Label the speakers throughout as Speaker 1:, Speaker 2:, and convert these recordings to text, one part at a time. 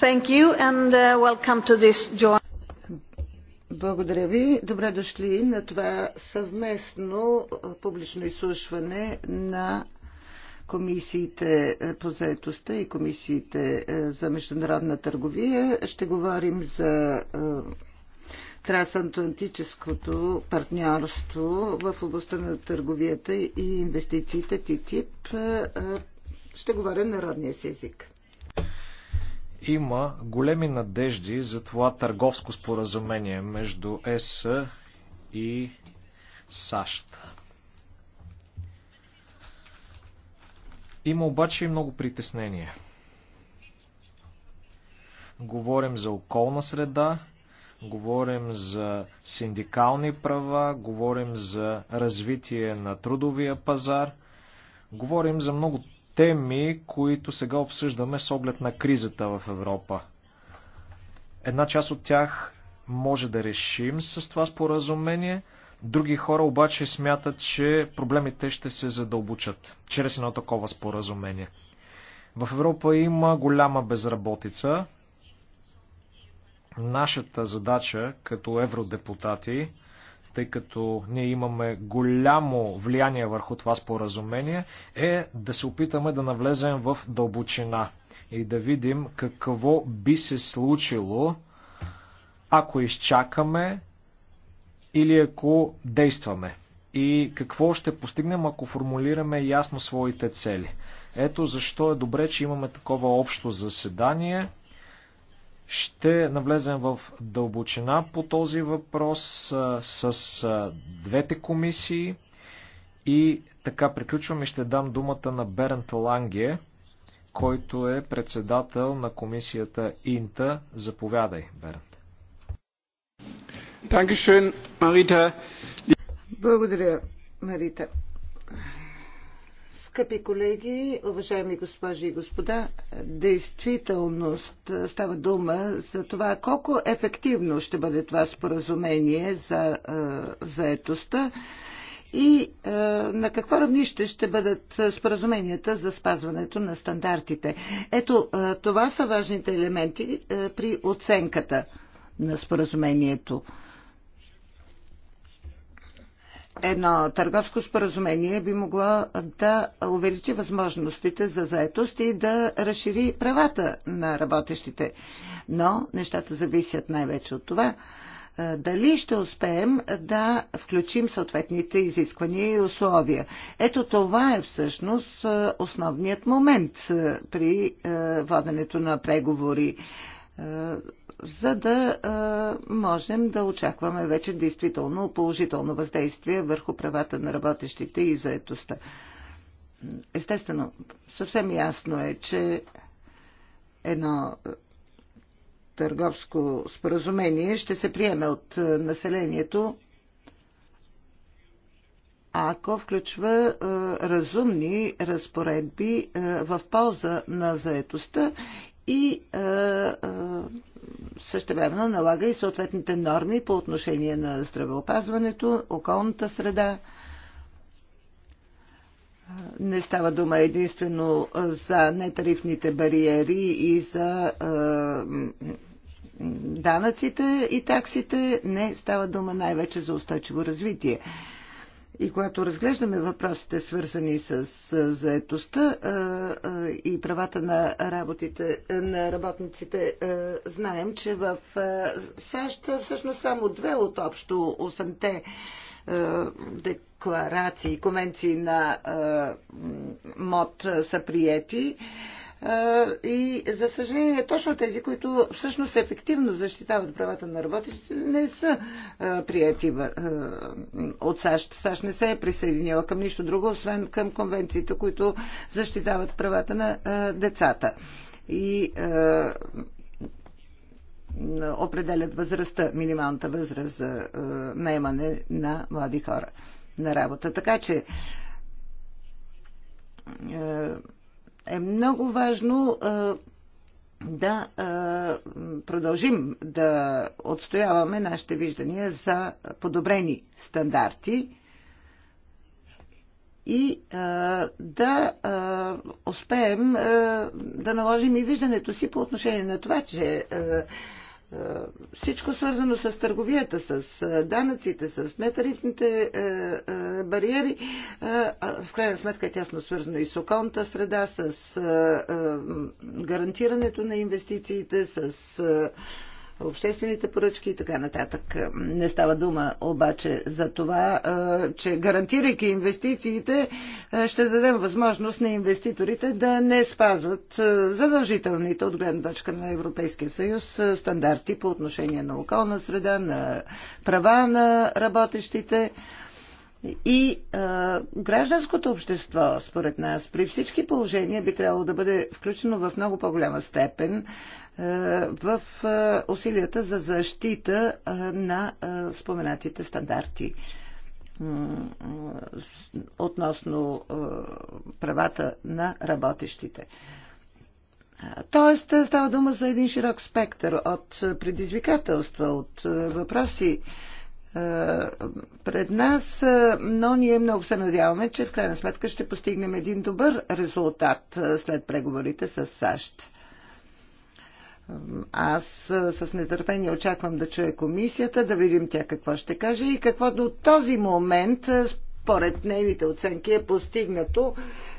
Speaker 1: Thank you and uh, welcome to this joint... Благодаря ви. Добре дошли на това съвместно публично изслушване на комисиите по заетостта и комисиите за международна търговия. Ще говорим за трансатлантическото партньорство в областта на търговията и инвестициите ТИТИП. Ще говоря народния си език
Speaker 2: има големи надежди за това търговско споразумение между ЕС и САЩ. Има обаче и много притеснения. Говорим за околна среда, говорим за синдикални права, говорим за развитие на трудовия пазар, говорим за много теми, които сега обсъждаме с оглед на кризата в Европа. Една част от тях може да решим с това споразумение, други хора обаче смятат, че проблемите ще се задълбочат чрез едно такова споразумение. В Европа има голяма безработица. Нашата задача като евродепутати тъй като ние имаме голямо влияние върху това споразумение, е да се опитаме да навлезем в дълбочина и да видим какво би се случило, ако изчакаме или ако действаме. И какво ще постигнем, ако формулираме ясно своите цели. Ето защо е добре, че имаме такова общо заседание. Ще навлезем в дълбочина по този въпрос с двете комисии и така приключвам и ще дам думата на Берент Ланге, който е председател на комисията Инта. Заповядай, Берент.
Speaker 1: Благодаря, Марита. Скъпи колеги, уважаеми госпожи и господа, действителност става дума за това колко ефективно ще бъде това споразумение за заетостта и е, на какво равнище ще бъдат споразуменията за спазването на стандартите. Ето, е, това са важните елементи е, при оценката на споразумението. Е, едно търговско споразумение би могло да увеличи възможностите за заетост и да разшири правата на работещите. Но нещата зависят най-вече от това дали ще успеем да включим съответните изисквания и условия. Ето това е всъщност основният момент при воденето на преговори за да можем да очакваме вече действително положително въздействие върху правата на работещите и заетостта. Естествено, съвсем ясно е, че едно търговско споразумение ще се приеме от населението, ако включва разумни разпоредби в полза на заетостта и същевременно налага и съответните норми по отношение на здравеопазването, околната среда. Не става дума единствено за нетарифните бариери и за данъците и таксите. Не става дума най-вече за устойчиво развитие. И когато разглеждаме въпросите, свързани с заетостта и правата на, работите, на работниците, знаем, че в САЩ всъщност само две от общо 8-те декларации, конвенции на МОД са приети. И за съжаление, точно тези, които всъщност ефективно защитават правата на работещите, не са прияти от САЩ. САЩ не се е присъединила към нищо друго, освен към конвенциите, които защитават правата на децата. И определят възрастта, минималната възраст за наемане на млади хора на работа. Така че е много важно да продължим да отстояваме нашите виждания за подобрени стандарти и а, да а, успеем а, да наложим и виждането си по отношение на това, че а, е, всичко свързано с търговията, с е, данъците, с нетарифните е, бариери, в крайна сметка е тясно свързано и с околната среда, с гарантирането на инвестициите, с обществените поръчки и така нататък. Не става дума обаче за това, че гарантирайки инвестициите, ще дадем възможност на инвеститорите да не спазват задължителните от гледна точка на Европейския съюз стандарти по отношение на околна среда, на права на работещите. И а, гражданското общество, според нас, при всички положения би трябвало да бъде включено в много по-голяма степен а, в а, усилията за защита а, на а, споменатите стандарти относно правата на работещите. Тоест, става дума за един широк спектър от предизвикателства, от въпроси, е, пред нас, е, но ние много се надяваме, че в крайна сметка ще постигнем един добър резултат е, след преговорите с САЩ. Аз с нетърпение очаквам да чуя комисията, да видим тя какво ще каже и какво до този момент, според нейните оценки, е постигнато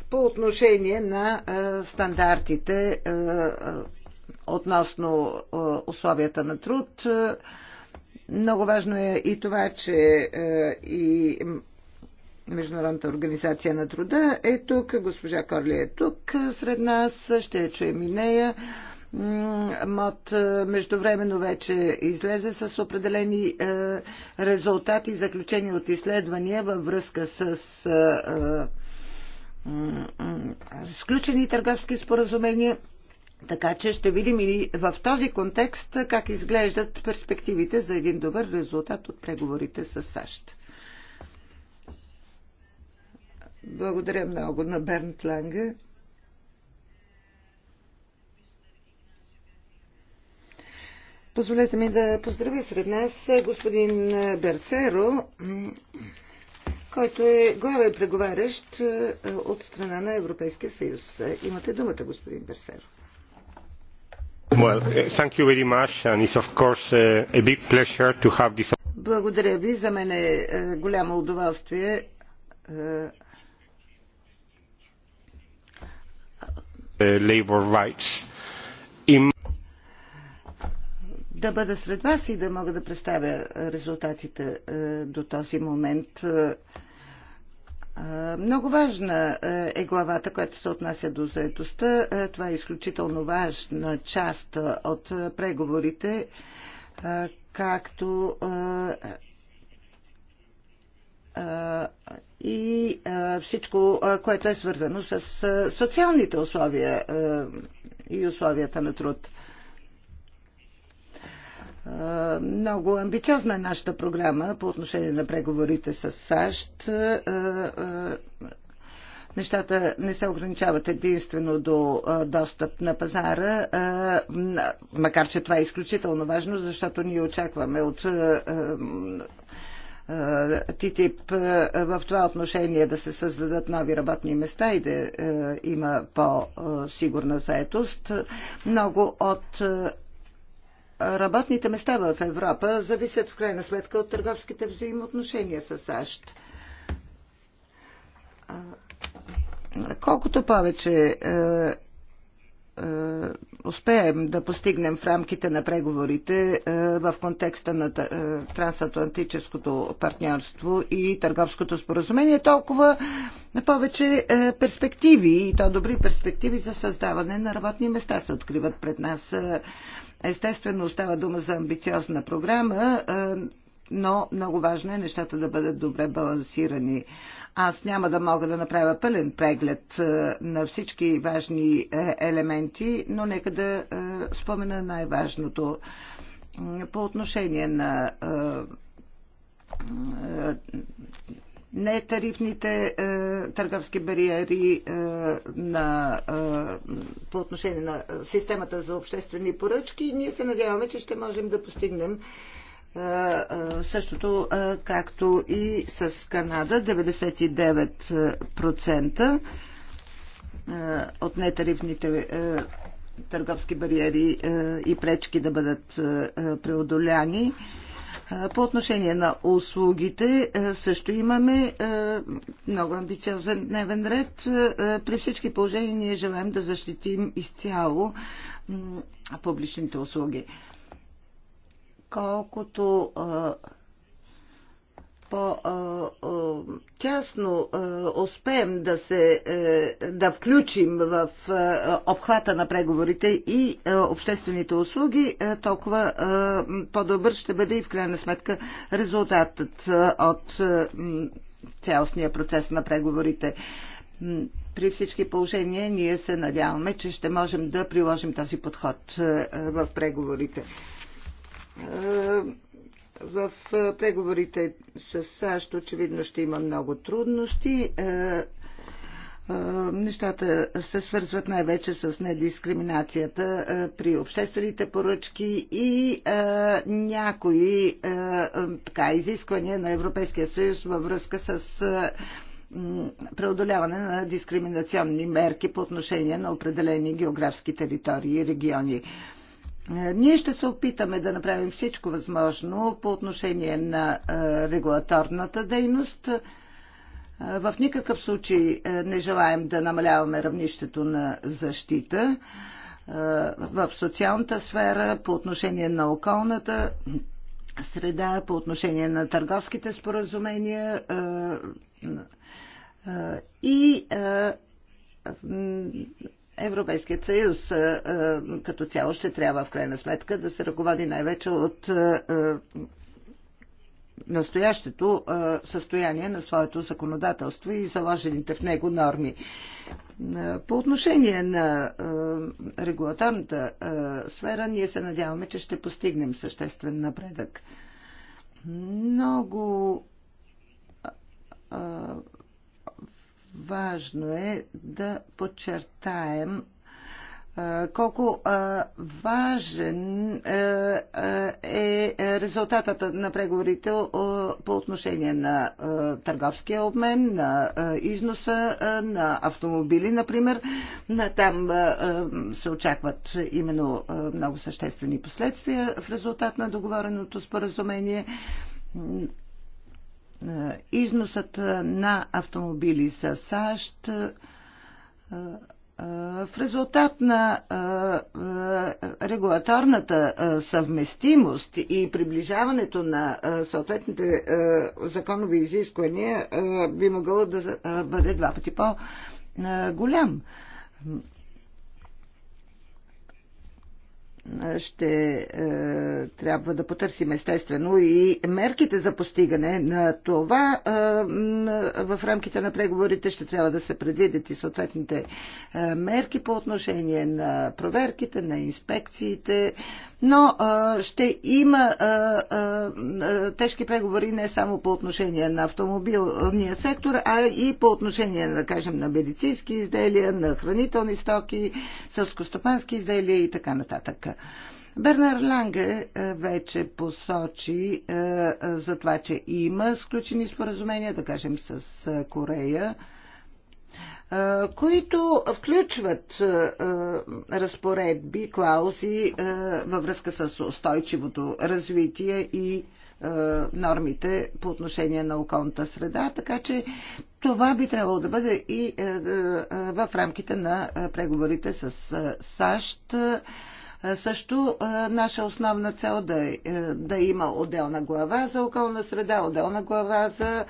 Speaker 1: по отношение на стандартите относно условията на труд много важно е и това, че е, и Международната организация на труда е тук, госпожа Корли е тук е, сред нас, ще я чуем и нея. МОД е, междувременно вече излезе с определени резултати и заключения от изследвания във връзка с сключени търговски споразумения така че ще видим и в този контекст как изглеждат перспективите за един добър резултат от преговорите с САЩ. Благодаря много на Бернт Ланге. Позволете ми да поздравя сред нас господин Берсеро, който е главен преговарящ е, от страна на Европейския съюз. Имате думата, господин Берсеро.
Speaker 2: Eh, eh,
Speaker 1: Благодаря ви, за мен е, е голямо удоволствие е, е, Да бъда сред вас и да мога да представя резултатите до този момент. Много важна е главата, която се отнася до заедостта. Това е изключително важна част от преговорите, както и всичко, което е свързано с социалните условия и условията на труд. Много амбициозна е нашата програма по отношение на преговорите с САЩ. Е, е, нещата не се ограничават единствено до е, достъп на пазара, макар че това е изключително важно, защото ние очакваме от ТТИП в това отношение да се създадат нови работни места и да има по-сигурна заетост. Много от работните места в Европа зависят в крайна сметка от търговските взаимоотношения с САЩ. Колкото повече е, е, успеем да постигнем в рамките на преговорите е, в контекста на трансатлантическото партньорство и търговското споразумение, толкова повече перспективи и то добри перспективи за създаване на работни места се откриват пред нас. Естествено, става дума за амбициозна програма, е, но много важно е нещата да бъдат добре балансирани. Аз няма да мога да направя пълен преглед е, на всички важни е, елементи, но нека да спомена най-важното. По отношение на нетарифните е, търговски бариери е, на, е, по отношение на системата за обществени поръчки. Ние се надяваме, че ще можем да постигнем същото както и с Канада 99% от нетарифните търговски бариери и пречки да бъдат преодоляни. По отношение на услугите също имаме много амбициозен дневен ред. При всички положения ние желаем да защитим изцяло публичните услуги. Колкото по-тясно успеем да се е, да включим в обхвата на преговорите и обществените услуги, е, толкова по-добър ще бъде и в крайна сметка резултатът от цялостния процес на преговорите. При всички положения ние се надяваме, че ще можем да приложим този подход е, в преговорите в преговорите с САЩ очевидно ще има много трудности. Е, е, нещата се свързват най-вече с недискриминацията е, при обществените поръчки и някои така, изисквания на Европейския съюз във връзка с преодоляване на дискриминационни мерки по отношение на определени географски територии и региони. Е, ние ще се опитаме да направим всичко възможно по отношение на е, регулаторната дейност. Е, в никакъв случай не желаем да намаляваме равнището на защита в социалната сфера, по отношение на околната среда, по отношение на търговските споразумения и Европейският съюз е, е, като цяло ще трябва в крайна сметка да се ръководи най-вече от е, настоящето състояние на своето законодателство и заложените в него норми. По отношение на регулаторната сфера, ние се надяваме, че ще постигнем съществен напредък. Много важно е да подчертаем колко важен е резултатът на преговорите по отношение на търговския обмен, на износа на автомобили, например. Там се очакват именно много съществени последствия в резултат на договореното споразумение е, износът е, на автомобили с САЩ е, в резултат на регулаторната съвместимост и приближаването на съответните законови изисквания би могъл да бъде два пъти по-голям. ще е, трябва да потърсим естествено и мерките за постигане на това е, в рамките на преговорите ще трябва да се предвидят и съответните е, мерки по отношение на проверките, на инспекциите, но е, ще има е, е, е тежки преговори не само по отношение на автомобилния сектор, а и по отношение, да кажем, на медицински изделия, на хранителни стоки, сълскостопански изделия и така нататък. Бернар Ланге е, вече посочи е, е, за това, че има сключени споразумения, да кажем с Корея, които включват разпоредби, клаузи във връзка с устойчивото развитие и нормите по отношение на околната среда, така че това би трябвало да бъде и в рамките на преговорите с САЩ също наша основна цел да, е, да има отделна глава за околна среда, отделна глава за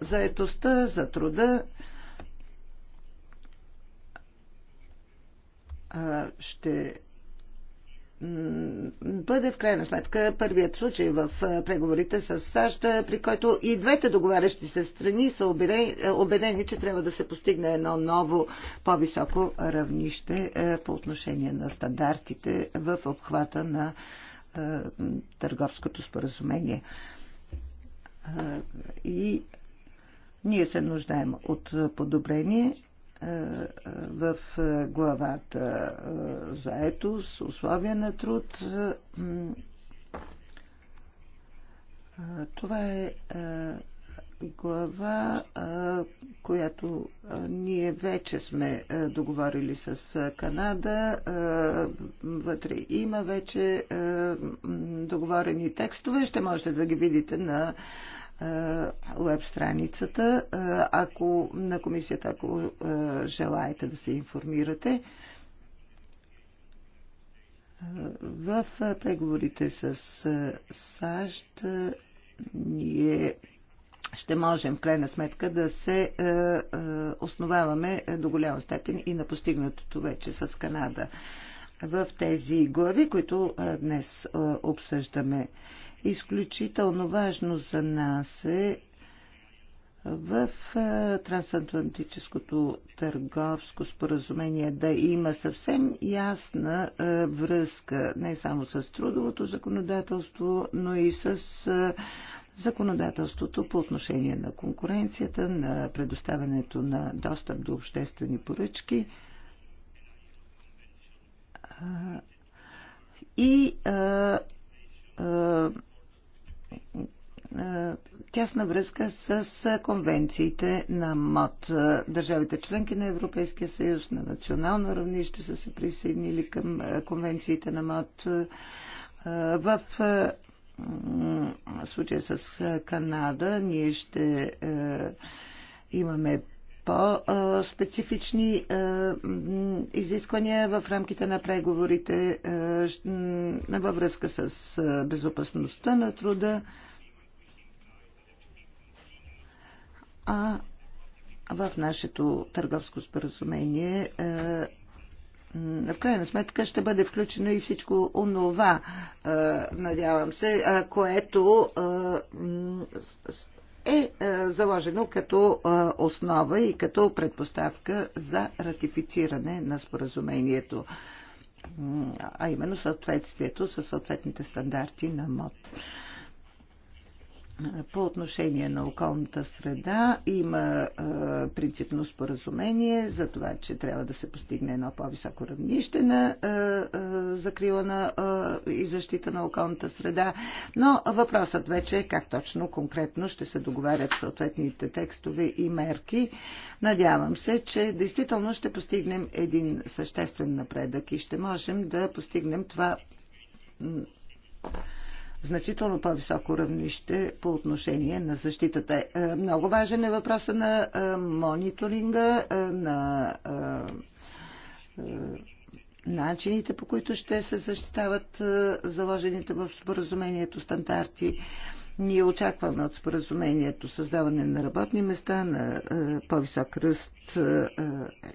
Speaker 1: заетостта, за труда. Ще бъде в крайна сметка първият случай в преговорите с САЩ, при който и двете договарящи се страни са убедени, че трябва да се постигне едно ново, по-високо равнище по отношение на стандартите в обхвата на търговското споразумение. И ние се нуждаем от подобрение в е, главата е, заетост, условия на труд. Е, това е глава, която ние вече сме договорили с Канада. Вътре има вече договорени текстове. Ще можете да ги видите на е, веб страницата. Е, ако на комисията, ако е, желаете да се информирате, в преговорите с САЩ ние ще можем, в крайна сметка, да се основаваме до голяма степен и на постигнатото вече с Канада в тези глави, които днес обсъждаме. Изключително важно за нас е в трансатлантическото търговско споразумение да има съвсем ясна връзка не само с трудовото законодателство, но и с законодателството по отношение на конкуренцията, на предоставянето на достъп до обществени поръчки и тясна връзка с конвенциите на МОД. Държавите членки на Европейския съюз на национално равнище са се присъединили към е, конвенциите на МОД. Е, в е, случая с Канада ние ще имаме по-специфични е, изисквания в рамките на преговорите е, във връзка с е, безопасността на труда. А в нашето търговско споразумение в крайна сметка ще бъде включено и всичко онова, надявам се, което е, е заложено като е, основа и като предпоставка за ратифициране на споразумението, а именно съответствието с съответните стандарти на МОД по отношение на околната среда има а, принципно споразумение за това, че трябва да се постигне едно по-високо равнище на закрила на и защита на околната среда, но въпросът вече е как точно конкретно ще се договарят съответните текстове и мерки. Надявам се, че действително ще постигнем един съществен напредък и ще можем да постигнем това значително по-високо равнище по отношение на защитата. Е, много важен е въпроса на е, мониторинга, е, на начините по които ще се защитават заложените в споразумението стандарти. Ние очакваме от споразумението създаване на работни места, на по-висок ръст,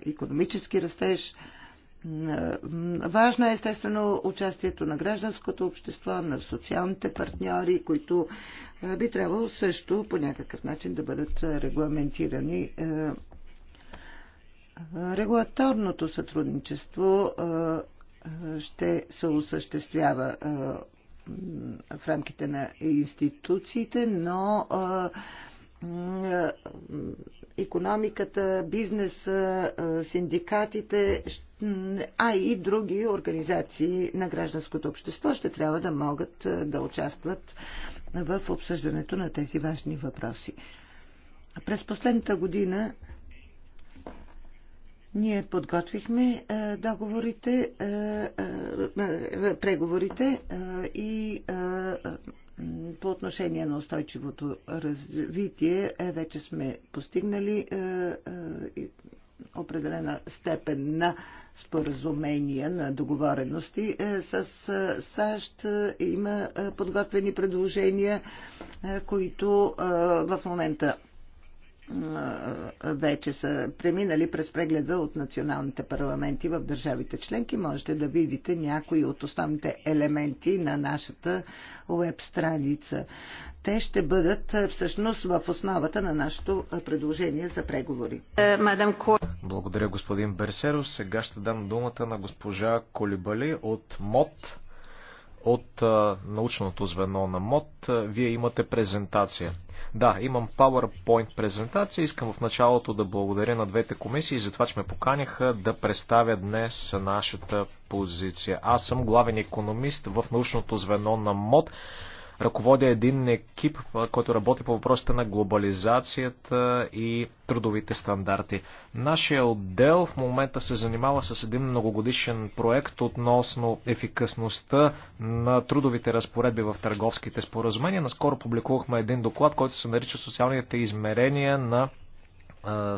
Speaker 1: економически растеж. Важно е естествено участието на гражданското общество, на социалните партньори, които би трябвало също по някакъв начин да бъдат регламентирани. Регулаторното сътрудничество ще се осъществява в рамките на институциите, но економиката, бизнеса, синдикатите ще а и други организации на гражданското общество ще трябва да могат е, да участват в обсъждането на тези важни въпроси. През последната година ние подготвихме е, договорите, е, преговорите и по отношение на устойчивото развитие вече сме постигнали определена степен на споразумения, на договорености е, с е, САЩ. Е, има подготвени предложения, които в момента вече са преминали през прегледа от националните парламенти в държавите членки. Можете да видите някои от основните елементи на нашата веб страница. Те ще бъдат всъщност в основата на нашето предложение за преговори.
Speaker 2: Е, Благодаря, господин Берсеро. Сега ще дам думата на госпожа Колибали от МОД от научното звено на МОД. Вие имате презентация. Да, имам PowerPoint презентация. Искам в началото да благодаря на двете комисии за това, че ме поканяха да представя днес нашата позиция. Аз съм главен економист в научното звено на МОД ръководя един екип, който работи по въпросите на глобализацията и трудовите стандарти. Нашия отдел в момента се занимава с един многогодишен проект относно ефикасността на трудовите разпоредби в търговските споразумения. Наскоро публикувахме един доклад, който се нарича Социалните измерения на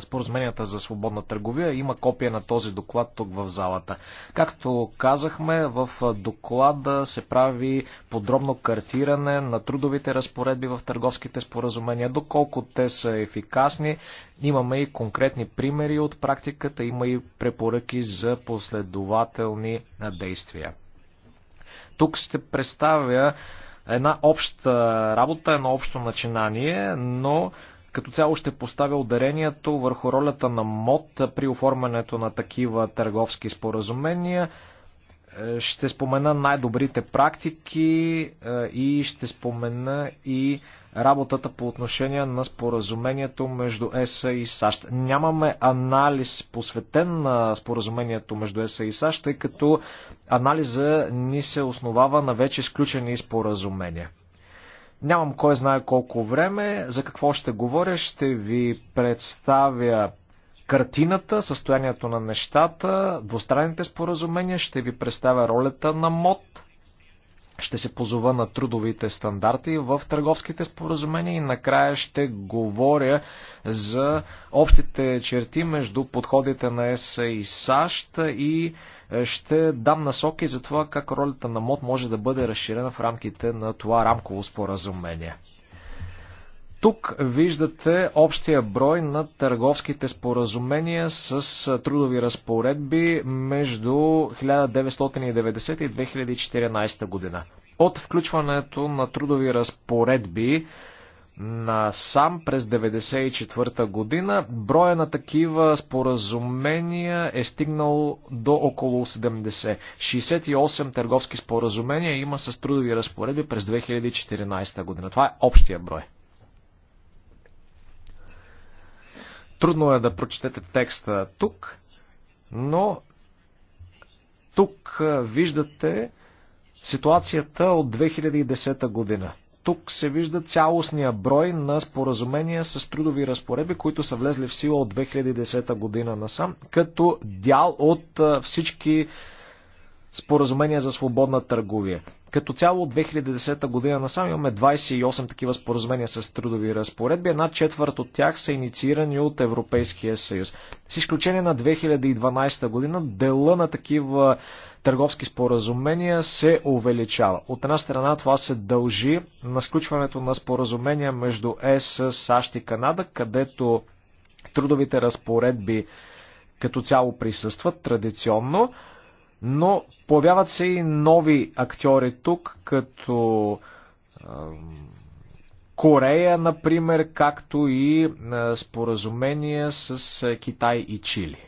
Speaker 2: споразуменията за свободна търговия. Има копия на този доклад тук в залата. Както казахме, в доклада се прави подробно картиране на трудовите разпоредби в търговските споразумения, доколко те са ефикасни. Имаме и конкретни примери от практиката, има и препоръки за последователни действия. Тук ще представя една обща работа, едно общо начинание, но като цяло ще поставя ударението върху ролята на МОД при оформянето на такива търговски споразумения. Е, ще спомена най-добрите практики е, и ще спомена и работата по отношение на споразумението между ЕСА и САЩ. Нямаме анализ посветен на споразумението между ЕСА и САЩ, тъй като анализа ни се основава на вече изключени споразумения. Нямам кой знае колко време, за какво ще говоря, ще ви представя картината, състоянието на нещата, двустранните споразумения, ще ви представя ролята на МОД – ще се позова на трудовите стандарти в търговските споразумения и накрая ще говоря за общите черти между подходите на ЕС и САЩ и е, ще дам насоки за това как ролята на МОД може да бъде разширена в рамките на това рамково споразумение. Тук виждате общия брой на търговските споразумения с трудови разпоредби между 1990 и 2014 година. От включването на трудови разпоредби на сам през 1994 година, броя на такива споразумения е стигнал до около 70. 68 търговски споразумения има с трудови разпоредби през 2014 година. Това е общия брой. Трудно е да прочетете текста тук, но тук виждате ситуацията от 2010 година. Тук се вижда цялостния брой на споразумения с трудови разпореби, които са влезли в сила от 2010 година насам, като дял от всички споразумения за свободна търговия. Като цяло от 2010 година насам имаме 28 такива споразумения с трудови разпоредби. Една четвърт от тях са инициирани от Европейския съюз. С изключение на 2012 година дела на такива търговски споразумения се увеличава. От една страна това се дължи на сключването на споразумения между ЕС, САЩ и Канада, където трудовите разпоредби като цяло присъстват традиционно. Но появяват се и нови актьори тук, като Корея, например, както и споразумения с Китай и Чили.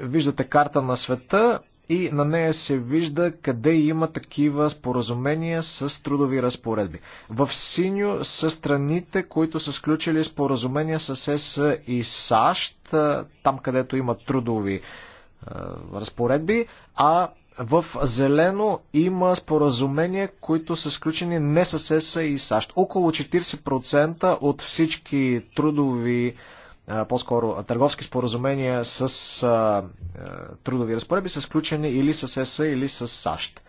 Speaker 2: Виждате карта на света и на нея се вижда къде има такива споразумения с трудови разпоредби. В синьо са страните, които са сключили споразумения с ЕС и САЩ, там където има трудови е, разпоредби, а в зелено има споразумения, които са сключени не с ЕС и САЩ. Около 40% от всички трудови по-скоро търговски споразумения с трудови разпоредби са сключени или с ЕСА, или с САЩ.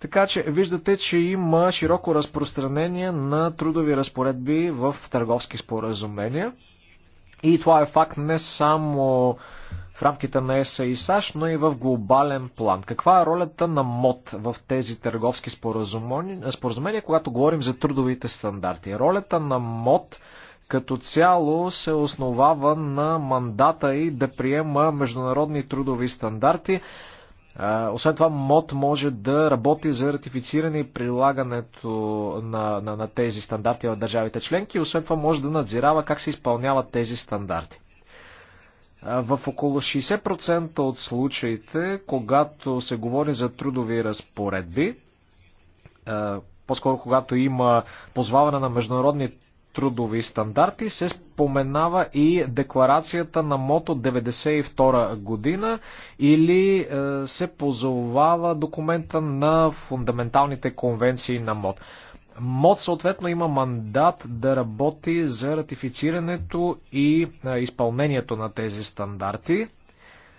Speaker 2: Така че виждате, че има широко разпространение на трудови разпоредби в търговски споразумения. И това е факт не само в рамките на ЕСА и САЩ, но и в глобален план. Каква е ролята на МОД в тези търговски споразумения, споразумения когато говорим за трудовите стандарти? Ролята на МОД като цяло се основава на мандата и да приема международни трудови стандарти. Освен това, МОД може да работи за ратифициране и прилагането на, на, на тези стандарти в държавите членки. Освен това, може да надзирава как се изпълняват тези стандарти. В около 60% от случаите, когато се говори за трудови разпоредби, по-скоро когато има позваване на международни трудови стандарти се споменава и декларацията на МОТО 92 година или е, се позовава документа на фундаменталните конвенции на МОД. МОД съответно има мандат да работи за ратифицирането и е, изпълнението на тези стандарти.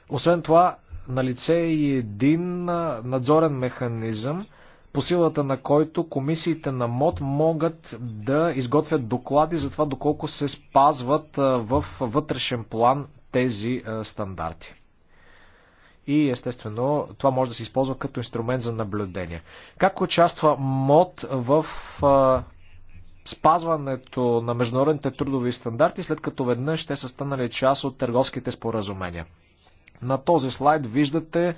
Speaker 2: Освен това, на лице е и един е, надзорен механизъм – по силата на който комисиите на МОД могат да изготвят доклади за това доколко се спазват в вътрешен план тези стандарти. И естествено, това може да се използва като инструмент за наблюдение. Как участва МОД в спазването на международните трудови стандарти, след като веднъж те са станали част от търговските споразумения? На този слайд виждате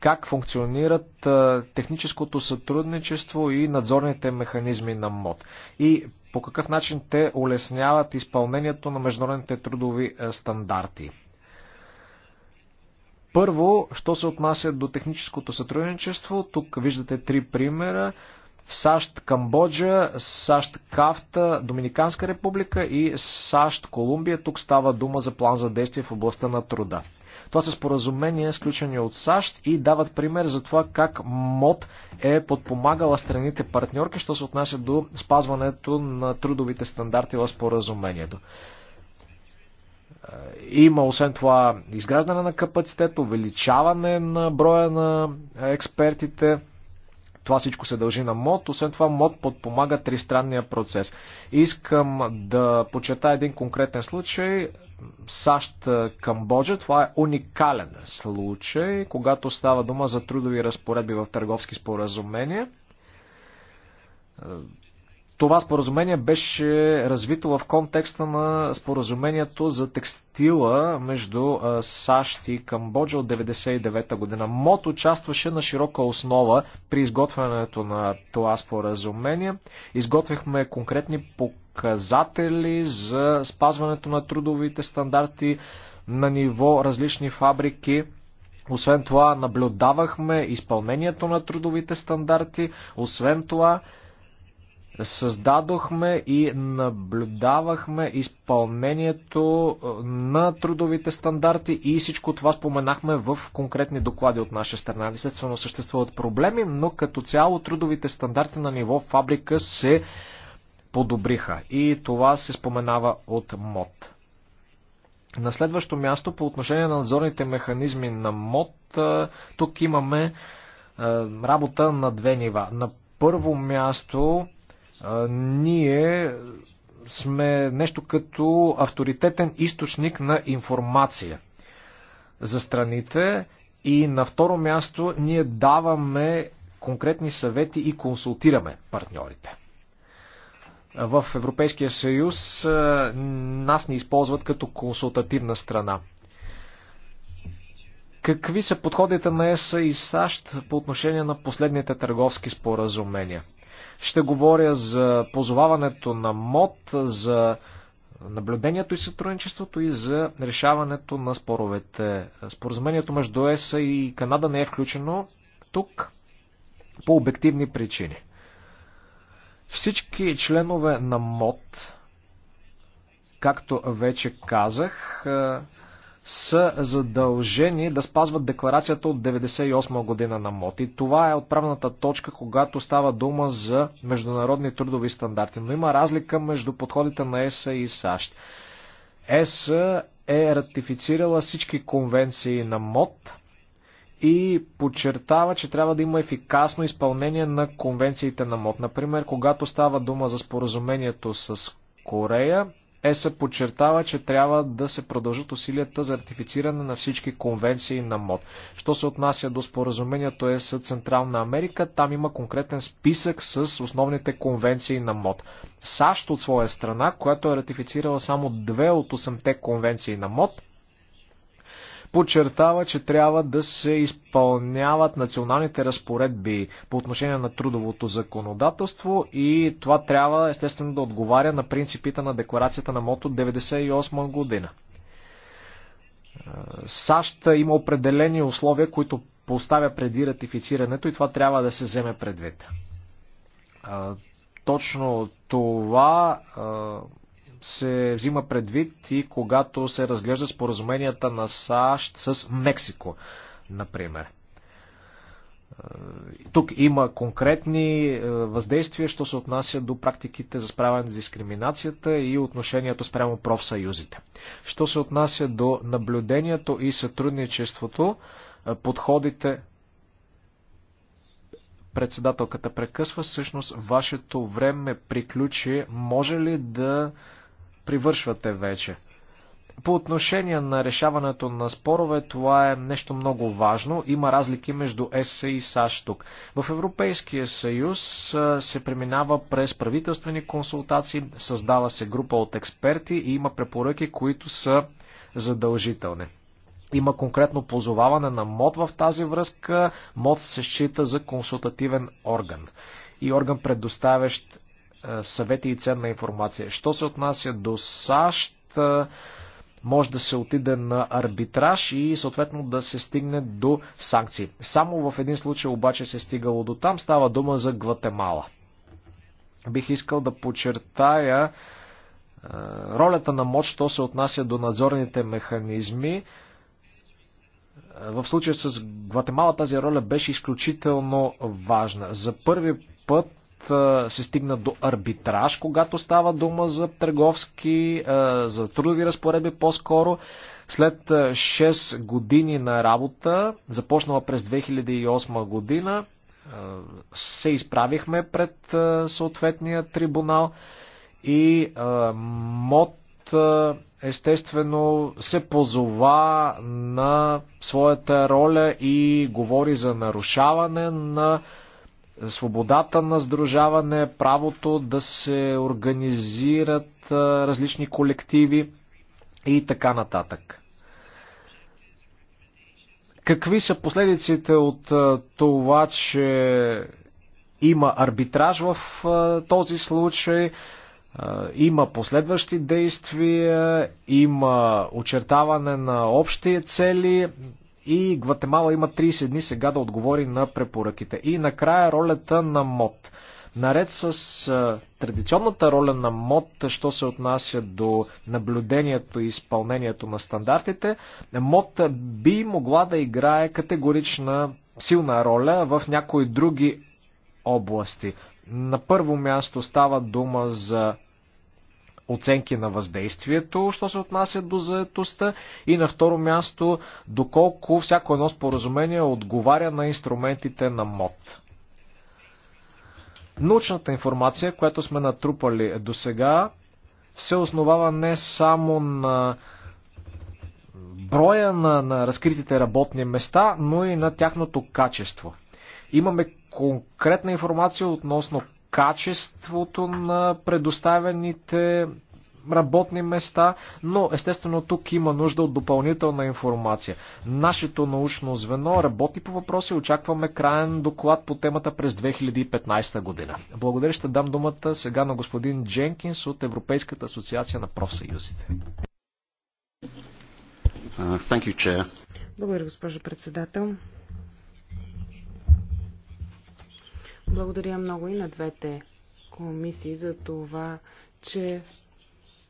Speaker 2: как функционират техническото сътрудничество и надзорните механизми на МОД и по какъв начин те улесняват изпълнението на международните трудови стандарти. Първо, що се отнася до техническото сътрудничество, тук виждате три примера. САЩ Камбоджа, САЩ Кафта, Доминиканска република и САЩ Колумбия. Тук става дума за план за действие в областта на труда. Това са споразумения, сключени от САЩ и дават пример за това как МОД е подпомагала страните партньорки, що се отнася до спазването на трудовите стандарти в споразумението. Е, има освен това изграждане на капацитет, увеличаване на броя на експертите, това всичко се дължи на МОД. Освен това, МОД подпомага тристранния процес. Искам да почета един конкретен случай. САЩ Камбоджа. Това е уникален случай, когато става дума за трудови разпоредби в търговски споразумения това споразумение беше развито в контекста на споразумението за текстила между САЩ и Камбоджа от 1999 година. МОД участваше на широка основа при изготвянето на това споразумение. Изготвихме конкретни показатели за спазването на трудовите стандарти на ниво различни фабрики. Освен това наблюдавахме изпълнението на трудовите стандарти. Освен това Създадохме и наблюдавахме изпълнението е, на трудовите стандарти и всичко това споменахме в конкретни доклади от наша страна. Естествено съществуват проблеми, но като цяло трудовите стандарти на ниво фабрика се подобриха и това се споменава от МОД. На следващо място, по отношение на надзорните механизми на МОД, е, тук имаме е, работа на две нива. На първо място ние сме нещо като авторитетен източник на информация за страните и на второ място ние даваме конкретни съвети и консултираме партньорите. В Европейския съюз нас ни използват като консултативна страна. Какви са подходите на ЕСА и САЩ по отношение на последните търговски споразумения? Ще говоря за позоваването на МОД, за наблюдението и сътрудничеството и за решаването на споровете. Споразумението между ЕСА и Канада не е включено тук по обективни причини. Всички членове на МОД, както вече казах, са задължени да спазват декларацията от 1998 година на МОТИ. Това е отправната точка, когато става дума за международни трудови стандарти. Но има разлика между подходите на ЕСА и САЩ. ЕСА е ратифицирала всички конвенции на МОД и подчертава, че трябва да има ефикасно изпълнение на конвенциите на МОД. Например, когато става дума за споразумението с Корея, ЕСА подчертава, че трябва да се продължат усилията за ратифициране на всички конвенции на МОД. Що се отнася до споразумението ЕСА Централна Америка, там има конкретен списък с основните конвенции на МОД. САЩ от своя страна, която е ратифицирала само две от 8-те конвенции на МОД, подчертава, че трябва да се изпълняват националните разпоредби по отношение на трудовото законодателство и това трябва естествено да отговаря на принципите на декларацията на МОТО 98 година. САЩ има определени условия, които поставя преди ратифицирането и това трябва да се вземе предвид. Точно това се взима предвид и когато се разглежда споразуменията на САЩ с Мексико, например. Е, тук има конкретни е, въздействия, що се отнася до практиките за справяне с дискриминацията и отношението спрямо профсъюзите. Що се отнася до наблюдението и сътрудничеството, е, подходите председателката прекъсва, всъщност вашето време приключи. Може ли да привършвате вече. По отношение на решаването на спорове, това е нещо много важно. Има разлики между ЕС и САЩ тук. В Европейския съюз се преминава през правителствени консултации, създава се група от експерти и има препоръки, които са задължителни. Има конкретно позоваване на МОД в тази връзка. МОД се счита за консултативен орган и орган предоставящ е, съвети и ценна информация. Що се отнася до САЩ, е, може да се отиде на арбитраж и съответно да се стигне до санкции. Само в един случай обаче се е стигало до там, става дума за Гватемала. Бих искал да подчертая ролята на МОЧ, що се отнася до надзорните механизми. В случая с Гватемала тази роля беше изключително важна. За първи път се стигна до арбитраж, когато става дума за търговски, за трудови разпоредби по-скоро. След 6 години на работа, започнала през 2008 година, се изправихме пред съответния трибунал и МОД естествено се позова на своята роля и говори за нарушаване на свободата на сдружаване, правото да се организират различни колективи и така нататък. Какви са последиците от това, че има арбитраж в този случай? Има последващи действия, има очертаване на общи цели, и Гватемала има 30 дни сега да отговори на препоръките. И накрая ролята на МОД. Наред с традиционната роля на МОД, що се отнася до наблюдението и изпълнението на стандартите, МОД би могла да играе категорична силна роля в някои други области. На първо място става дума за оценки на въздействието, що се отнася до заетостта и на второ място, доколко всяко едно споразумение отговаря на инструментите на МОД. Научната информация, която сме натрупали до сега, се основава не само на броя на, на разкритите работни места, но и на тяхното качество. Имаме конкретна информация относно качеството на предоставените работни места, но естествено тук има нужда от допълнителна информация. Нашето научно звено работи по въпроси, очакваме крайен доклад по темата през 2015 година. Благодаря, ще дам думата сега на господин Дженкинс от Европейската асоциация на профсъюзите. Uh, you, Благодаря,
Speaker 3: госпожо председател. Благодаря много и на двете комисии за това, че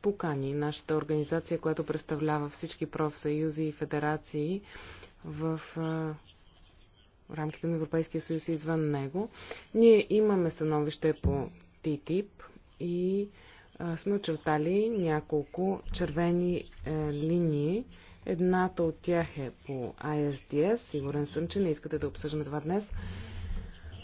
Speaker 3: покани нашата организация, която представлява всички профсъюзи и федерации в рамките на Европейския съюз и извън него. Ние имаме становище по ТИТИП и сме очертали няколко червени е, линии. Едната от тях е по ISDS. Сигурен съм, че не искате да обсъждаме това днес.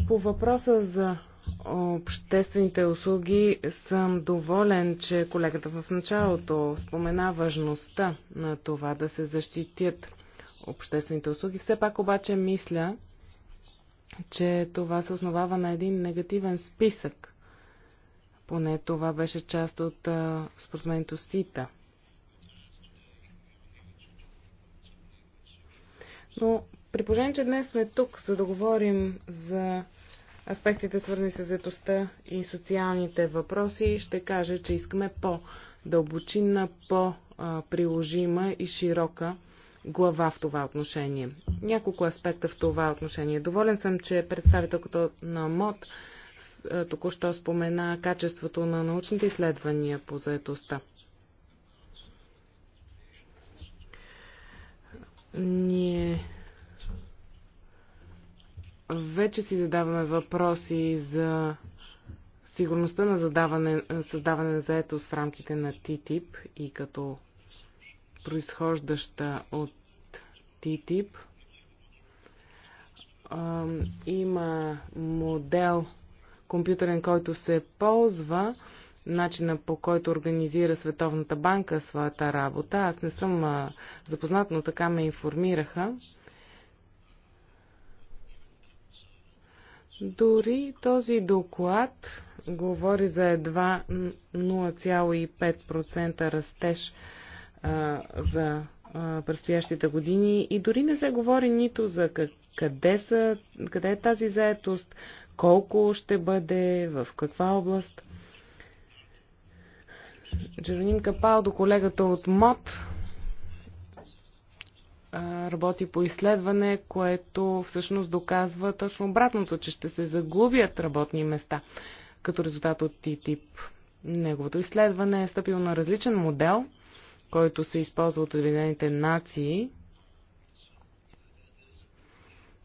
Speaker 3: По въпроса за обществените услуги съм доволен, че колегата в началото спомена важността на това да се защитят обществените услуги. Все пак обаче мисля, че това се основава на един негативен списък. Поне това беше част от споразумението СИТА. Но при положение, че днес сме тук, за да говорим за аспектите, свързани с заедостта и социалните въпроси, ще кажа, че искаме по-дълбочинна, по-приложима и широка глава в това отношение. Няколко аспекта в това отношение. Доволен съм, че представителката на МОД току-що спомена качеството на научните изследвания по заедостта. Ние вече си задаваме въпроси за сигурността на задаване, създаване на заетост в рамките на ТТИП и като произхождаща от ТТИП. Има модел компютърен, който се ползва, начина по който организира Световната банка своята работа. Аз не съм запознат, но така ме информираха. Дори този доклад говори за едва 0,5% растеж а, за а, предстоящите години и дори не се говори нито за как, къде, са, къде е тази заетост, колко ще бъде, в каква област. Джероним Капалдо, колегата от МОД, работи по изследване, което всъщност доказва точно обратното, че ще се загубят работни места като резултат от ТТИП. Неговото изследване е стъпило на различен модел, който се използва от Обединените нации.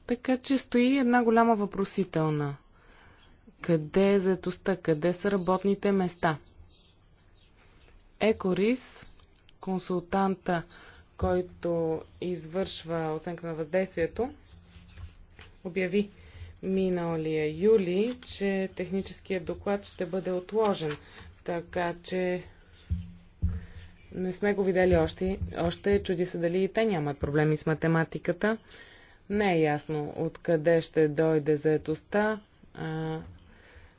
Speaker 3: Така че стои една голяма въпросителна. Къде е заетостта? Къде са работните места? Екорис, консултанта който извършва оценка на въздействието, обяви миналия юли, че техническият доклад ще бъде отложен. Така че не сме го видели още. Още чуди се дали и те нямат проблеми с математиката. Не е ясно откъде ще дойде заетостта.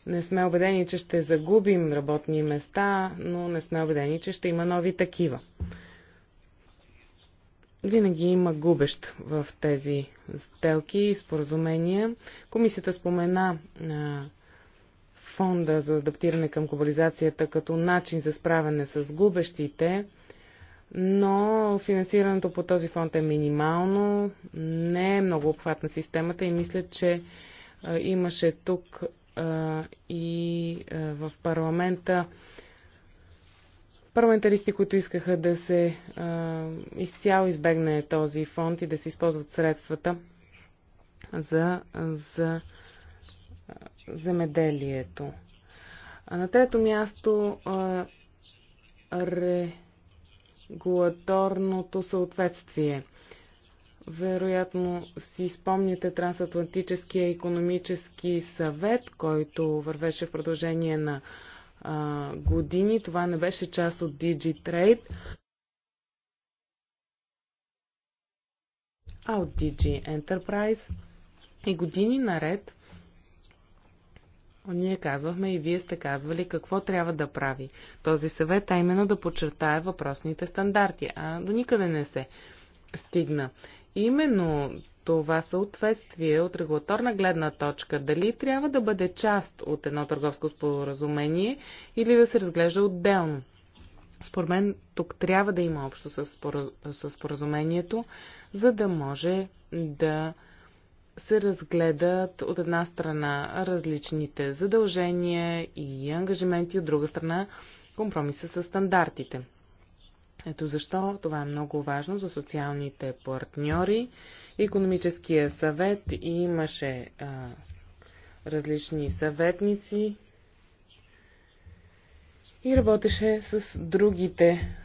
Speaker 3: Не сме убедени, че ще загубим работни места, но не сме убедени, че ще има нови такива. Винаги има губещ в тези стелки и споразумения. Комисията спомена а, фонда за адаптиране към глобализацията като начин за справяне с губещите, но финансирането по този фонд е минимално, не е много обхватна системата и мисля, че а, имаше тук а, и а, в парламента а, парламентаристи, които искаха да се а, изцяло избегне този фонд и да се използват средствата за, за земеделието. А на трето място а, регулаторното съответствие. Вероятно си спомняте Трансатлантическия економически съвет, който вървеше в продължение на а, години. Това не беше част от DigiTrade, а от Digi Enterprise. И години наред ние казвахме и вие сте казвали какво трябва да прави този съвет, а именно да подчертае въпросните стандарти, а до никъде не се стигна именно това съответствие от регулаторна гледна точка, дали трябва да бъде част от едно търговско споразумение или да се разглежда отделно. Според мен тук трябва да има общо с, споразумението, за да може да се разгледат от една страна различните задължения и ангажименти, от друга страна компромиса с стандартите. Ето защо това е много важно за социалните партньори. Економическия съвет и имаше а, различни съветници и работеше с другите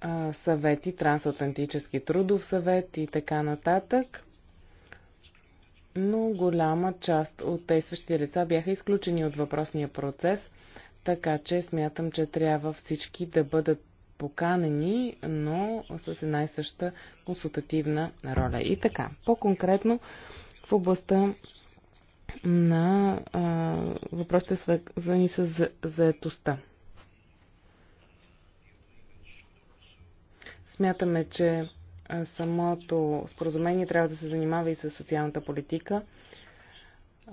Speaker 3: а, съвети, трансатлантически трудов съвет и така нататък. Но голяма част от действащите лица бяха изключени от въпросния процес, така че смятам, че трябва всички да бъдат поканени, но с една и съща консултативна роля. И така, по-конкретно в областта на а, въпросите свързани с заетостта. Смятаме, че самото споразумение трябва да се занимава и с социалната политика.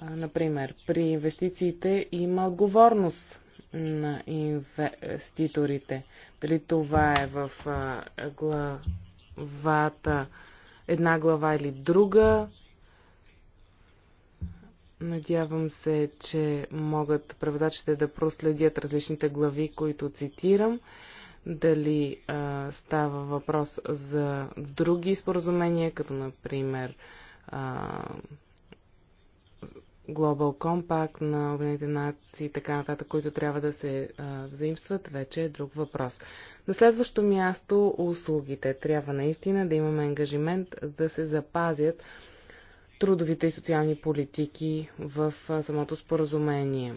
Speaker 3: Например, при инвестициите има отговорност на инвеститорите. Дали това е в главата, една глава или друга. Надявам се, че могат преводачите да проследят различните глави, които цитирам. Дали а, става въпрос за други споразумения, като например а, Global Compact на Обединените нации и така нататък, които трябва да се а, вече е друг въпрос. На следващо място услугите. Трябва наистина да имаме ангажимент да се запазят трудовите и социални политики в а, самото споразумение.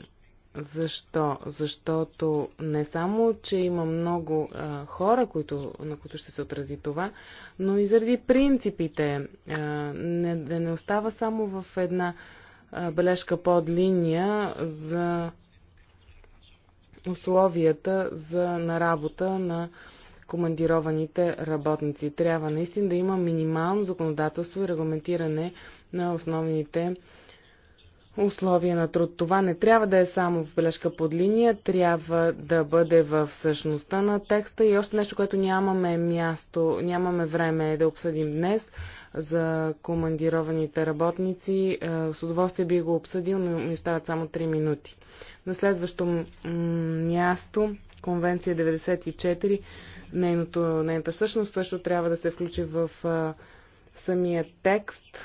Speaker 3: Защо? Защото не само, че има много а, хора, които, на които ще се отрази това, но и заради принципите. А, не, да не остава само в една бележка под линия за условията за, наработа работа на командированите работници. Трябва наистина да има минимално законодателство и регламентиране на основните условия на труд. Това не трябва да е само в бележка под линия, трябва да бъде в същността на текста и още нещо, което нямаме място, нямаме време е да обсъдим днес за командированите работници. Е, с удоволствие би го обсъдил, но ми остават само 3 минути. На следващо място, Конвенция 94, нейното, нейната същност също трябва да се включи в е, самия текст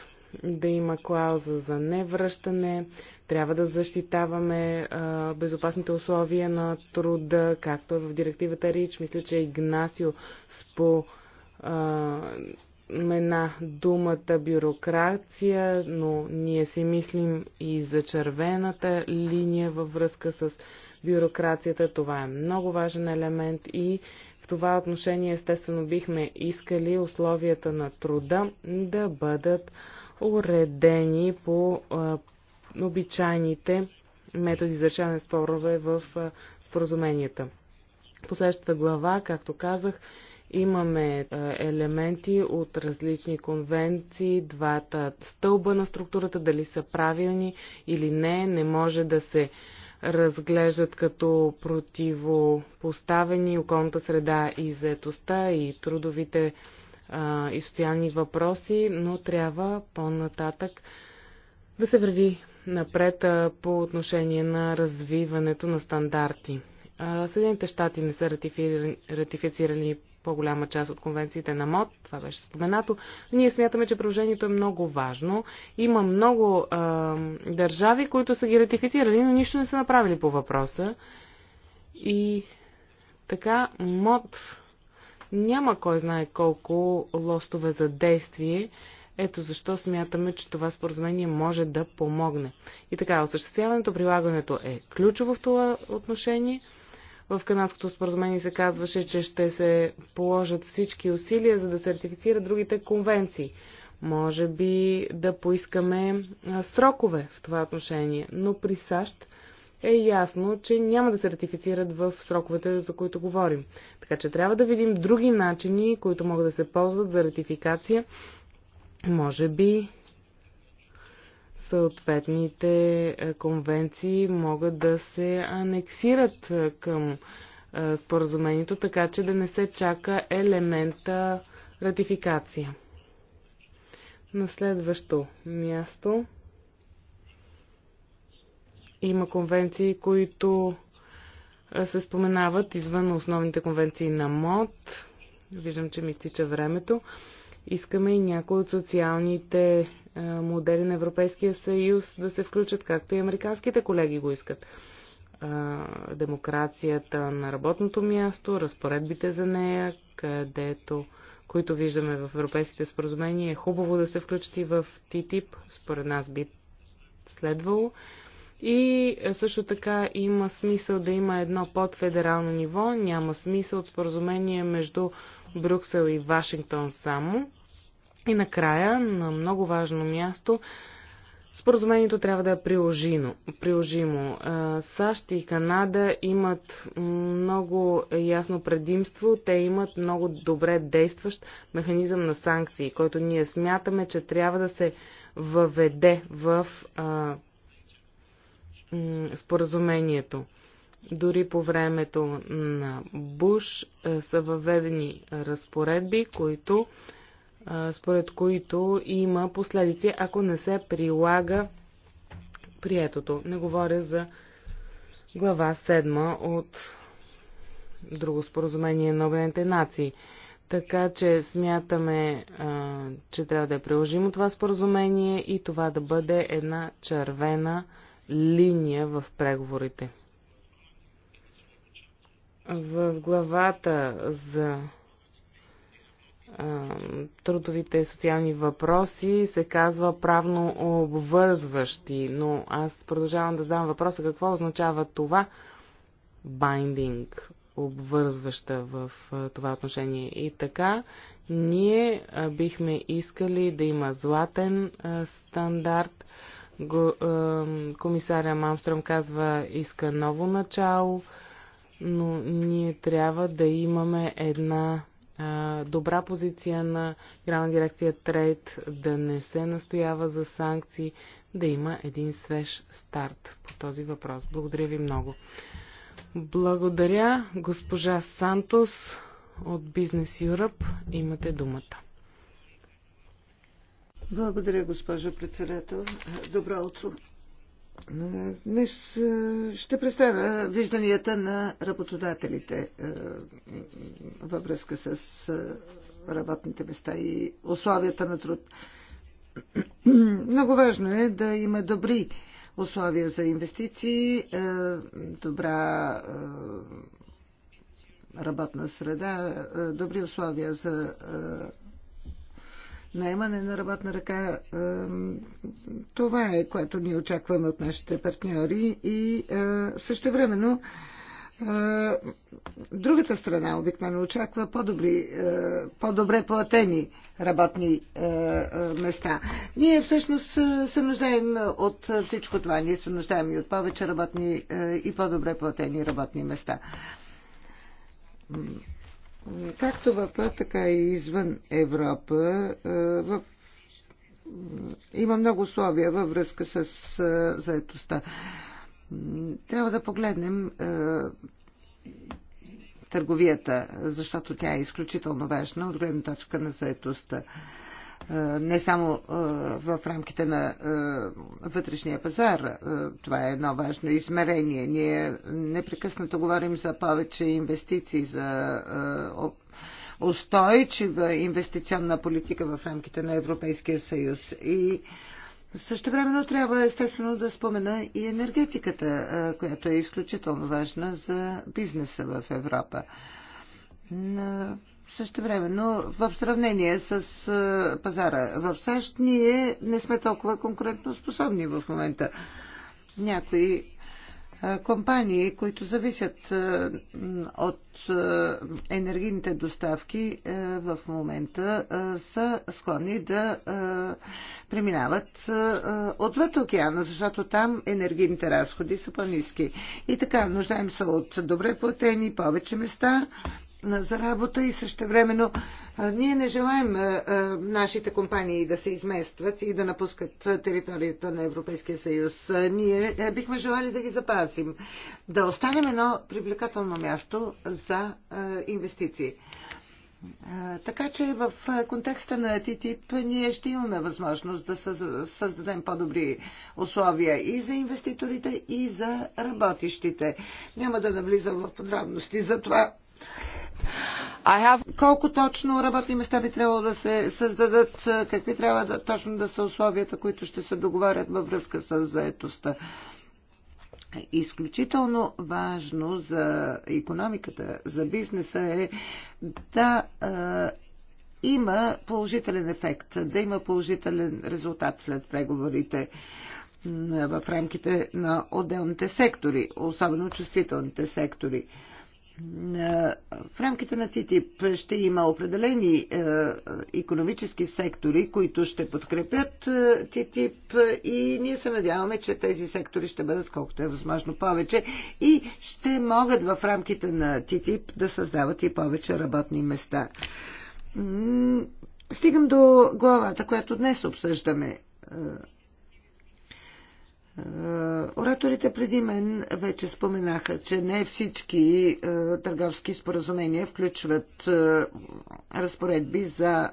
Speaker 3: да има клауза за невръщане, трябва да защитаваме а, безопасните условия на труда, както е в директивата РИЧ. Мисля, че Игнасио спо а, мена думата бюрокрация, но ние си мислим и за червената линия във връзка с бюрокрацията. Това е много важен елемент и в това отношение естествено бихме искали условията на труда да бъдат уредени по обичайните методи за решаване спорове в споразуменията. Последващата глава, както казах, имаме елементи от различни конвенции, двата стълба на структурата, дали са правилни или не, не може да се разглеждат като противопоставени околната среда и заетостта и трудовите а, и социални въпроси, но трябва по-нататък да се върви напред а, по отношение на развиването на стандарти. Съединените щати не са ратифицирани ратифицирали по-голяма част от конвенциите на МОД, това беше споменато. Ние смятаме, че приложението е много важно. Има много а, държави, които са ги ратифицирали, но нищо не са направили по въпроса. И така, МОД няма кой знае колко лостове за действие. Ето защо смятаме, че това споразумение може да помогне. И така, осъществяването, прилагането е ключово в това отношение. В канадското споразумение се казваше, че ще се положат всички усилия, за да сертифицират другите конвенции. Може би да поискаме срокове в това отношение, но при САЩ е ясно, че няма да се ратифицират в сроковете, за които говорим. Така че трябва да видим други начини, които могат да се ползват за ратификация. Може би съответните е, конвенции могат да се анексират е, към е, споразумението, така че да не се чака елемента ратификация. На следващо място има конвенции, които се споменават извън основните конвенции на МОД. Виждам, че ми стича времето. Искаме и някои от социалните модели на Европейския съюз да се включат, както и американските колеги го искат. Демокрацията на работното място, разпоредбите за нея, където, които виждаме в европейските споразумения, е хубаво да се включат и в ТИТИП, според нас би следвало. И също така има смисъл да има едно под федерално ниво, няма смисъл от споразумение между Брюксел и Вашингтон само. И накрая, на много важно място, Споразумението трябва да е приложимо. приложимо. САЩ и Канада имат много ясно предимство. Те имат много добре действащ механизъм на санкции, който ние смятаме, че трябва да се въведе в споразумението. Дори по времето на Буш е, са въведени разпоредби, които, е, според които има последици, ако не се прилага приетото. Не говоря за глава 7 от друго споразумение на Обединените нации. Така че смятаме, е, че трябва да е приложимо това споразумение и това да бъде една червена линия в преговорите. В главата за трудовите и социални въпроси се казва правно обвързващи, но аз продължавам да задам въпроса какво означава това binding, обвързваща в това отношение. И така, ние бихме искали да има златен стандарт го, е, комисаря Мамстром казва, иска ново начало, но ние трябва да имаме една добра позиция на Грана дирекция Трейд, да не се настоява за санкции, да има един свеж старт по този въпрос. Благодаря ви много. Благодаря, госпожа Сантос от Бизнес Europe. Имате думата.
Speaker 1: Благодаря, госпожо председател. Добро утро. Днес е, ще представя вижданията на работодателите е, във връзка с е, работните места и условията на труд. Много важно е да има добри условия за инвестиции, добра работна среда, добри условия за наемане на работна ръка. Това е, което ние очакваме от нашите партньори и също времено другата страна обикновено очаква по-добри, по-добре платени работни места. Ние всъщност се нуждаем от всичко това. Ние се нуждаем и от повече работни и по-добре платени работни места както в така и извън Европа, е, в е, има много условия във връзка с е, заетостта. Трябва да погледнем търговията, защото тя е изключително важна от гледна точка на заетостта. Е, не само е, в рамките на е, вътрешния пазар. Това е едно важно измерение. Ние непрекъснато говорим за повече инвестиции, за устойчива инвестиционна политика в рамките на Европейския съюз. И също времено трябва естествено да спомена и енергетиката, която е изключително важна за бизнеса в Европа. Също време, но в сравнение с пазара в САЩ ние не сме толкова конкурентно способни в момента. Някои компании, които зависят от енергийните доставки в момента, са склонни да преминават отвъд океана, защото там енергийните разходи са по-низки. И така, нуждаем се от добре платени, повече места за работа и също времено ние не желаем нашите компании да се изместват и да напускат територията на Европейския съюз. Ние бихме желали да ги запазим, да останем едно привлекателно място за инвестиции. Така че в контекста на ТТИП ние ще имаме възможност да създадем по-добри условия и за инвеститорите, и за работещите. Няма да навлизам в подробности за това Have... Колко точно работни места би трябвало да се създадат? Какви трябва да, точно да са условията, които ще се договарят във връзка с заетостта? Изключително важно за економиката, за бизнеса е да е, има положителен ефект, да има положителен резултат след преговорите в рамките на отделните сектори, особено чувствителните сектори. Е, в рамките на ТТИП ще има определени економически сектори, които ще подкрепят е, ТТИП и ние се надяваме, че тези сектори ще бъдат колкото е възможно повече и ще могат в рамките на ТТИП да създават и повече работни места. Стигам до главата, която днес обсъждаме е, е, ораторите преди мен вече споменаха, че не всички е, търговски споразумения включват е, разпоредби за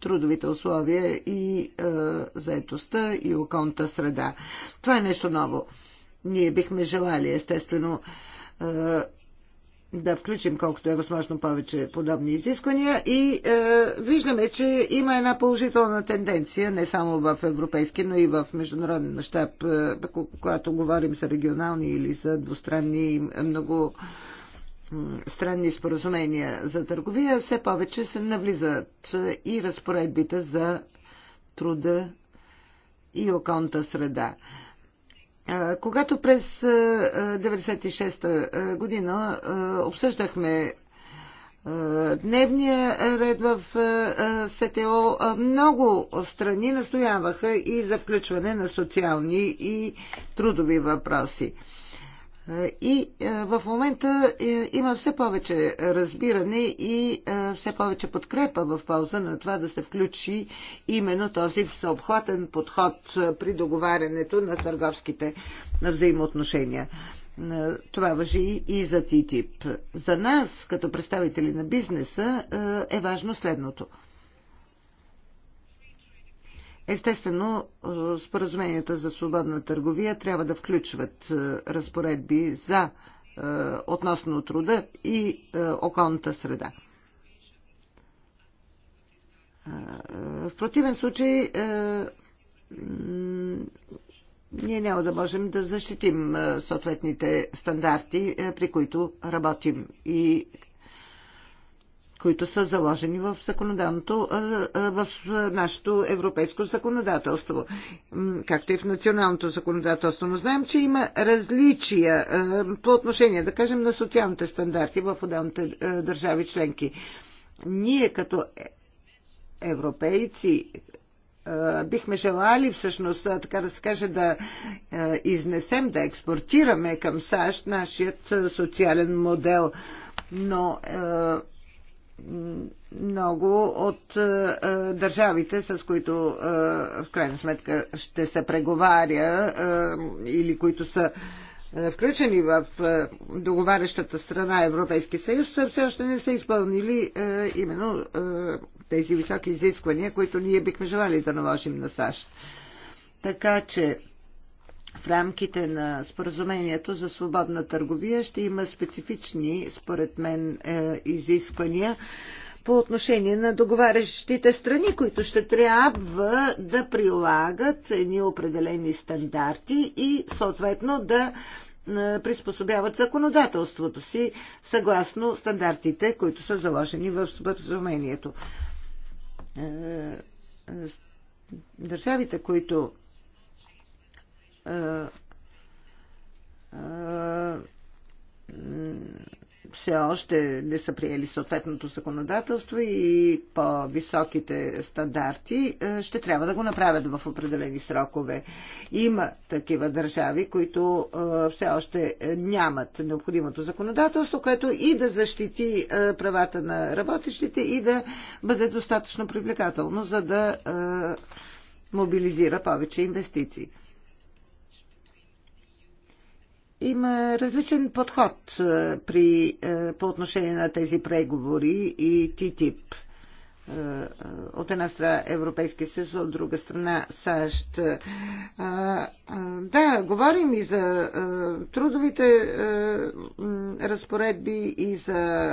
Speaker 1: трудовите условия и заетостта и околната среда. Това е нещо ново. Ние бихме желали, естествено, да включим колкото е възможно повече подобни изисквания и е, виждаме, че има една положителна тенденция, не само в европейски, но и в международен мащаб, е, когато говорим за регионални или за двустранни много странни споразумения за търговия, все повече се навлизат е, и разпоредбите за труда и околната среда. Когато през 1996 година обсъждахме дневния ред в СТО, много страни настояваха и за включване на социални и трудови въпроси. Е, и е, в момента е, има все повече разбиране и все повече подкрепа в полза на това да се включи именно този всеобхватен подход при договарянето на търговските взаимоотношения. Това въжи и за ТИТИП. За нас, като представители на бизнеса, е важно следното – Естествено, е, споразуменията за свободна търговия трябва да включват е, разпоредби за е, относно труда и околната среда. В противен случай ние няма да можем да защитим съответните стандарти, при които работим и които са заложени в, законодателното, в нашето европейско законодателство, както и в националното законодателство. Но знаем, че има различия по отношение, да кажем, на социалните стандарти в отделните държави членки. Ние като европейци, бихме желали всъщност, така да се каже, да изнесем, да експортираме към САЩ нашият социален модел. Но много от е, е, държавите, с които е, в крайна сметка ще се преговаря или които са включени в договарящата страна Европейски съюз, все още не са изпълнили именно тези високи изисквания, които ние бихме желали да наложим на САЩ. Така че в рамките на споразумението за свободна търговия ще има специфични, според мен, е, изисквания по отношение на договарящите страни, които ще трябва да прилагат едни определени стандарти и съответно да е, приспособяват законодателството си съгласно стандартите, които са заложени в споразумението. Е, държавите, които все още не са приели съответното законодателство и по-високите стандарти ще трябва да го направят в определени срокове. Има такива държави, които все още нямат необходимото законодателство, което и да защити правата на работещите и да бъде достатъчно привлекателно, за да мобилизира повече инвестиции има различен подход е, при, е, по отношение на тези преговори и ТТИП. Е, от една страна Европейския съюз, от друга страна САЩ. Да, говорим и за трудовите разпоредби и за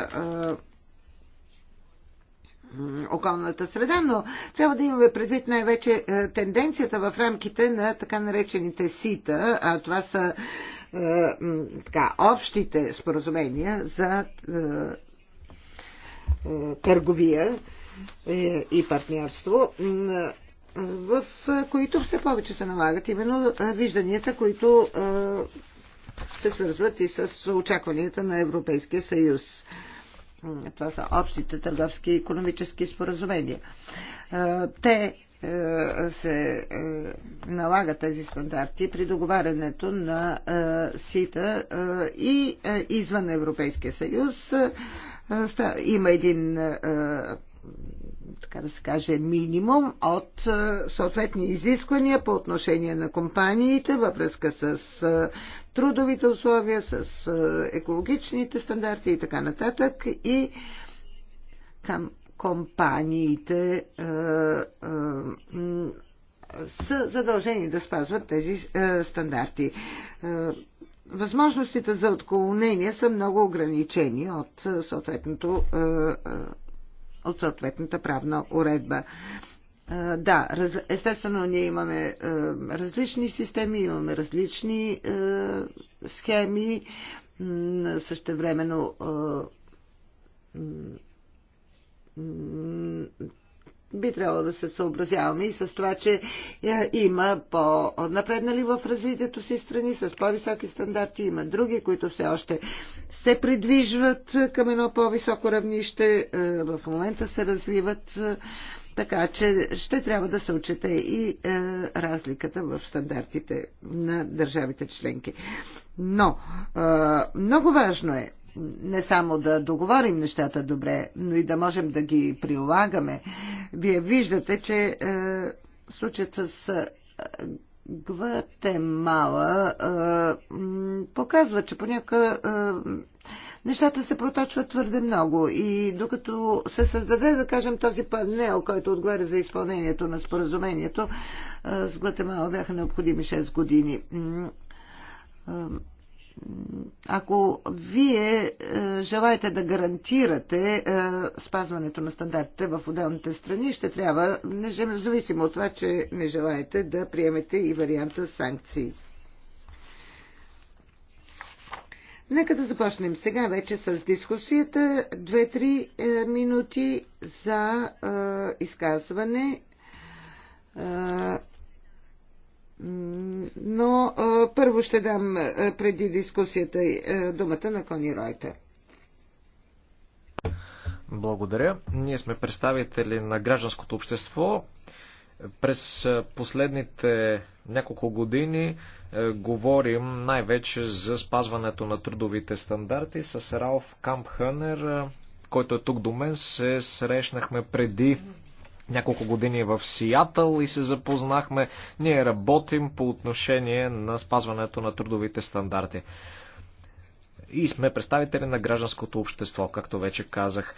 Speaker 1: околната среда, но трябва да имаме предвид най-вече тенденцията в рамките на така наречените сита, а това са е, така, общите споразумения за е, е, търговия и партньорство, в които все повече се налагат именно вижданията, които се свързват и с очакванията на Европейския съюз. Това са общите търговски и економически споразумения. Те е, се е, налага тези стандарти при договарянето на е, СИТА и извън Европейския съюз. Има един така да се каже, минимум от съответни изисквания по отношение на компаниите във връзка с трудовите условия, с екологичните стандарти и така нататък. И към компаниите е, е, са задължени да спазват тези е, стандарти. Възможностите за отклонение са много ограничени от, съответното, от съответната правна уредба. Да, естествено ние имаме различни системи, имаме различни схеми, същевременно би трябвало да се съобразяваме и с това, че е, има по-напреднали в развитието си страни, с по-високи стандарти, има други, които все още се придвижват е, към едно по-високо равнище, е, в момента се развиват, така че ще трябва да се отчете и разликата в стандартите на държавите членки. Но много важно е не само да договорим нещата добре, но и да можем да ги прилагаме. Вие виждате, че е, случаят с е, Гватемала е, показва, че понякога е, нещата се проточват твърде много и докато се създаде, да кажем, този панел, който отговаря за изпълнението на споразумението, е, с Гватемала бяха необходими 6 години. Е, ако вие е, желаете да гарантирате е, спазването на стандартите в отделните страни, ще трябва, независимо от това, че не желаете да приемете и варианта санкции. Нека да започнем сега вече с дискусията. Две-три е, минути за е, изказване. Е, но първо ще дам преди дискусията думата на Кони Ройтер.
Speaker 2: Благодаря. Ние сме представители на гражданското общество. През последните няколко години е, говорим най-вече за спазването на трудовите стандарти. С Ралф Кампхънер, който е тук до мен, се срещнахме преди няколко години в Сиатъл и се запознахме. Ние работим по отношение на спазването на трудовите стандарти. И сме представители на гражданското общество, както вече казах.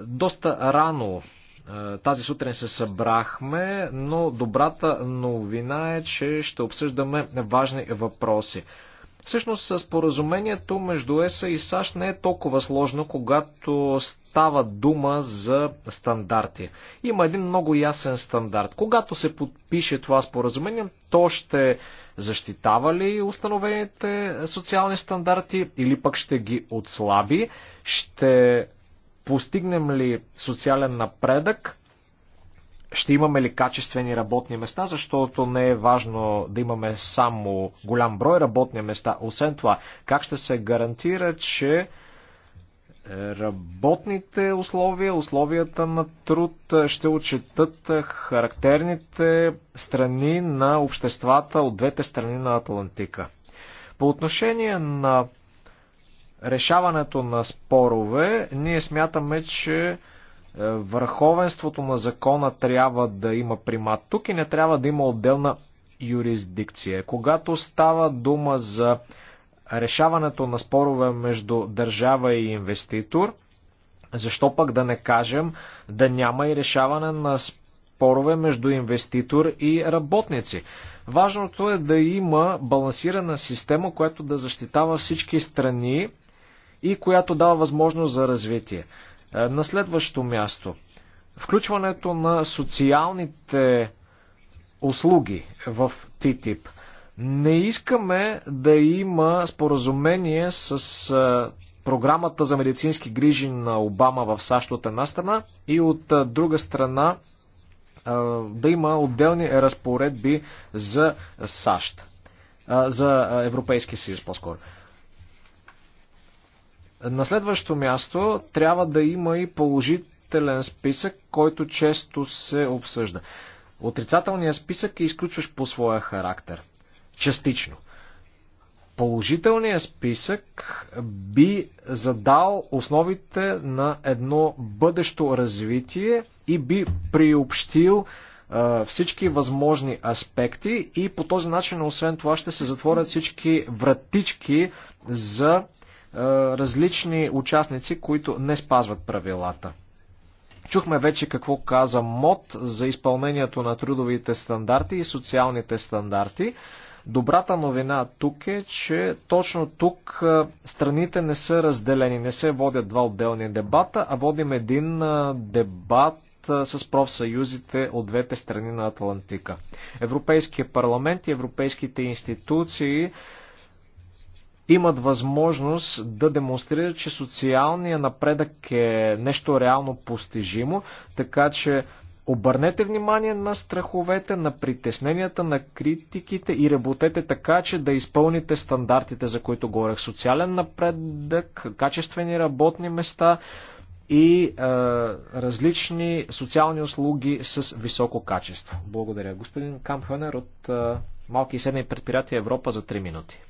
Speaker 2: Доста рано е, тази сутрин се събрахме, но добрата новина е, че ще обсъждаме важни въпроси. Всъщност споразумението между ЕСА и САЩ не е толкова сложно, когато става дума за стандарти. Има един много ясен стандарт. Когато се подпише това споразумение, то ще защитава ли установените социални стандарти или пък ще ги отслаби, ще постигнем ли социален напредък ще имаме ли качествени работни места, защото не е важно да имаме само голям брой работни места. Освен това, как ще се гарантира, че е, работните условия, условията на труд е, ще отчитат е, характерните страни на обществата от двете страни на Атлантика. По отношение на решаването на спорове, ние смятаме, че е, върховенството на закона трябва да има примат тук и не трябва да има отделна юрисдикция. Когато става дума за решаването на спорове между държава и инвеститор, защо пък да не кажем да няма и решаване на спорове между инвеститор и работници? Важното е да има балансирана система, която да защитава всички страни и която дава възможност за развитие. Е, на следващо място, включването на социалните услуги в ТТИП. Не искаме да има споразумение с е, програмата за медицински грижи на Обама в САЩ от една страна и от е, друга страна да има отделни разпоредби за САЩ. За Европейския съюз по-скоро. На следващо място трябва да има и положителен списък, който често се обсъжда. Отрицателният списък е изключваш по своя характер. Частично. Положителният списък би задал основите на едно бъдещо развитие и би приобщил всички възможни аспекти и по този начин, освен това, ще се затворят всички вратички за е, различни участници, които не спазват правилата. Чухме вече какво каза МОД за изпълнението на трудовите стандарти и социалните стандарти. Добрата новина тук е, че точно тук е, страните не са разделени, не се водят два отделни дебата, а водим един е, дебат с профсъюзите от двете страни на Атлантика. Европейския парламент и европейските институции имат възможност да демонстрират, че социалния напредък е нещо реално постижимо, така че Обърнете внимание на страховете, на притесненията, на критиките и работете така, че да изпълните стандартите, за които говорех. Социален напредък, качествени работни места и е, различни социални услуги с високо качество. Благодаря. Господин Кампхенер от е, Малки и средни предприятия Европа за 3 минути.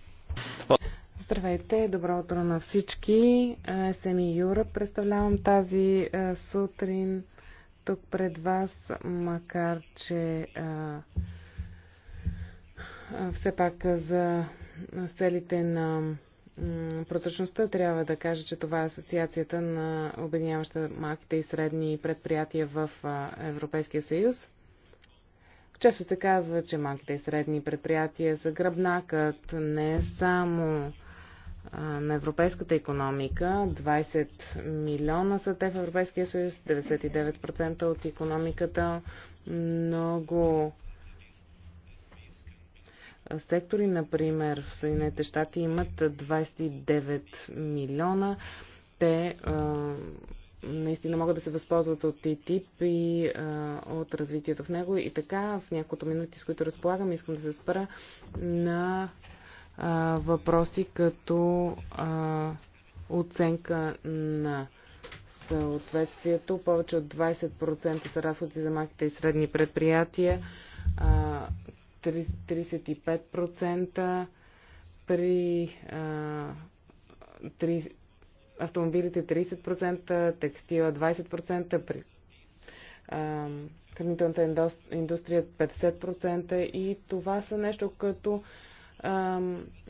Speaker 3: Здравейте, добро утро на всички. Семи Юра представлявам тази е, сутрин тук пред вас, макар че е, е, все пак за целите на прозрачността трябва да кажа, че това е асоциацията на обединяваща малките и средни предприятия в Европейския съюз. Често се казва, че малките и средни предприятия са гръбнакът не само на европейската економика. 20 милиона са те в Европейския съюз, 99% от економиката. Много сектори, например, в Съединените щати имат 29 милиона. Те а, наистина могат да се възползват от ТИТИП и а, от развитието в него. И така, в няколкото минути, с които разполагам, искам да се спра на а, въпроси като а, оценка на съответствието. Повече от 20% са разходи за малките и средни предприятия, а, 35% при а, 3, автомобилите 30%, текстила 20%, при а, хранителната индустрия 50% и това са нещо като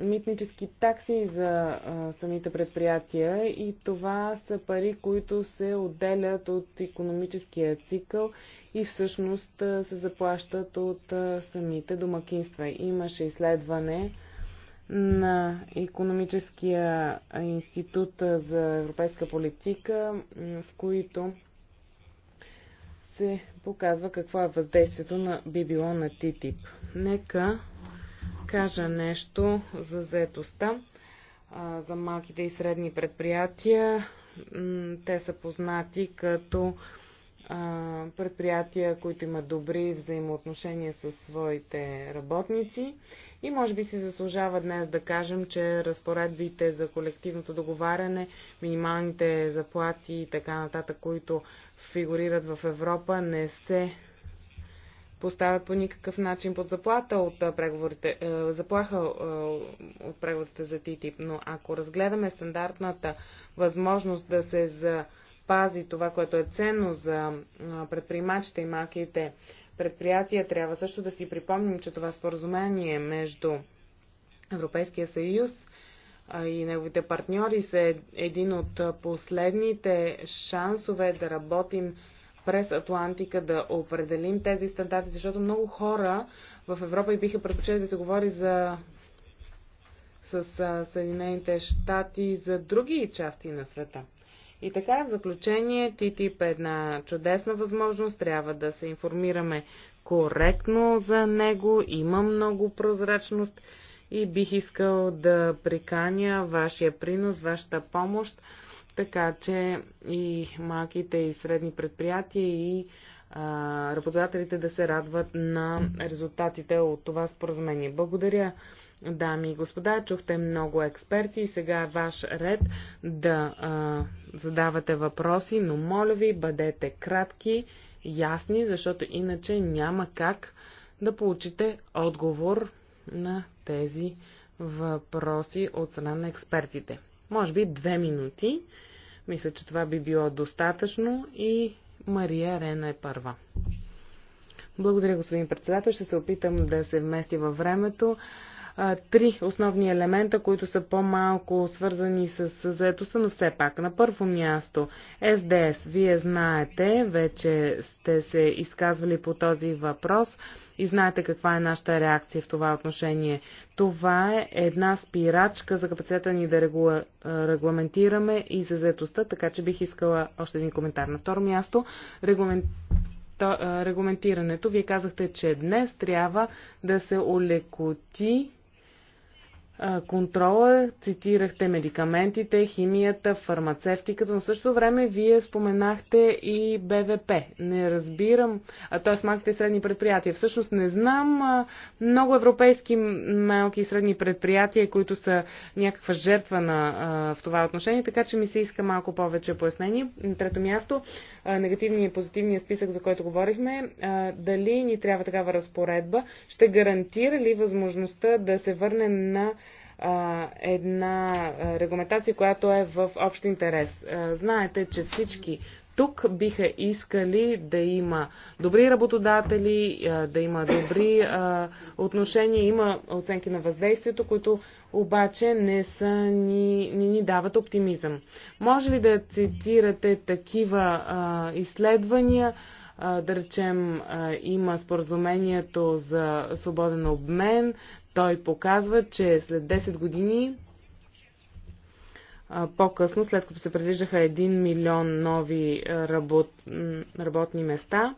Speaker 3: митнически такси за а, самите предприятия и това са пари, които се отделят от економическия цикъл и всъщност а, се заплащат от а, самите домакинства. Имаше изследване на економическия институт за европейска политика, в които се показва какво е въздействието на би било на ТИТИП. Нека кажа нещо за заетостта, за малките и средни предприятия. Те са познати като предприятия, които имат добри взаимоотношения с своите работници. И може би си заслужава днес да кажем, че разпоредбите за колективното договаряне, минималните заплати и така нататък, които фигурират в Европа, не се поставят по никакъв начин под заплата от преговорите, заплаха от преговорите за ТТИП, но ако разгледаме стандартната възможност да се запази това, което е ценно за предприемачите и малките предприятия, трябва също да си припомним, че това споразумение между Европейския съюз и неговите партньори са е, един от последните шансове да работим през Атлантика да определим тези стандарти, защото много хора в Европа и биха предпочели да се говори за с Съединените щати и за други части на света. И така, в заключение, ТТИП е една чудесна възможност, трябва да се информираме коректно за него, има много прозрачност и бих искал да приканя вашия принос, вашата помощ така че и малките и средни предприятия и а, работодателите да се радват на резултатите от това споразумение. Благодаря, дами и господа. Чухте много експерти и сега е ваш ред да а, задавате въпроси, но моля ви, бъдете кратки, ясни, защото иначе няма как да получите отговор на тези въпроси от страна на експертите. Може би две минути мисля, че това би било достатъчно и Мария Рена е първа. Благодаря, господин председател. Ще се опитам да се вмести във времето. Три основни елемента, които са по-малко свързани с заетостта, но все пак. На първо място СДС. Вие знаете, вече сте се изказвали по този въпрос и знаете каква е нашата реакция в това отношение. Това е една спирачка за капацитета ни да регула, регламентираме и за заедостта, така че бих искала още един коментар. На второ място, регламент регламентирането. Вие казахте, че днес трябва да се олекоти контрола, цитирахте медикаментите, химията, фармацевтиката, но също време вие споменахте и БВП. Не разбирам, т.е. малките и средни предприятия. Всъщност не знам много европейски малки и средни предприятия, които са някаква жертва на, в това отношение, така че ми се иска малко повече пояснение. На трето място, негативният и позитивният списък, за който говорихме, дали ни трябва такава разпоредба, ще гарантира ли възможността да се върне на една регламентация, която е в общ интерес. Знаете, че всички тук биха искали да има добри работодатели, да има добри отношения, има оценки на въздействието, които обаче не, са, ни, ни, ни дават оптимизъм. Може ли да цитирате такива изследвания? да речем, има споразумението за свободен обмен, той показва, че след 10 години по-късно, след като се предвиждаха 1 милион нови работ, работни места,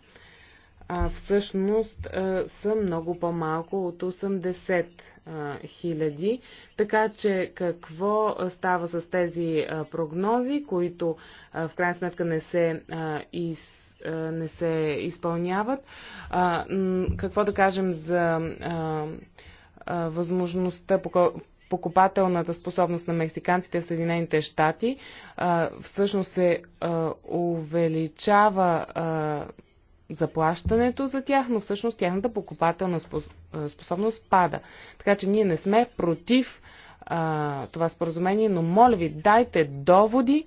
Speaker 3: всъщност са много по-малко от 80 хиляди. Така че какво става с тези прогнози, които в крайна сметка не се из не се изпълняват. Какво да кажем за възможността, покупателната способност на мексиканците в Съединените щати, всъщност се увеличава заплащането за тях, но всъщност тяхната покупателна способност пада. Така че ние не сме против това споразумение, но моля ви, дайте доводи,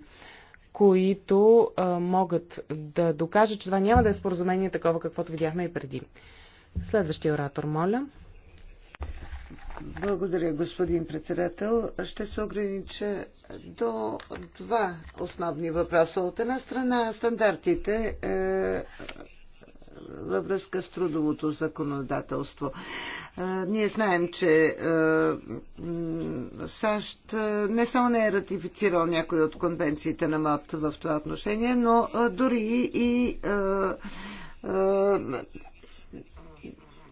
Speaker 3: които могат да докажат, че това няма да е споразумение такова, каквото видяхме и преди. Следващия оратор, моля.
Speaker 1: Благодаря, господин председател. Ще се огранича до два основни въпроса. От една страна, стандартите е, във връзка с трудовото законодателство. Е, ние знаем, че е, САЩ не само не е ратифицирал някои от конвенциите на МОД в това отношение, но е, дори и. Е, е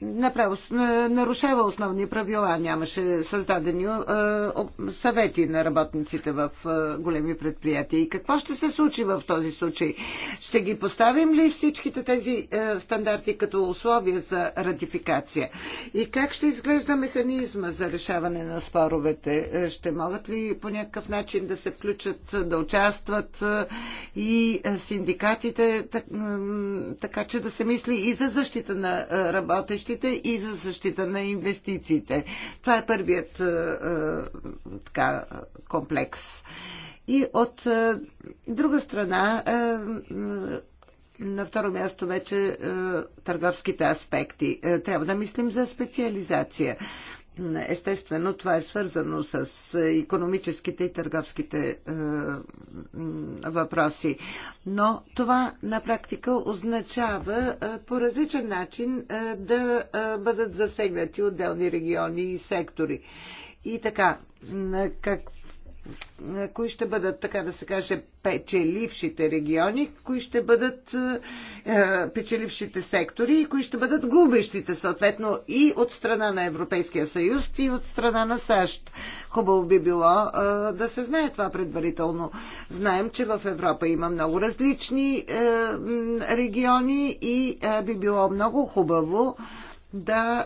Speaker 1: направо нарушава основни правила. Нямаше създадени съвети на работниците в големи предприятия. И какво ще се случи в този случай? Ще ги поставим ли всичките тези стандарти като условия за ратификация? И как ще изглежда механизма за решаване на споровете? Ще могат ли по някакъв начин да се включат, да участват и синдикатите, така че да се мисли и за защита на работещите? дейностите и за защита на инвестициите. Това е първият е, е, така, комплекс. И от е, друга страна, на второ място вече търговските аспекти. Трябва да мислим за специализация. Естествено, това е свързано с економическите и търговските е, въпроси. Но това на практика означава е, по различен начин е, да е, бъдат засегнати отделни региони и сектори. И така, как кои ще бъдат, така да се каже, печелившите региони, кои ще бъдат е, печелившите сектори и кои ще бъдат губещите, съответно, и от страна на Европейския съюз, и от страна на САЩ. Хубаво би било е, да се знае това предварително. Знаем, че в Европа има много различни е, региони и би било много хубаво да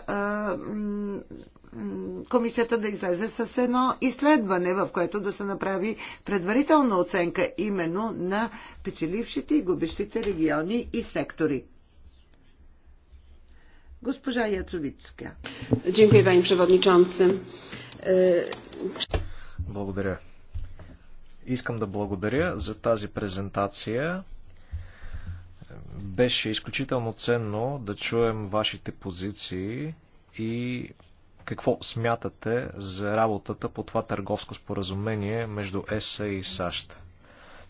Speaker 1: комисията да излезе с едно изследване, в което да се направи предварителна оценка именно на печелившите и губещите региони и сектори. Госпожа Яцовицка.
Speaker 3: Дякую, пани przewodniczący. Е,
Speaker 2: благодаря. Искам да благодаря за тази презентация. Беше изключително ценно да чуем вашите позиции и какво смятате за работата по това търговско споразумение между ЕСА и САЩ.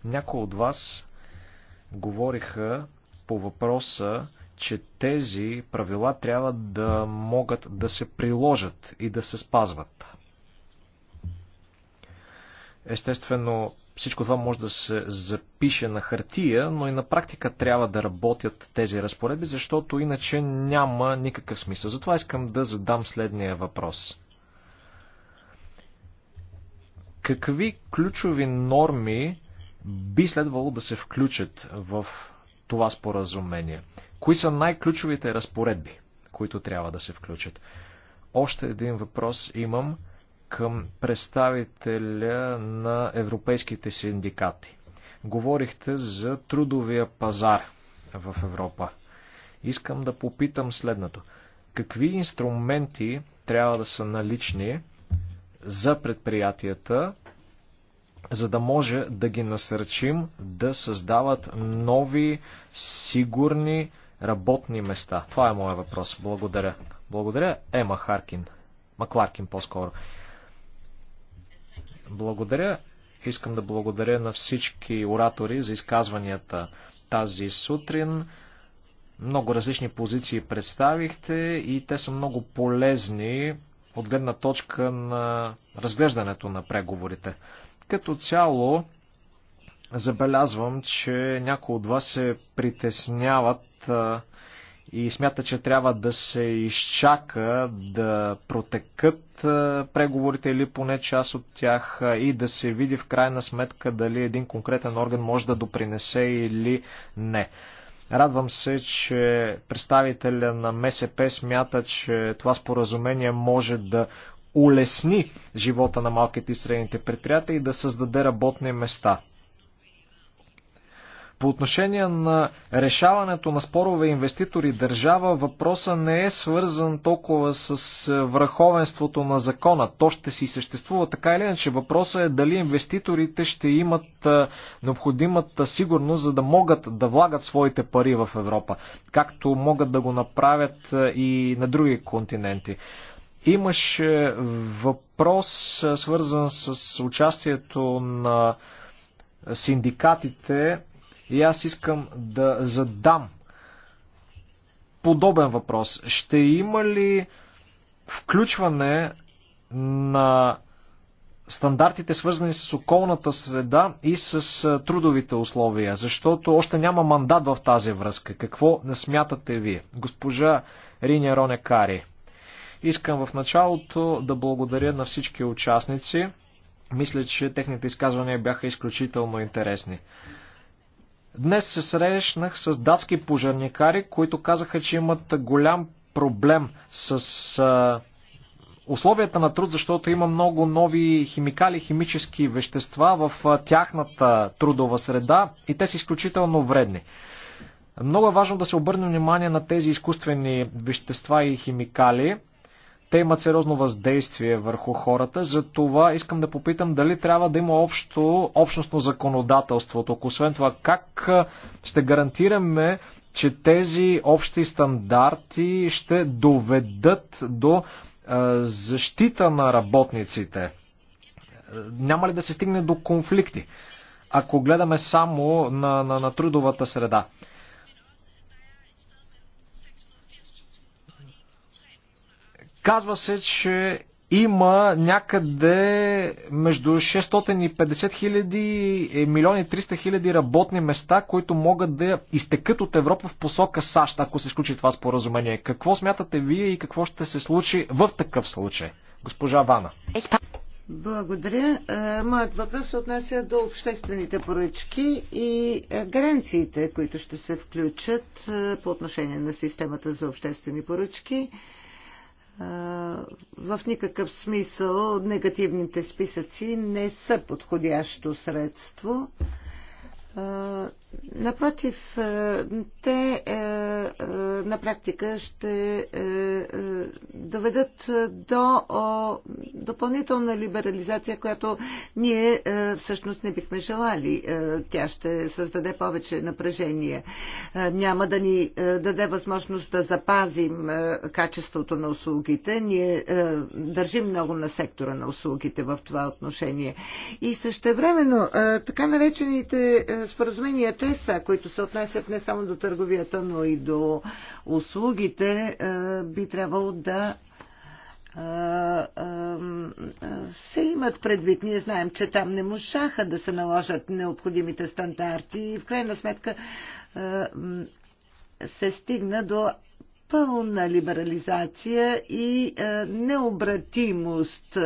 Speaker 2: Някои от вас говориха по въпроса, че тези правила трябва да могат да се приложат и да се спазват. Естествено, всичко това може да се запише на хартия, но и на практика трябва да работят тези разпоредби, защото иначе няма никакъв смисъл. Затова искам да задам следния въпрос. Какви ключови норми би следвало да се включат в това споразумение? Кои са най-ключовите разпоредби, които трябва да се включат? Още един въпрос имам – към представителя на европейските синдикати. Говорихте за трудовия пазар в Европа. Искам да попитам следното. Какви инструменти трябва да са налични за предприятията, за да може да ги насърчим да създават нови, сигурни работни места? Това е моят въпрос. Благодаря. Благодаря, Ема Харкин. Макларкин по-скоро. Благодаря. Искам да благодаря на всички оратори за изказванията тази сутрин. Много различни позиции представихте и те са много полезни от гледна точка на разглеждането на преговорите. Като цяло, забелязвам, че някои от вас се притесняват и смята, че трябва да се изчака да протекат преговорите или поне част от тях и да се види в крайна сметка дали един конкретен орган може да допринесе или не. Радвам се, че представителя на МСП смята, че това споразумение може да улесни живота на малките и средните предприятия и да създаде работни места. По отношение на решаването на спорове инвеститори държава, въпроса не е свързан толкова с е, върховенството на закона. То ще си съществува така или иначе. Въпросът е дали инвеститорите ще имат е, необходимата сигурност, за да могат да влагат своите пари в Европа, както могат да го направят е, и на други континенти. Имаш въпрос, свързан с участието на синдикатите и аз искам да задам подобен въпрос. Ще има ли включване на стандартите, свързани с околната среда и с трудовите условия, защото още няма мандат в тази връзка. Какво не смятате вие? Госпожа Риня Роне Кари. Искам в началото да благодаря на всички участници. Мисля, че техните изказвания бяха изключително интересни. Днес се срещнах с датски пожарникари, които казаха, че имат голям проблем с а, условията на труд, защото има много нови химикали, химически вещества в а, тяхната трудова среда и те са изключително вредни. Много е важно да се обърне внимание на тези изкуствени вещества и химикали. Те имат сериозно въздействие върху хората, затова искам да попитам дали трябва да има общо, общностно законодателство. Освен това, как ще гарантираме, че тези общи стандарти ще доведат до защита на работниците? Няма ли да се стигне до конфликти? Ако гледаме само на, на, на трудовата среда. Казва се, че има някъде между 650 хиляди и милиони 300 хиляди работни места, които могат да изтекат от Европа в посока САЩ, ако се изключи това споразумение. Какво смятате вие и какво ще се случи в такъв случай? Госпожа Вана.
Speaker 1: Благодаря. Е, моят въпрос се отнася до обществените поръчки и е, гаранциите, които ще се включат е, по отношение на системата за обществени поръчки в никакъв смисъл негативните списъци не са подходящо средство. Напротив, е, те е, е, на практика ще доведат до допълнителна либерализация, която ние всъщност не бихме желали. Тя ще създаде повече напрежение. Няма да ни даде възможност да запазим качеството на услугите. Ние държим много на сектора на услугите в това отношение. И също времено така наречените споразуменията процеса, които се отнасят не само до търговията, но и до услугите, е, би трябвало да е, е, се имат предвид. Ние знаем, че там не можаха да се наложат необходимите стандарти и в крайна сметка се стигна до пълна либерализация и необратимост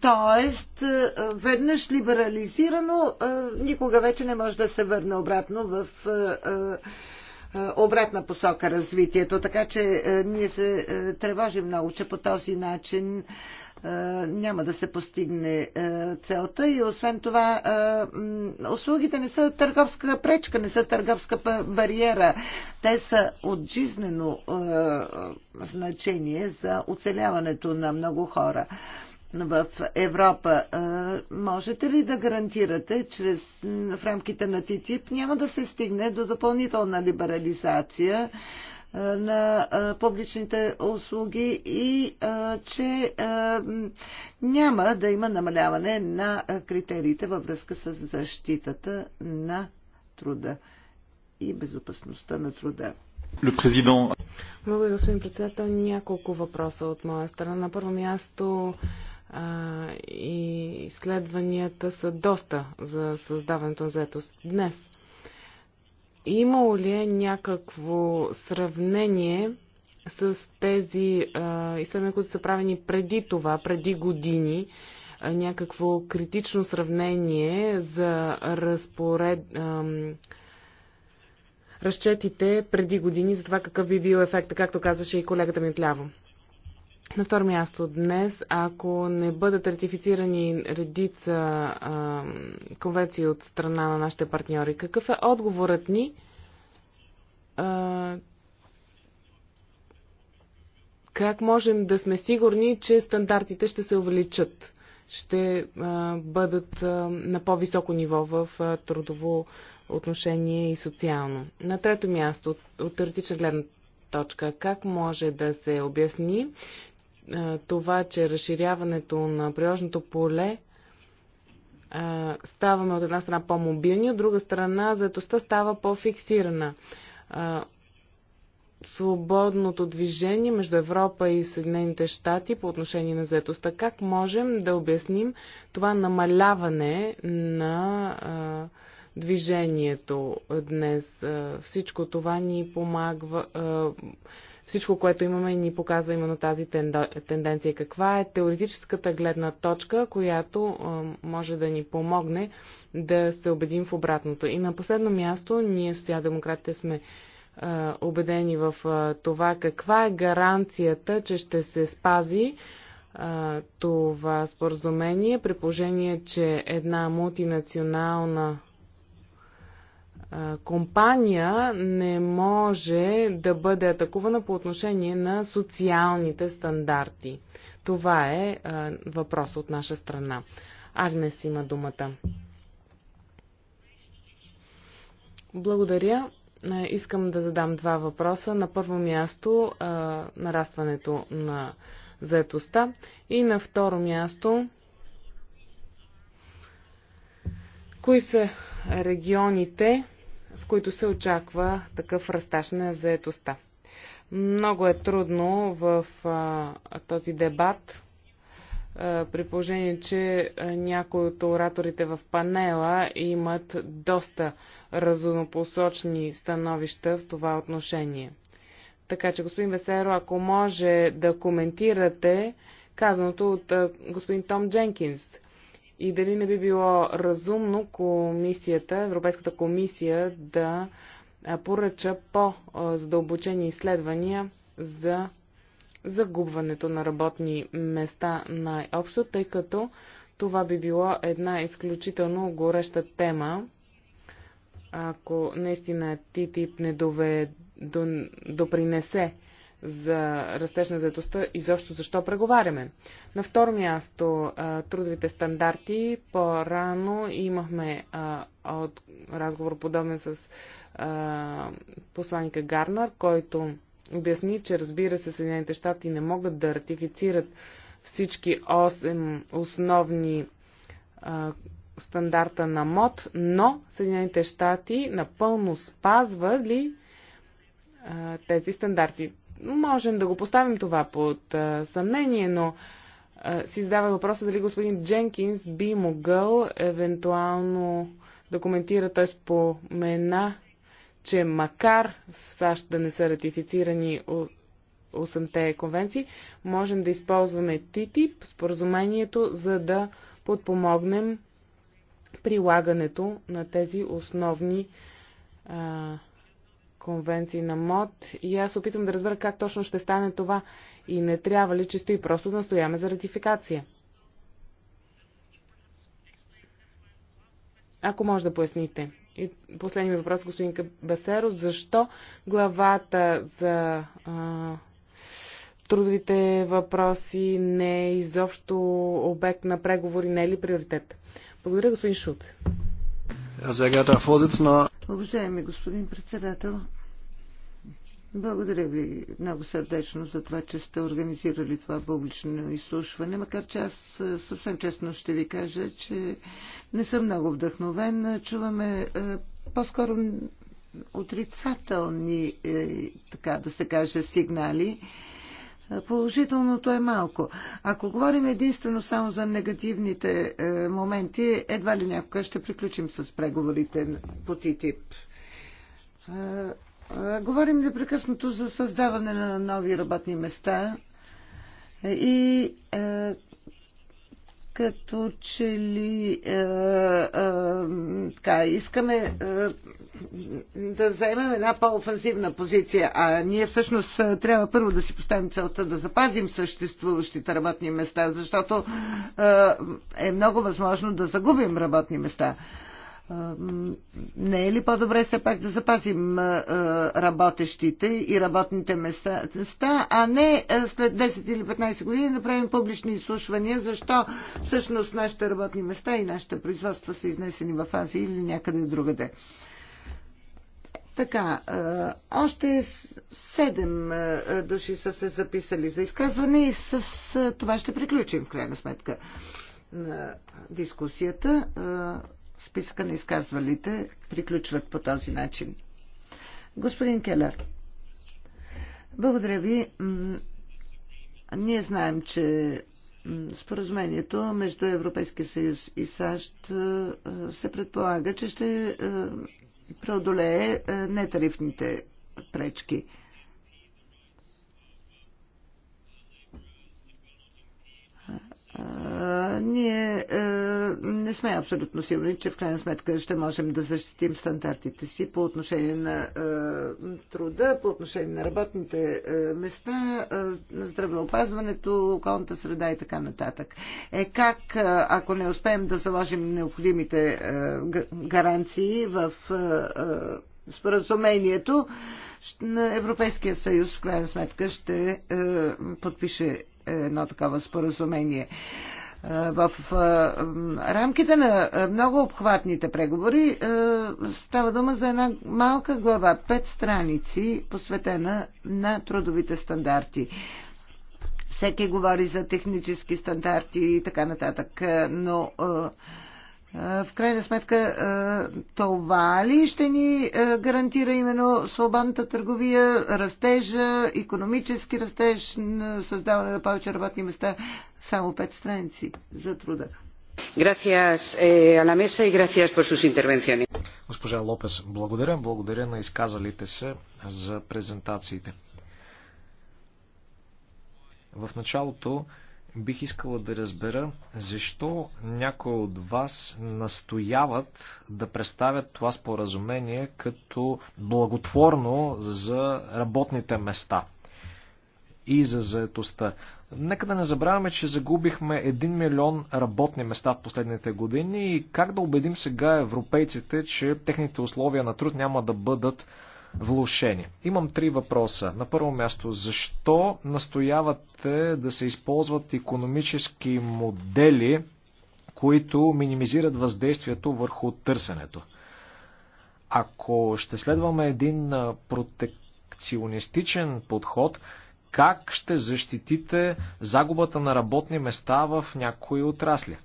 Speaker 1: Тоест, е, веднъж либерализирано, е, никога вече не може да се върне обратно в е, обратна посока развитието. Така че ние се тревожим много, че по този начин няма да се постигне целта и освен това услугите не са търговска пречка, не са търговска бариера. Те са от жизнено значение за оцеляването на много хора в Европа. Можете ли да гарантирате, че в рамките на ТТИП няма да се стигне до допълнителна либерализация на публичните услуги и че няма да има намаляване на критериите във връзка с защитата на труда и безопасността на труда.
Speaker 3: Благодаря, господин председател. Няколко въпроса от моя страна. На първо място а, и изследванията са доста за създаването на заетост днес. Имало ли е някакво сравнение с тези а, изследвания, които са правени преди това, преди години, а, някакво критично сравнение за разпоред. А, разчетите преди години за това какъв би бил ефект, както казваше и колегата ми отляво. На второ място, днес, ако не бъдат ратифицирани редица а, конвенции от страна на нашите партньори, какъв е отговорът ни? А, как можем да сме сигурни, че стандартите ще се увеличат? Ще а, бъдат а, на по-високо ниво в а, трудово отношение и социално. На трето място, от, от теоретична гледна точка, как може да се обясни, това, че разширяването на приложното поле ставаме от една страна по-мобилни, от друга страна заедостта става по-фиксирана. Свободното движение между Европа и Съединените щати по отношение на заедостта. Как можем да обясним това намаляване на движението днес? Всичко това ни помага всичко, което имаме, ни показва именно тази тенденция. Каква е теоретическата гледна точка, която може да ни помогне да се убедим в обратното. И на последно място, ние социал-демократите сме убедени в това каква е гаранцията, че ще се спази това споразумение, при положение, че една мултинационална компания не може да бъде атакувана по отношение на социалните стандарти. Това е въпрос от наша страна. Агнес има думата. Благодаря. Искам да задам два въпроса. На първо място нарастването на заетостта и на второ място кои са регионите, в които се очаква такъв растаж на заетостта. Много е трудно в а, този дебат, а, при положение, че някои от ораторите в панела имат доста разумопосочни становища в това отношение. Така че, господин Весеро, ако може да коментирате казаното от а, господин Том Дженкинс и дали не би било разумно комисията, Европейската комисия да поръча по-задълбочени изследвания за загубването на работни места най-общо, тъй като това би било една изключително гореща тема, ако наистина ТТИП не доведе, до, допринесе за растеж на заедостта и защо, защо преговаряме. На второ място, трудовите стандарти. По-рано имахме от разговор подобен с посланика Гарнар, който обясни, че разбира се Съединените щати не могат да ратифицират всички 8 основни стандарта на МОД, но Съединените щати напълно спазвали тези стандарти. Можем да го поставим това под а, съмнение, но а, си задава въпроса дали господин Дженкинс би могъл евентуално да коментира, т.е. спомена, че макар САЩ да не са ратифицирани 8-те конвенции, можем да използваме ТИТИП, споразумението, за да подпомогнем прилагането на тези основни а, конвенции на МОД и аз опитвам да разбера как точно ще стане това и не трябва ли чисто и просто да настояме за ратификация. Ако може да поясните. И последния ми въпрос, господин Басеро, защо главата за а, трудовите въпроси не е изобщо обект на преговори, не е ли приоритет? Благодаря, господин Шут.
Speaker 1: Уважаеми господин председател, благодаря ви много сърдечно за това, че сте организирали това публично изслушване, макар че аз съвсем честно ще ви кажа, че не съм много вдъхновен. Чуваме по-скоро отрицателни, е, така да се каже, сигнали Положителното е малко. Ако говорим единствено само за негативните е, моменти, едва ли някога ще приключим с преговорите по ТИТИП. Е, е, говорим непрекъснато за създаване на нови работни места и като че ли а, е, а, е, така, искаме а, е, да заемем една по офанзивна позиция, а ние всъщност трябва първо да си поставим целта да запазим съществуващите работни места, защото е, е много възможно да загубим работни места. Не е ли по-добре все пак да запазим работещите и работните места, а не след 10 или 15 години да правим публични изслушвания, защо всъщност нашите работни места и нашите производства са изнесени в Азия или някъде другаде? Така, още седем души са се записали за изказване и с това ще приключим в крайна сметка на дискусията списка на изказвалите приключват по този начин. Господин Келер, благодаря ви. Ние знаем, че споразумението между Европейския съюз и САЩ е, се предполага, че ще е, преодолее е, нетарифните пречки – ние не сме абсолютно сигурни, че в крайна сметка ще можем да защитим стандартите си по отношение на труда, по отношение на работните места, на здравеопазването, околната среда и така нататък. Е как, ако не успеем да заложим необходимите гаранции в споразумението, Европейския съюз в крайна сметка ще подпише едно такова споразумение. Е, в е, рамките на е, много обхватните преговори става дума за една малка глава, пет страници, посветена на трудовите стандарти. Всеки говори за технически стандарти и така нататък, но е, в крайна сметка, е, това ли ще ни е, гарантира именно свободната търговия, растежа, економически растеж, създаване на повече работни места? Само пет страници за труда.
Speaker 2: Госпожа Лопес, благодаря. Благодаря на изказалите се за презентациите. В началото Бих искала да разбера защо някои от вас настояват да представят това споразумение като благотворно за работните места и за заетостта. Нека да не забравяме, че загубихме 1 милион работни места в последните години и как да убедим сега европейците, че техните условия на труд няма да бъдат влушени. Имам три въпроса. На първо място, защо настоявате да се използват економически модели, които минимизират въздействието върху търсенето? Ако ще следваме един протекционистичен подход, как ще защитите загубата на работни места в някои отрасли?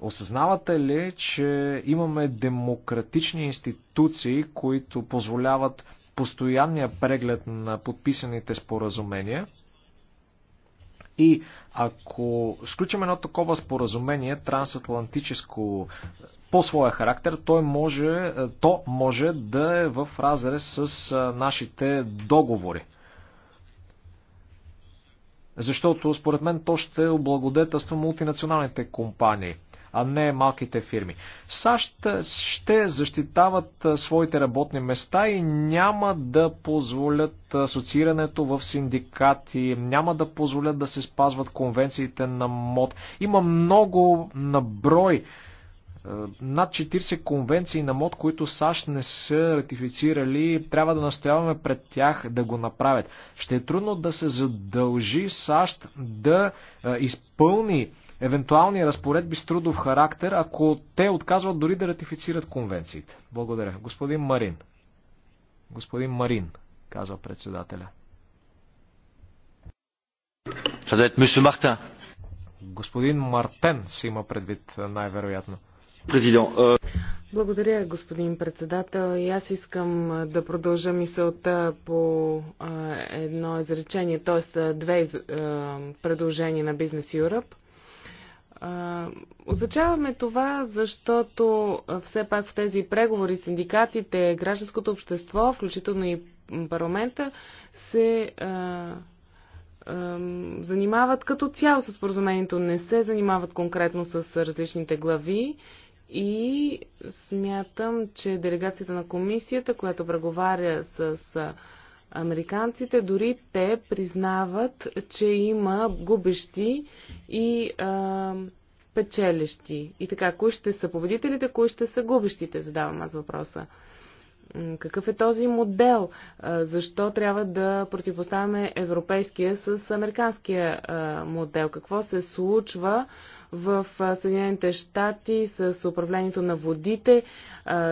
Speaker 2: Осъзнавате ли, че имаме демократични институции, които позволяват постоянния преглед на подписаните споразумения? И ако сключим едно такова споразумение, трансатлантическо по своя характер, той може, то може да е в разрез с нашите договори. Защото според мен то ще облагодетелства мултинационалните компании – а не малките фирми. САЩ ще защитават своите работни места и няма да позволят асоциирането в синдикати, няма да позволят да се спазват конвенциите на МОД. Има много наброй над 40 конвенции на МОД, които САЩ не са ратифицирали, трябва да настояваме пред тях да го направят. Ще е трудно да се задължи САЩ да изпълни евентуални разпоредби с трудов характер, ако те отказват дори да ратифицират конвенциите. Благодаря. Господин Марин. Господин Марин, казва председателя. Господин Мартен се има предвид е, най-вероятно. Е,
Speaker 3: Благодаря, господин председател. И аз искам е, да продължа мисълта по едно изречение, т.е. две предложения на Бизнес Юръп. Означаваме това, защото все пак в тези преговори синдикатите, гражданското общество, включително и парламента, се а, а, занимават като цяло с споразумението, не се занимават конкретно с различните глави и смятам, че делегацията на комисията, която преговаря с Американците дори те признават, че има губещи и а, печелещи. И така, кои ще са победителите, кои ще са губещите, задавам аз въпроса. Какъв е този модел? Защо трябва да противоставяме европейския с американския модел? Какво се случва в Съединените щати с управлението на водите,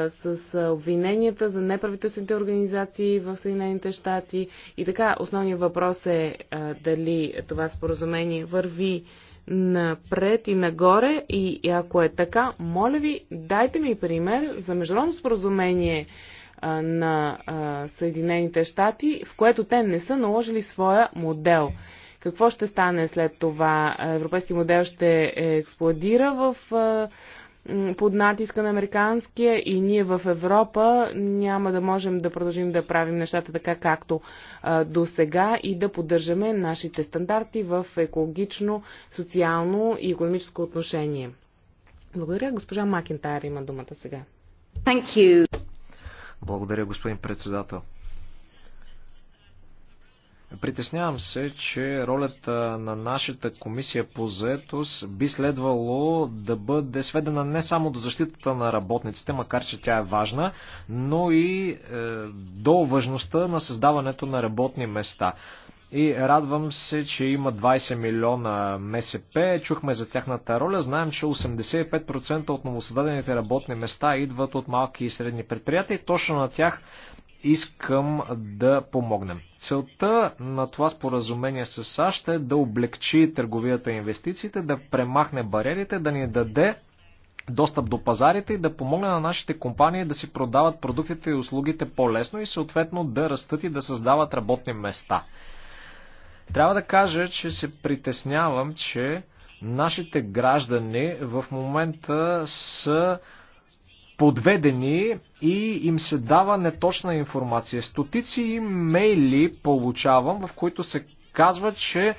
Speaker 3: с обвиненията за неправителствените организации в Съединените щати? И така, основният въпрос е дали това споразумение върви напред и нагоре и ако е така, моля ви, дайте ми пример за международно споразумение, на Съединените щати, в което те не са наложили своя модел. Какво ще стане след това? Европейски модел ще експлодира в под натиска на американския и ние в Европа няма да можем да продължим да правим нещата така както до сега и да поддържаме нашите стандарти в екологично, социално и економическо отношение. Благодаря. Госпожа Макентайр има думата сега. Thank you.
Speaker 2: Благодаря, господин председател. Притеснявам се, че ролята на нашата комисия по заетост би следвало да бъде сведена не само до защитата на работниците, макар че тя е важна, но и е, до важността на създаването на работни места и радвам се, че има 20 милиона МСП. Чухме за тяхната роля. Знаем, че 85% от новосъздадените работни места идват от малки и средни предприятия и точно на тях искам да помогнем. Целта на това споразумение с САЩ е да облегчи търговията и инвестициите, да премахне бариерите, да ни даде достъп до пазарите и да помогне на нашите компании да си продават продуктите и услугите по-лесно и съответно да растат и да създават работни места. Трябва да кажа, че се притеснявам, че нашите граждани в момента са подведени и им се дава неточна информация. Стотици имейли получавам, в които се казва, че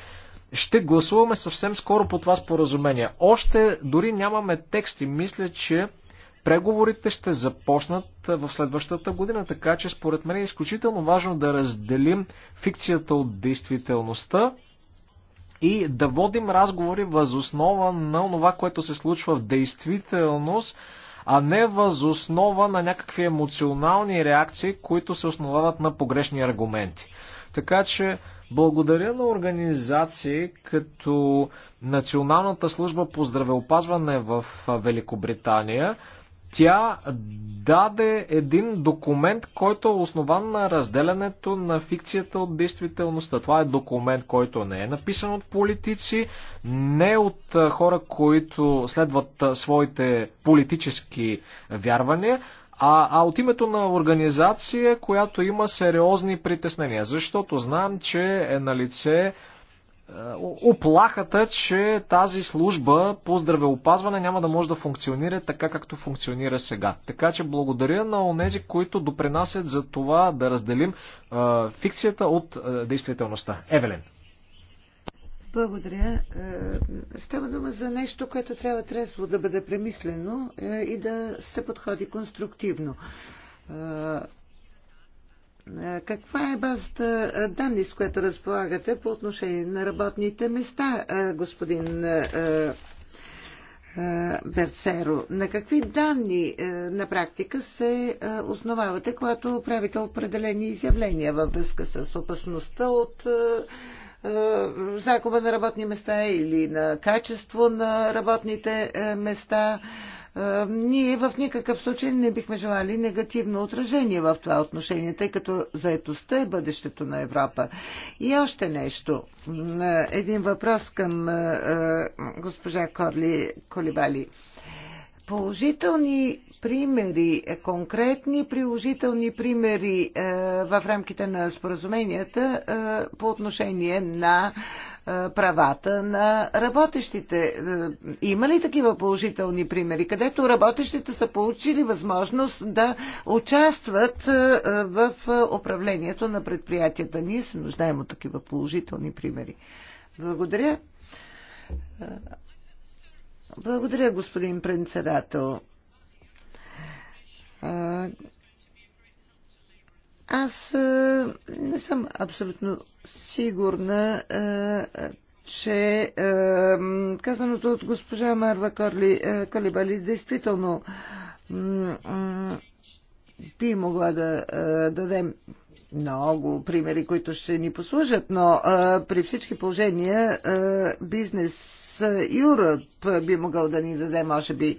Speaker 2: ще гласуваме съвсем скоро по това споразумение. Още дори нямаме тексти. Мисля, че Преговорите ще започнат в следващата година, така че според мен е изключително важно да разделим фикцията от действителността и да водим разговори възоснова на това, което се случва в действителност, а не възоснова на някакви емоционални реакции, които се основават на погрешни аргументи. Така че благодаря на организации като Националната служба по здравеопазване в Великобритания, тя даде един документ, който е основан на разделянето на фикцията от действителността. Това е документ, който не е написан от политици, не от хора, които следват своите политически вярвания, а, а от името на организация, която има сериозни притеснения, защото знам, че е на лице оплахата, е, че тази служба по здравеопазване няма да може да функционира така, както функционира сега. Така че благодаря на онези, които допринасят за това да разделим е, фикцията от е, действителността. Евелен.
Speaker 1: Благодаря. Става дума за нещо, което трябва трезво да бъде премислено и да се подходи конструктивно. Е, каква е базата е, данни, с която разполагате по отношение на работните места, е, господин Берцеро? На какви данни на практика се основавате, когато правите определени изявления във връзка с опасността от загуба на работни места или на качество на работните места? Е, ние в никакъв случай не бихме желали негативно отражение в това отношение, тъй като заетостта е бъдещето на Европа. И още нещо. Е, един въпрос към е, госпожа Корли Колибали. Положителни примери, конкретни приложителни примери в рамките на споразуменията по отношение на правата на работещите. Е, има ли такива положителни примери, където работещите са получили възможност да участват е, е, в управлението на предприятията? Ние се нуждаем от такива положителни примери. Благодаря. Благодаря, господин председател. Аз не съм абсолютно сигурна, е, че е, казаното от госпожа Марва Корли, е, Колибали действително би могла да дадем много примери, които ще ни послужат, но при всички положения бизнес Юръп би могъл да ни даде, може би,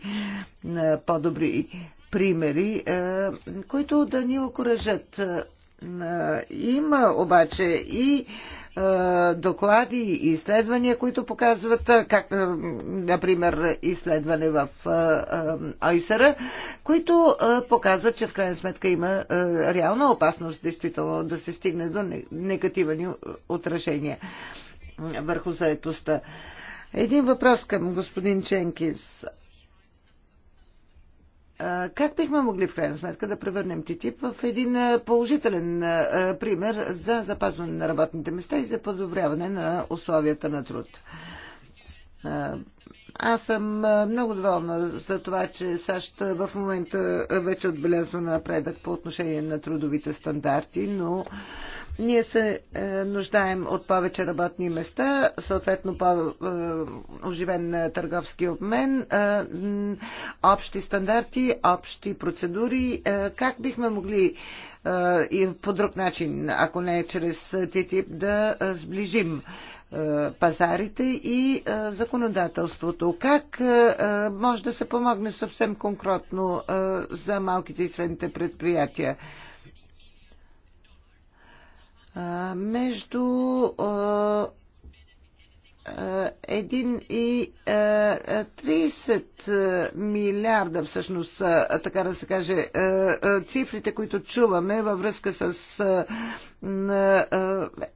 Speaker 1: по-добри примери, които да ни окоръжат. Има обаче и доклади и изследвания, които показват, как, например, изследване в Айсера, които показват, че в крайна сметка има реална опасност действително да се стигне до негативни отражения върху заетостта. Един въпрос към господин Ченкис. Как бихме могли в крайна сметка да превърнем ТТИП в един положителен пример за запазване на работните места и за подобряване на условията на труд? Аз съм много доволна за това, че САЩ в момента вече отбелязва напредък по отношение на трудовите стандарти, но ние се е, нуждаем от повече работни места, съответно по-оживен е, е, търговски обмен, общи стандарти, общи процедури. Как бихме могли и по друг начин, ако не е чрез ТТИП, да сближим пазарите и законодателството. Как може да се помогне съвсем конкретно за малките и средните предприятия? между един 30 е, е, е, милиарда всъщност така да се каже, цифрите, които чуваме във връзка с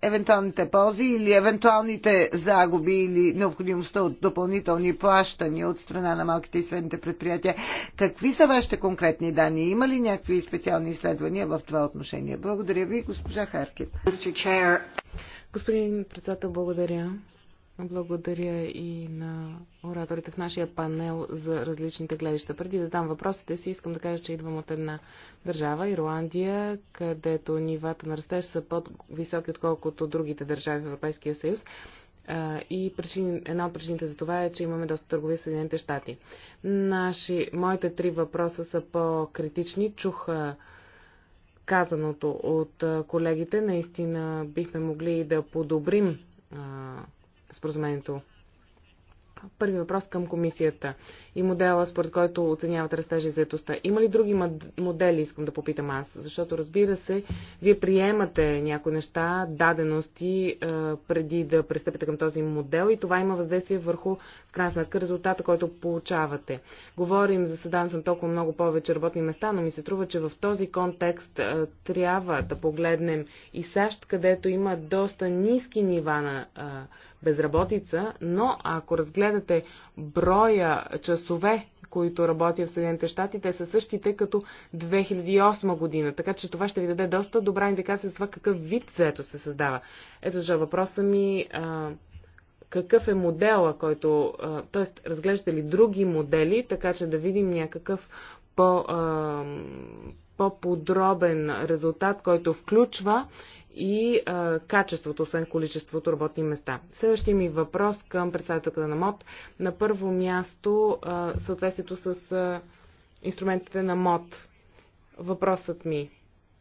Speaker 1: евентуалните ползи или евентуалните загуби или необходимостта от допълнителни плащания от страна на малките и средните предприятия. Какви са вашите конкретни данни? Има ли някакви специални изследвания в това отношение? Благодаря ви, госпожа Харкет.
Speaker 3: Господин председател, благодаря. Благодаря и на ораторите в нашия панел за различните гледаща. Преди да задам въпросите си, искам да кажа, че идвам от една държава, Ирландия, където нивата на растеж са по-високи, отколкото другите държави в Европейския съюз. И причин, една от причините за това е, че имаме доста търгови с Съединените щати. Наши, моите три въпроса са по-критични. Чух казаното от колегите. Наистина бихме могли да подобрим споразумението. Първи въпрос към комисията и модела, според който оценяват растежа и заетостта. Има ли други модели, искам да попитам аз? Защото, разбира се, вие приемате някои неща, дадености, е, преди да пристъпите към този модел и това има въздействие върху, в крайна сметка, резултата, който получавате. Говорим за създаването на толкова много повече работни места, но ми се трува, че в този контекст е, трябва да погледнем и САЩ, където има доста ниски нива на е, безработица, но ако разгледате броя часове, които работят в Съединените щати, те са същите като 2008 година. Така че това ще ви даде доста добра индикация за това какъв вид заето се създава. Ето за въпроса ми а, какъв е модела, който... Т.е. разглеждате ли други модели, така че да видим някакъв по, а, по-подробен резултат, който включва и а, качеството, освен количеството работни места. Следващия ми въпрос към председателката на МОД. На първо място а, съответствието с а, инструментите на МОД. Въпросът ми.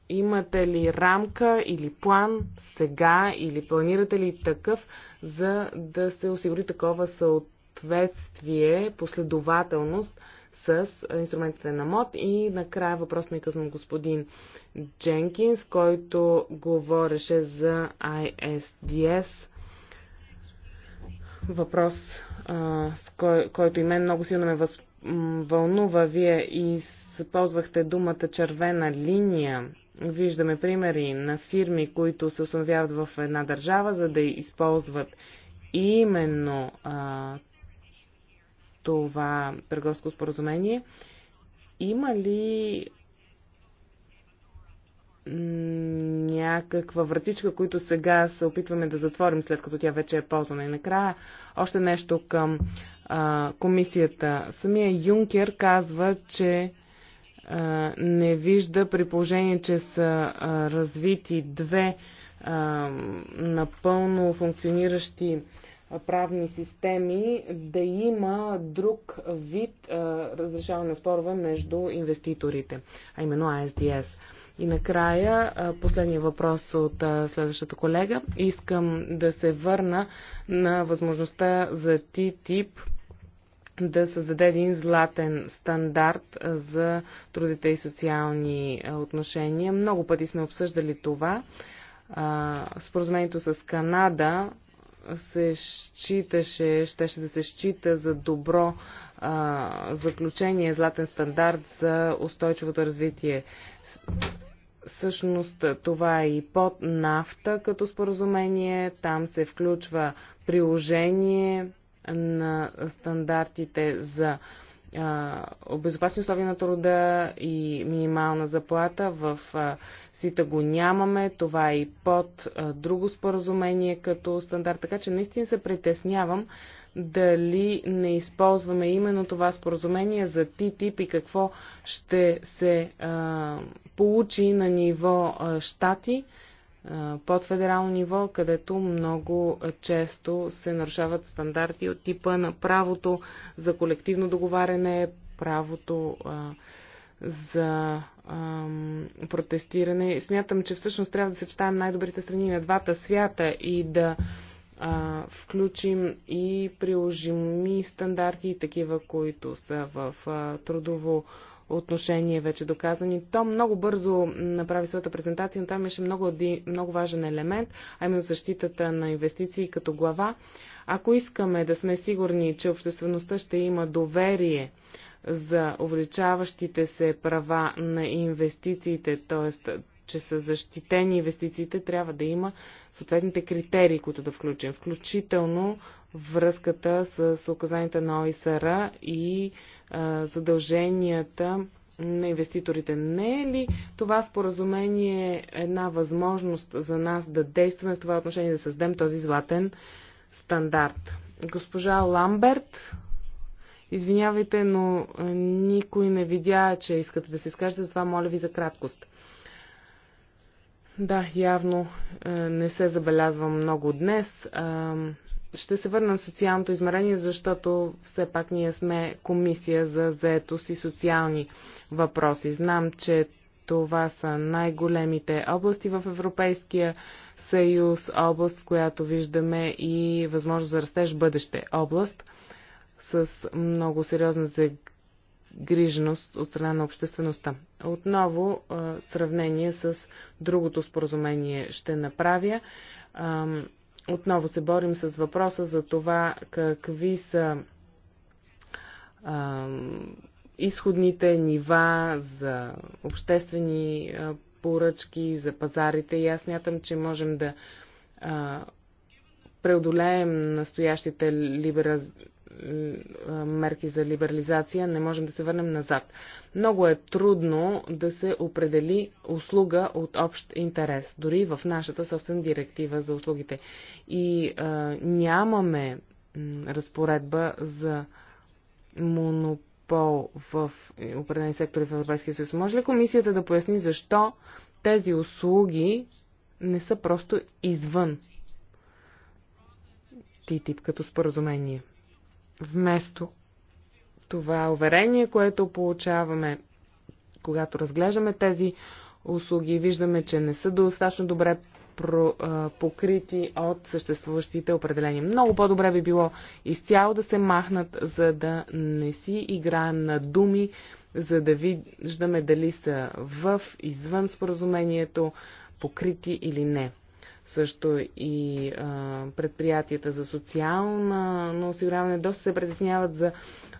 Speaker 3: Имате ли рамка или план сега или планирате ли такъв, за да се осигури такова съответствие, последователност с инструментите на МОД. И накрая въпрос ми е късно господин Дженкинс, който говореше за ISDS. Въпрос, а, с кой, който и мен много силно ме въз, вълнува. Вие използвахте думата червена линия. Виждаме примери на фирми, които се установяват в една държава, за да използват именно а, това търговско споразумение. Има ли някаква вратичка, които сега се опитваме да затворим, след като тя вече е ползвана. И накрая още нещо към а, комисията. Самия Юнкер казва, че а, не вижда при положение, че са а, развити две а, напълно функциониращи правни системи да има друг вид разрешаване на спорове между инвеститорите, а именно ISDS. И накрая, последния въпрос от следващата колега. Искам да се върна на възможността за ТИТИП да създаде един златен стандарт за трудите и социални отношения. Много пъти сме обсъждали това. Споразумението с Канада се считаше, щеше да се счита за добро а, заключение, златен стандарт за устойчивото развитие. Всъщност това е и под нафта като споразумение. Там се включва приложение на стандартите за а, безопасни условия на труда и минимална заплата. В СИТА го нямаме. Това е и под друго споразумение като стандарт. Така че наистина се притеснявам дали не използваме именно това споразумение за ТИТИП и какво ще се получи на ниво щати под федерално ниво, където много често се нарушават стандарти от типа на правото за колективно договаряне, правото за протестиране. Смятам, че всъщност трябва да съчетаем най-добрите страни на двата свята и да а, включим и приложими стандарти, такива, които са в а, трудово а, отношение вече доказани. То много бързо направи своята презентация, но там имаше много, много важен елемент, а именно защитата на инвестиции като глава. Ако искаме да сме сигурни, че обществеността ще има доверие за увеличаващите се права на инвестициите, т.е че са защитени инвестициите, трябва да има съответните критерии, които да включим, включително връзката с указанията на ОИСР и а, задълженията на инвеститорите. Не е ли това споразумение е една възможност за нас да действаме в това отношение, да създадем този златен стандарт? Госпожа Ламберт, извинявайте, но никой не видя, че искате да се изкажете, затова моля ви за краткост. Да, явно е, не се забелязва много днес. Ще се върна на социалното измерение, защото все пак ние сме комисия за заетост и социални въпроси. Знам, че това са най-големите области в Европейския съюз, област, в която виждаме и възможност за растеж бъдеще област с много сериозна грижност от страна на обществеността. Отново сравнение с другото споразумение ще направя. Отново се борим с въпроса за това какви са изходните нива за обществени поръчки, за пазарите и аз мятам, че можем да преодолеем настоящите либерализации е, мерки за либерализация, не можем да се върнем назад. Много е трудно да се определи услуга от общ интерес, дори в нашата собствена директива за услугите. И а, е, нямаме разпоредба за монопол в определени сектори в Европейския съюз. Може ли комисията да поясни защо тези услуги не са просто извън ТИТИП като споразумение? Вместо това уверение, което получаваме, когато разглеждаме тези услуги и виждаме, че не са достатъчно добре покрити от съществуващите определения. Много по-добре би било изцяло да се махнат, за да не си играем на думи, за да виждаме дали са в, извън споразумението, покрити или не също и а, предприятията за социална, но осигуряване доста се притесняват за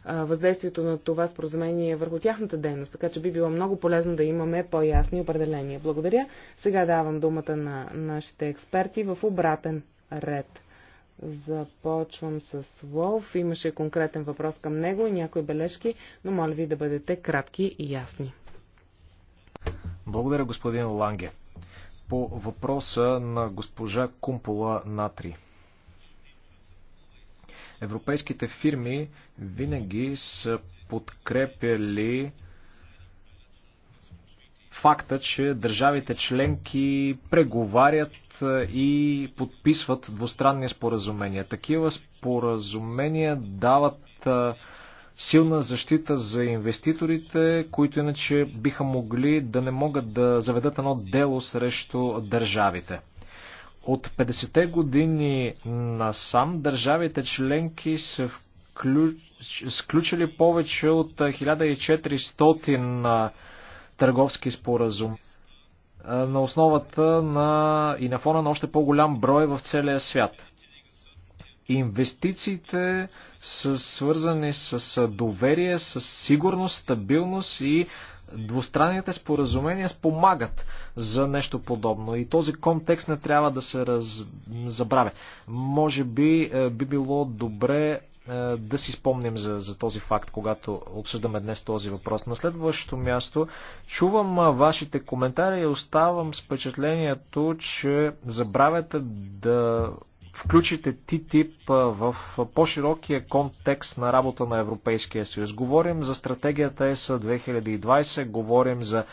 Speaker 3: а, въздействието на това споразумение върху тяхната дейност, така че би било много полезно да имаме по-ясни определения. Благодаря. Сега давам думата на нашите експерти в обратен ред. Започвам с Волф. Имаше конкретен въпрос към него и някои бележки, но моля ви да бъдете кратки и ясни.
Speaker 2: Благодаря, господин Ланге по въпроса на госпожа Кумпола Натри. Европейските фирми винаги са подкрепяли факта, че държавите членки преговарят и подписват двустранни споразумения. Такива споразумения дават силна защита за инвеститорите, които иначе биха могли да не могат да заведат едно дело срещу държавите. От 50-те години насам държавите членки са сключили повече от 1400 търговски споразум на основата на и на фона на още по-голям брой в целия свят – Инвестициите са свързани с доверие, с сигурност, стабилност и двустранните споразумения спомагат за нещо подобно. И този контекст не трябва да се раз... забравя. Може би е, би било добре е, да си спомним за, за този факт, когато обсъждаме днес този въпрос. На следващото място чувам вашите коментари и оставам с впечатлението, че забравяте да включите ТТИП в по-широкия контекст на работа на Европейския съюз. Говорим за стратегията ЕС 2020, говорим за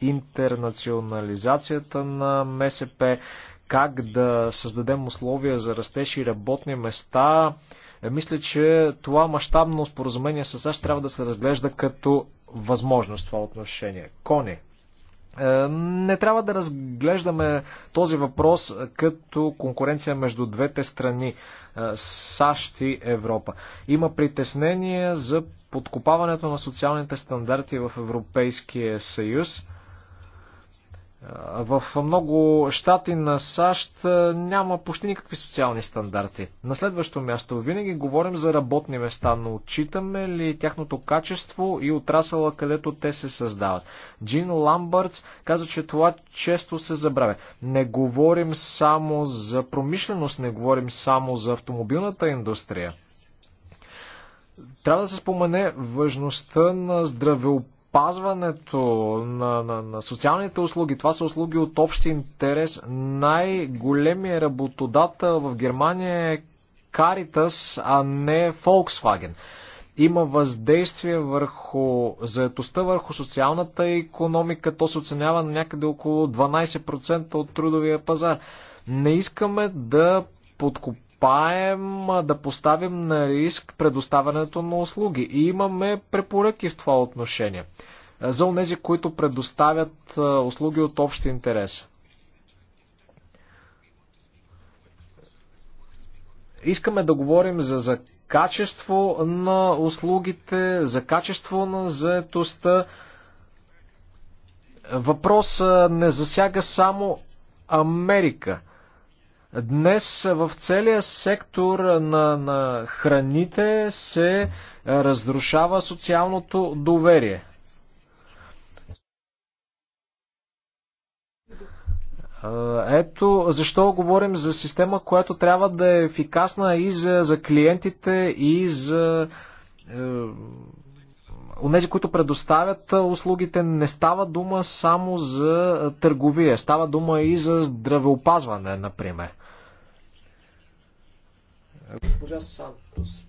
Speaker 2: интернационализацията на МСП, как да създадем условия за растеж и работни места. Е, мисля, че това мащабно споразумение с САЩ трябва да се разглежда като възможност това отношение. Кони, е, не трябва да разглеждаме този въпрос като конкуренция между двете страни е, САЩ и Европа. Има притеснения за подкопаването на социалните стандарти в Европейския съюз. В много щати на САЩ няма почти никакви социални стандарти. На следващо място винаги говорим за работни места, но отчитаме ли тяхното качество и отрасъла, където те се създават. Джин Ламбъртс каза, че това често се забравя. Не говорим само за промишленост, не говорим само за автомобилната индустрия. Трябва да се спомене важността на здравеопазването здравеопазването, на, на, на социалните услуги. Това са услуги от общи интерес. Най-големият работодател в Германия е Caritas, а не Volkswagen. Има въздействие върху заетостта, върху социалната економика. То се оценява на някъде около 12% от трудовия пазар. Не искаме да подкупим успаем да поставим на риск предоставянето на услуги. И имаме препоръки в това отношение за онези, които предоставят услуги от общ интерес. Искаме да говорим за, за качество на услугите, за качество на заетостта. Въпрос не засяга само Америка. Днес в целия сектор на, на храните се разрушава социалното доверие. Ето защо говорим за система, която трябва да е ефикасна и за, за клиентите, и за е, които предоставят услугите. Не става дума само за търговия, става дума и за здравеопазване, например. Госпожа Сантос.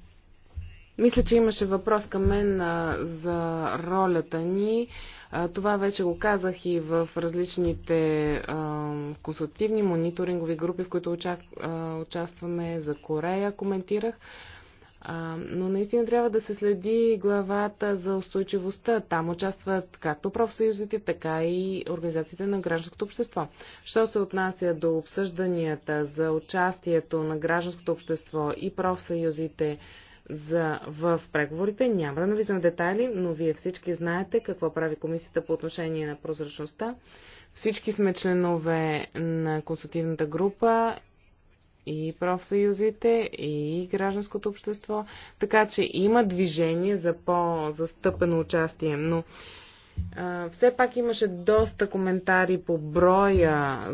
Speaker 3: Мисля, че имаше въпрос към мен а, за ролята ни. А, това вече го казах и в различните а, консултативни мониторингови групи, в които уча, а, участваме за Корея, коментирах. А, но наистина трябва да се следи главата за устойчивостта. Там участват както профсъюзите, така и организациите на гражданското общество. Що се отнася до обсъжданията за участието на гражданското общество и профсъюзите за, в преговорите, няма да навлизам детайли, но вие всички знаете какво прави комисията по отношение на прозрачността. Всички сме членове на консултивната група и профсъюзите, и гражданското общество. Така че има движение за по-застъпено участие, но а, все пак имаше доста коментари по броя а,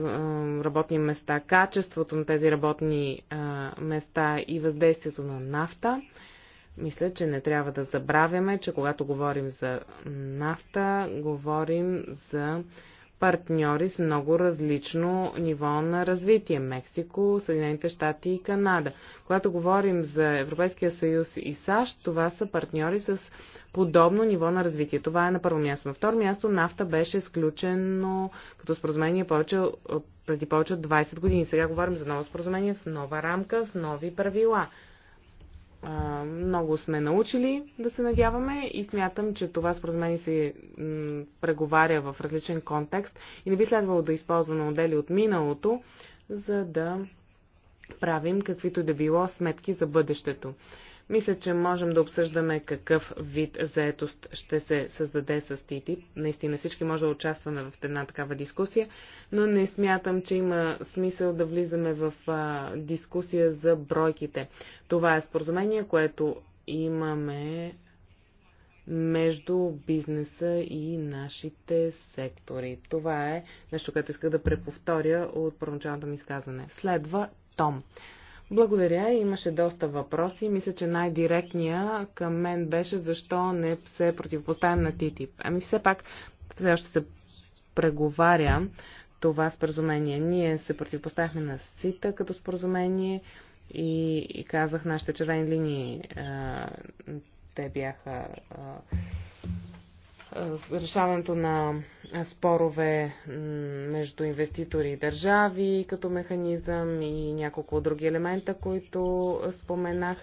Speaker 3: работни места, качеството на тези работни а, места и въздействието на нафта. Мисля, че не трябва да забравяме, че когато говорим за нафта, говорим за партньори с много различно ниво на развитие Мексико, Съединените щати и Канада. Когато говорим за Европейския съюз и САЩ, това са партньори с подобно ниво на развитие. Това е на първо място. На второ място нафта беше сключено като споразумение повече, преди повече от 20 години. Сега говорим за ново споразумение с нова рамка, с нови правила много сме научили да се надяваме и смятам, че това споразумение се преговаря в различен контекст и не би следвало да използваме модели от миналото, за да правим каквито да било сметки за бъдещето. Мисля, че можем да обсъждаме какъв вид заетост ще се създаде с ТИТИП. Наистина всички може да участваме в една такава дискусия, но не смятам, че има смисъл да влизаме в а, дискусия за бройките. Това е споразумение, което имаме между бизнеса и нашите сектори. Това е нещо, което исках да преповторя от първоначалното ми изказване. Следва Том. Благодаря. Имаше доста въпроси. Мисля, че най-директния към мен беше защо не се противопоставям на ТИТИП. Ами все пак все още се преговаря това споразумение. Ние се противопоставяхме на СИТА като споразумение и, и казах нашите червени линии. А, те бяха а, решаването на спорове между инвеститори и държави като механизъм и няколко други елемента, които споменах.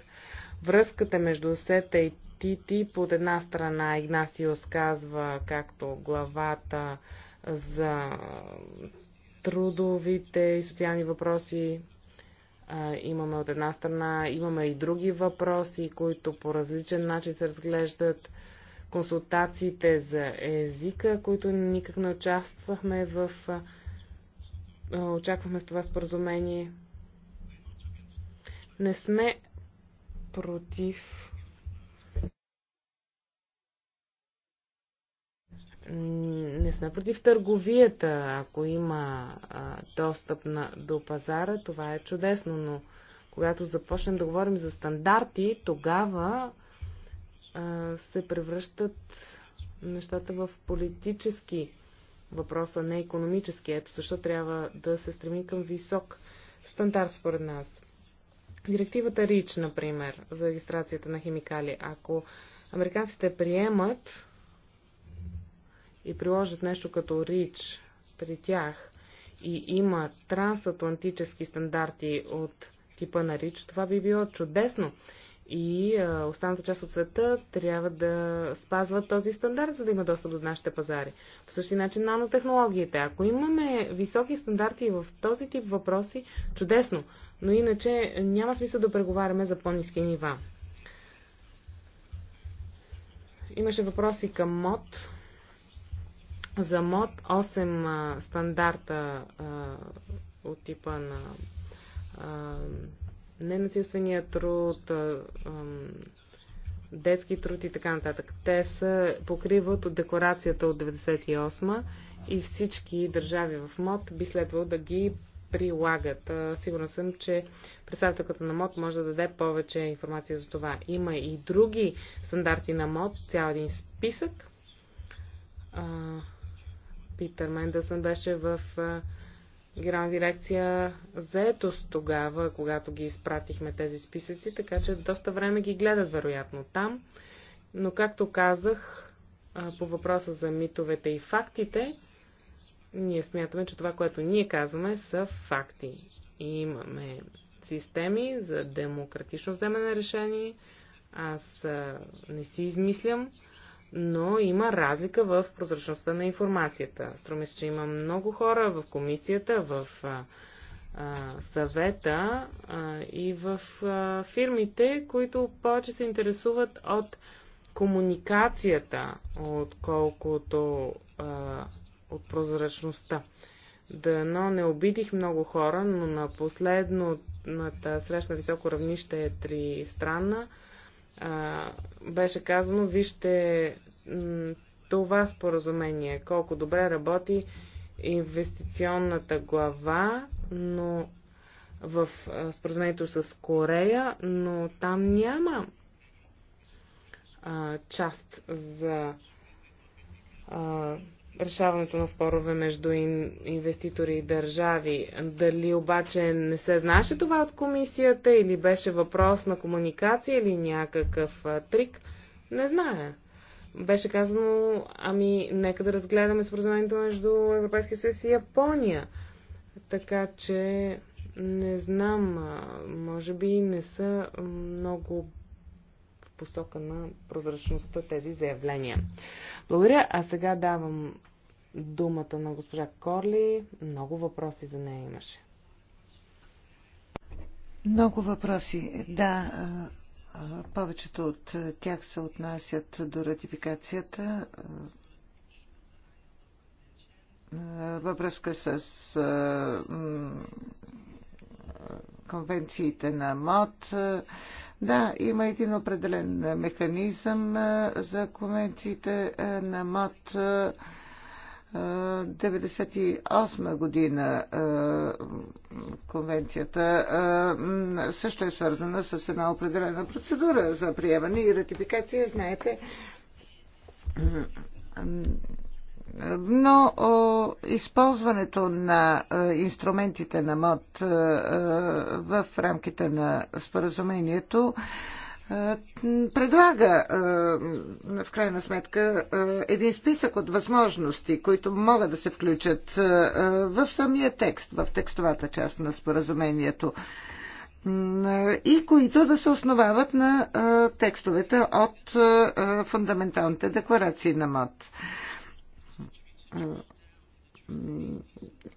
Speaker 3: Връзката между СЕТА и Тити под една страна Игнасио сказва както главата за трудовите и социални въпроси имаме от една страна, имаме и други въпроси, които по различен начин се разглеждат консултациите за езика, които никак не участвахме в. Очаквахме в това споразумение. Не сме против не сме против търговията. Ако има а, достъп на, до пазара, това е чудесно, но когато започнем да говорим за стандарти, тогава се превръщат нещата в политически въпроса, не економически. Ето защо трябва да се стремим към висок стандарт според нас. Директивата РИЧ, например, за регистрацията на химикали. Ако американците приемат и приложат нещо като РИЧ при тях и има трансатлантически стандарти от типа на РИЧ, това би било чудесно и останата част от света трябва да спазват този стандарт, за да има достъп до нашите пазари. По същия начин нанотехнологиите. Ако имаме високи стандарти в този тип въпроси, чудесно, но иначе няма смисъл да преговаряме за по-низки нива. Имаше въпроси към МОД. За МОД 8 стандарта от типа на ненасилствения труд, детски труд и така нататък. Те се покриват от декларацията от 98 и всички държави в МОД би следвало да ги прилагат. Сигурна съм, че представителката на МОД може да даде повече информация за това. Има и други стандарти на МОД, цял един списък. Питър Мендълсън беше в Генерална дирекция заетост тогава, когато ги изпратихме тези списъци, така че доста време ги гледат вероятно там. Но както казах, по въпроса за митовете и фактите, ние смятаме, че това, което ние казваме, са факти. И имаме системи за демократично вземане на решение. Аз не си измислям но има разлика в прозрачността на информацията. Струме се, че има много хора в комисията, в а, съвета а, и в а, фирмите, които повече се интересуват от комуникацията, отколкото а, от прозрачността. Дано не обидих много хора, но на последната среща на високо равнище е тристранна. странна а, беше казано, вижте това споразумение, колко добре работи инвестиционната глава, но в споразумението с Корея, но там няма а, част за а, решаването на спорове между инвеститори и държави. Дали обаче не се знаеше това от комисията или беше въпрос на комуникация или някакъв трик, не зная. Беше казано, ами нека да разгледаме споразумението между Европейския съюз и Япония. Така че не знам, може би не са много в посока на прозрачността тези заявления. Благодаря, а сега давам думата на госпожа Корли. Много въпроси за нея имаше.
Speaker 1: Много въпроси. Да, повечето от тях се отнасят до ратификацията във връзка с конвенциите на МОД. Да, има един определен механизъм за конвенциите на МОД 1998 година конвенцията също е свързана с една определена процедура за приемане и ратификация. Знаете, но о, използването на инструментите на МОД в рамките на споразумението предлага е, в крайна сметка е, един списък от възможности, които могат да се включат е, в самия текст, в текстовата част на споразумението и които да се основават на текстовете от фундаменталните декларации на МОД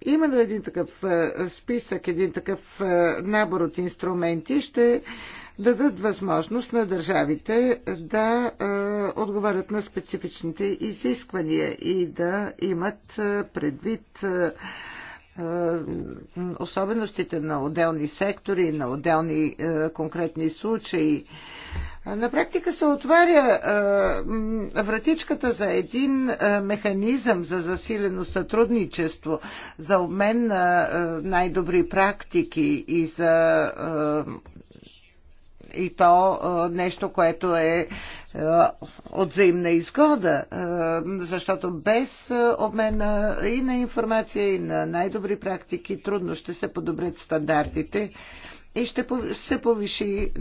Speaker 1: именно един такъв е, списък, един такъв е, набор от инструменти ще дадат възможност на държавите да е, отговарят на специфичните изисквания и да имат предвид особеностите на отделни сектори, на отделни конкретни случаи. На практика се отваря е, вратичката за един е, механизъм за засилено сътрудничество, за обмен на е, най-добри практики и за и то нещо, което е от взаимна изгода, защото без обмена и на информация, и на най-добри практики трудно ще се подобрят стандартите и ще се повиши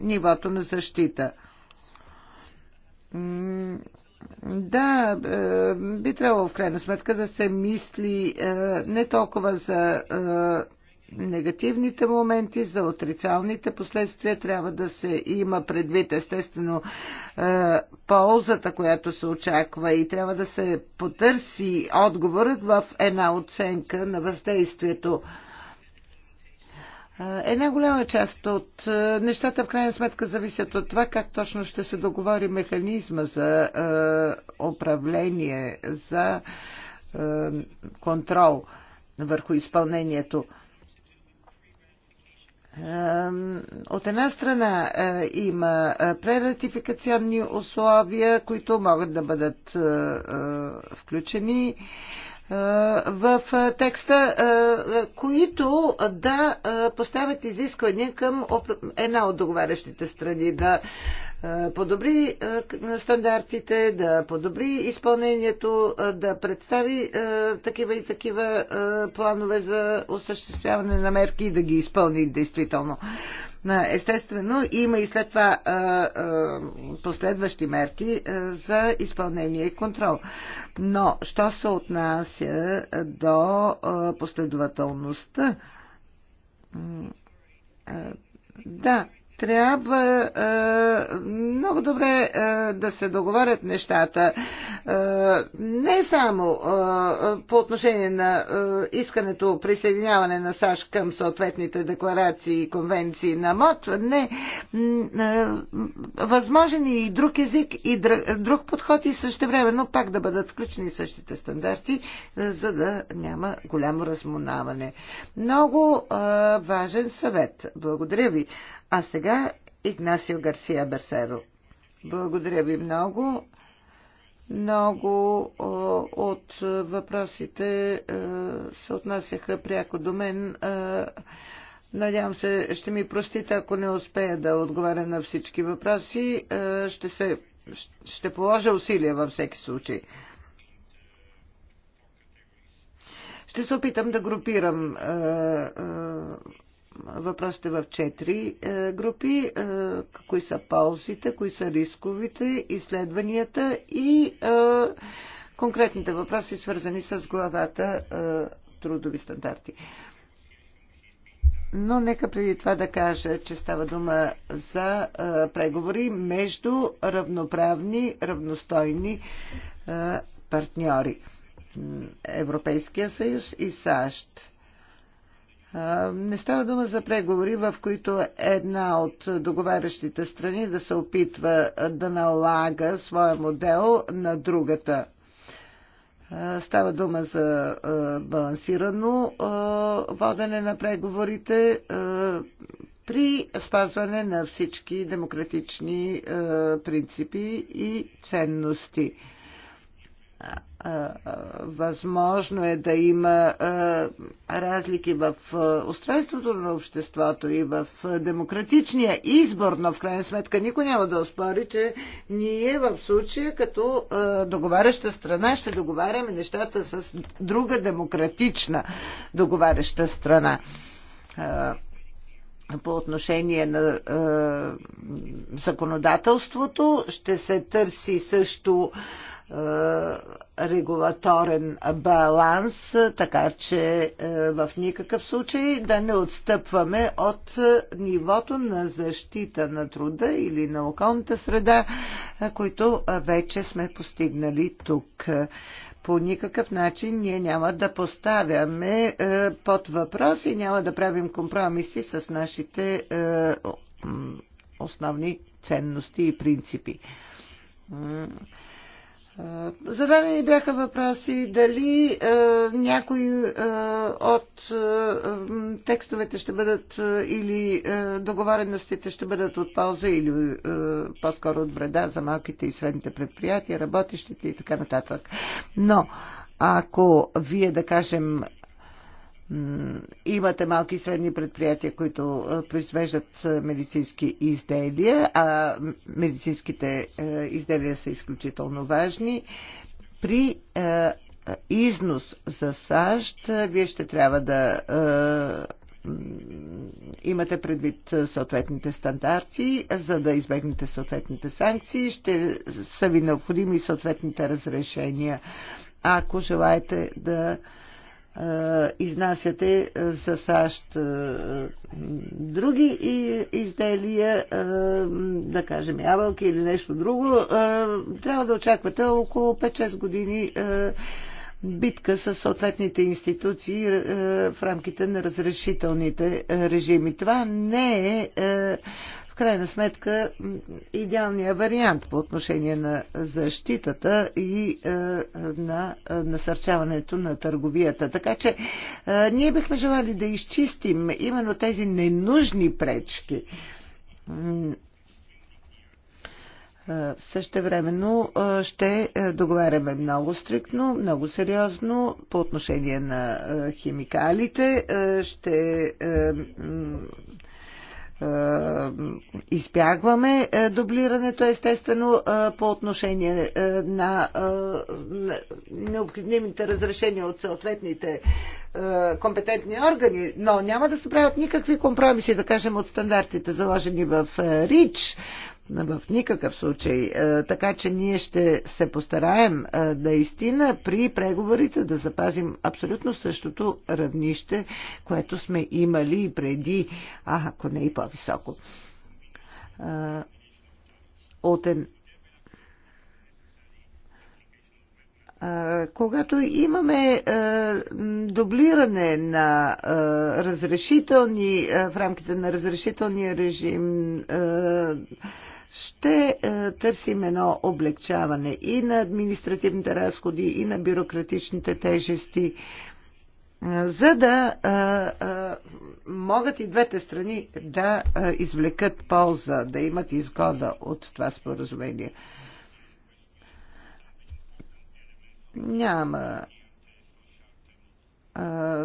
Speaker 1: нивото на защита. Да, би трябвало в крайна сметка да се мисли е, не толкова за е, негативните моменти, за отрицалните последствия трябва да се има предвид естествено е, ползата, която се очаква и трябва да се потърси отговорът в една оценка на въздействието. Една голяма част от нещата в крайна сметка зависят от това как точно ще се договори механизма за управление, за контрол върху изпълнението. От една страна има прератификационни условия, които могат да бъдат включени в текста, които да поставят изисквания към една от договарящите страни, да подобри стандартите, да подобри изпълнението, да представи такива и такива планове за осъществяване на мерки и да ги изпълни действително. Естествено, има и след това последващи мерки за изпълнение и контрол. Но, що се отнася до последователността, да, трябва е, много добре е, да се договорят нещата. Е, не само е, по отношение на е, искането присъединяване на САЩ към съответните декларации и конвенции на МОД, не. Е, възможен е и друг език и друг подход и също но пак да бъдат включени същите стандарти, е, за да няма голямо размонаване. Много е, важен съвет. Благодаря ви. А сега Игнасио Гарсия Берсеро. Благодаря ви много. Много от въпросите се отнасяха пряко до мен. Надявам се, ще ми простите, ако не успея да отговаря на всички въпроси. Ще, се, ще положа усилия във всеки случай. Ще се опитам да групирам въпросите в четири е, групи. Е, кои са ползите, кои са рисковите, изследванията и е, конкретните въпроси, свързани с главата трудови стандарти. Но нека преди това да кажа, че става дума за а, преговори между равноправни, равностойни а, партньори. Европейския съюз и САЩ. Не става дума за преговори, в които една от договарящите страни да се опитва да налага своя модел на другата. Става дума за балансирано водене на преговорите при спазване на всички демократични принципи и ценности. Възможно е да има разлики в устройството на обществото и в демократичния избор, но в крайна сметка никой няма да оспори, че ние в случая като договаряща страна ще договаряме нещата с друга демократична договаряща страна по отношение на е, законодателството. Ще се търси също е, регулаторен баланс, така че е, в никакъв случай да не отстъпваме от е, нивото на защита на труда или на околната среда, които вече сме постигнали тук. По никакъв начин ние няма да поставяме под въпрос и няма да правим компромиси с нашите основни ценности и принципи. Е, зададени бяха въпроси дали е, някои е, от е, текстовете ще бъдат е, или е, договореностите ще бъдат от полза или е, по-скоро от вреда за малките и средните предприятия, работещите и така нататък. Но ако вие, да кажем, Имате малки и средни предприятия, които произвеждат медицински изделия, а медицинските изделия са изключително важни. При износ за САЩ, вие ще трябва да имате предвид съответните стандарти, за да избегнете съответните санкции. Ще са ви необходими съответните разрешения. Ако желаете да е, изнасяте е, за САЩ е, други изделия, да кажем ябълки или нещо друго, трябва да очаквате около 5-6 години битка с съответните институции в рамките на разрешителните режими. Това не е крайна сметка идеалният вариант по отношение на защитата и е, е, на е, насърчаването на търговията. Така че ние бихме желали да изчистим именно тези ненужни пречки. времено ще договаряме много стриктно, много сериозно по отношение на химикалите. Ще е, избягваме е, дублирането, естествено, е, по отношение на необходимите разрешения от съответните компетентни органи, но няма да се правят никакви компромиси, да кажем, от стандартите заложени в РИЧ, в никакъв случай. Е, така че ние ще се постараем е, наистина при преговорите да запазим абсолютно същото равнище, което сме имали и преди, а ако не и по-високо. Е, от когато имаме дублиране на разрешителни в рамките на разрешителния режим ще е, търсим едно облегчаване и на административните разходи, и на бюрократичните тежести, е, за да е, могат и двете страни да извлекат полза, да имат изгода от това споразумение. Няма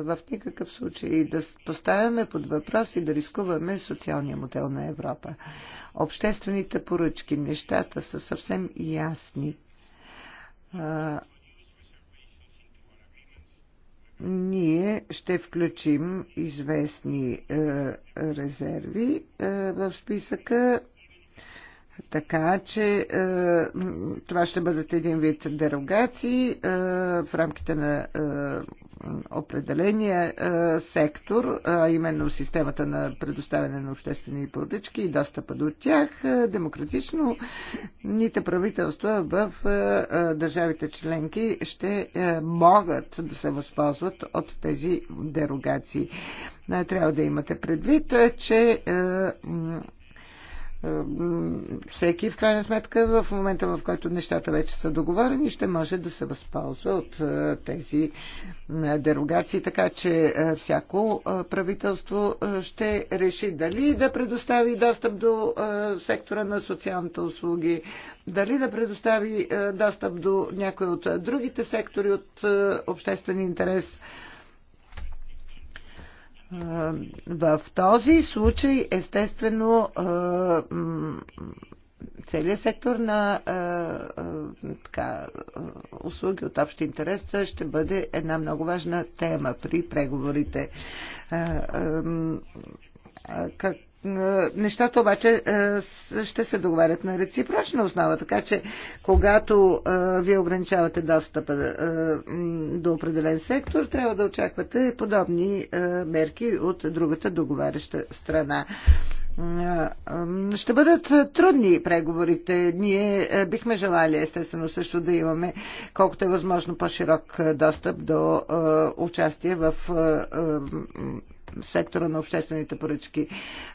Speaker 1: в никакъв случай да поставяме под въпрос и да рискуваме социалния модел на Европа. Обществените поръчки, нещата са съвсем ясни. Ние ще включим известни е, резерви е, в списъка така че е, това ще бъдат един вид дерогации е, в рамките на е, определения е, сектор, а именно системата на предоставяне на обществени поръчки и достъпа до тях, е, демократично ните правителства в е, държавите членки ще могат да се възползват от тези дерогации. Трябва да имате предвид, че всеки в крайна сметка в момента, в който нещата вече са договорени, ще може да се възползва от тези дерогации, така че всяко правителство ще реши дали да предостави достъп до сектора на социалните услуги, дали да предостави достъп до някои от другите сектори от обществен интерес. Е, в този случай, естествено, е, целият сектор на е, така, услуги от общ интерес ще бъде една много важна тема при преговорите. Как Нещата обаче е, ще се договарят на реципрочна основа, така че когато е, вие ограничавате достъпа е, до определен сектор, трябва да очаквате подобни мерки от другата договаряща страна. Ще бъдат трудни преговорите. Ние бихме желали, естествено, също да имаме колкото е възможно по-широк достъп до участие в сектора на обществените поръчки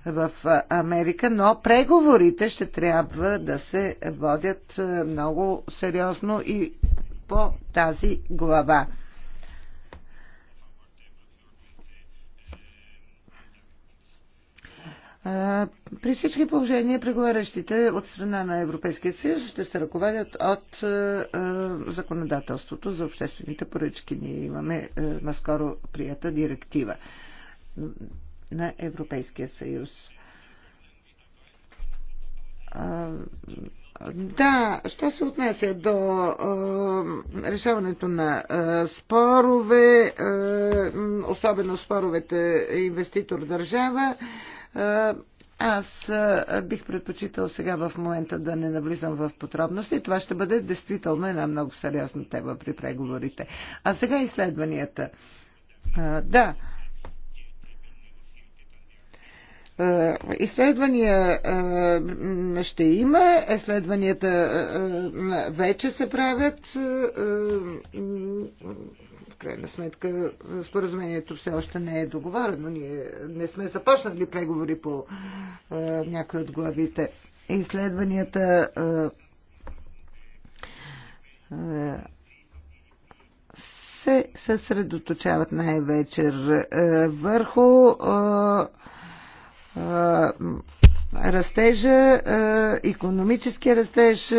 Speaker 1: в Америка, но преговорите ще трябва да се водят много сериозно и по тази глава. При всички положения преговарящите от страна на Европейския съюз ще се ръководят от законодателството за обществените поръчки. Ние имаме наскоро прията директива на Европейския съюз. Да, що се отнася до е, решаването на е, спорове, е, особено споровете инвеститор-държава, е, аз е, бих предпочитал сега в момента да не навлизам в подробности. Това ще бъде действително една много сериозна тема при преговорите. А сега изследванията. Е, да. Е, изследвания е, ще има, изследванията е, вече се правят. В крайна сметка споразумението все още не е договорено. Ние не сме започнали преговори по някои от главите. Изследванията се съсредоточават най-вечер върху растежа, економическия растеж,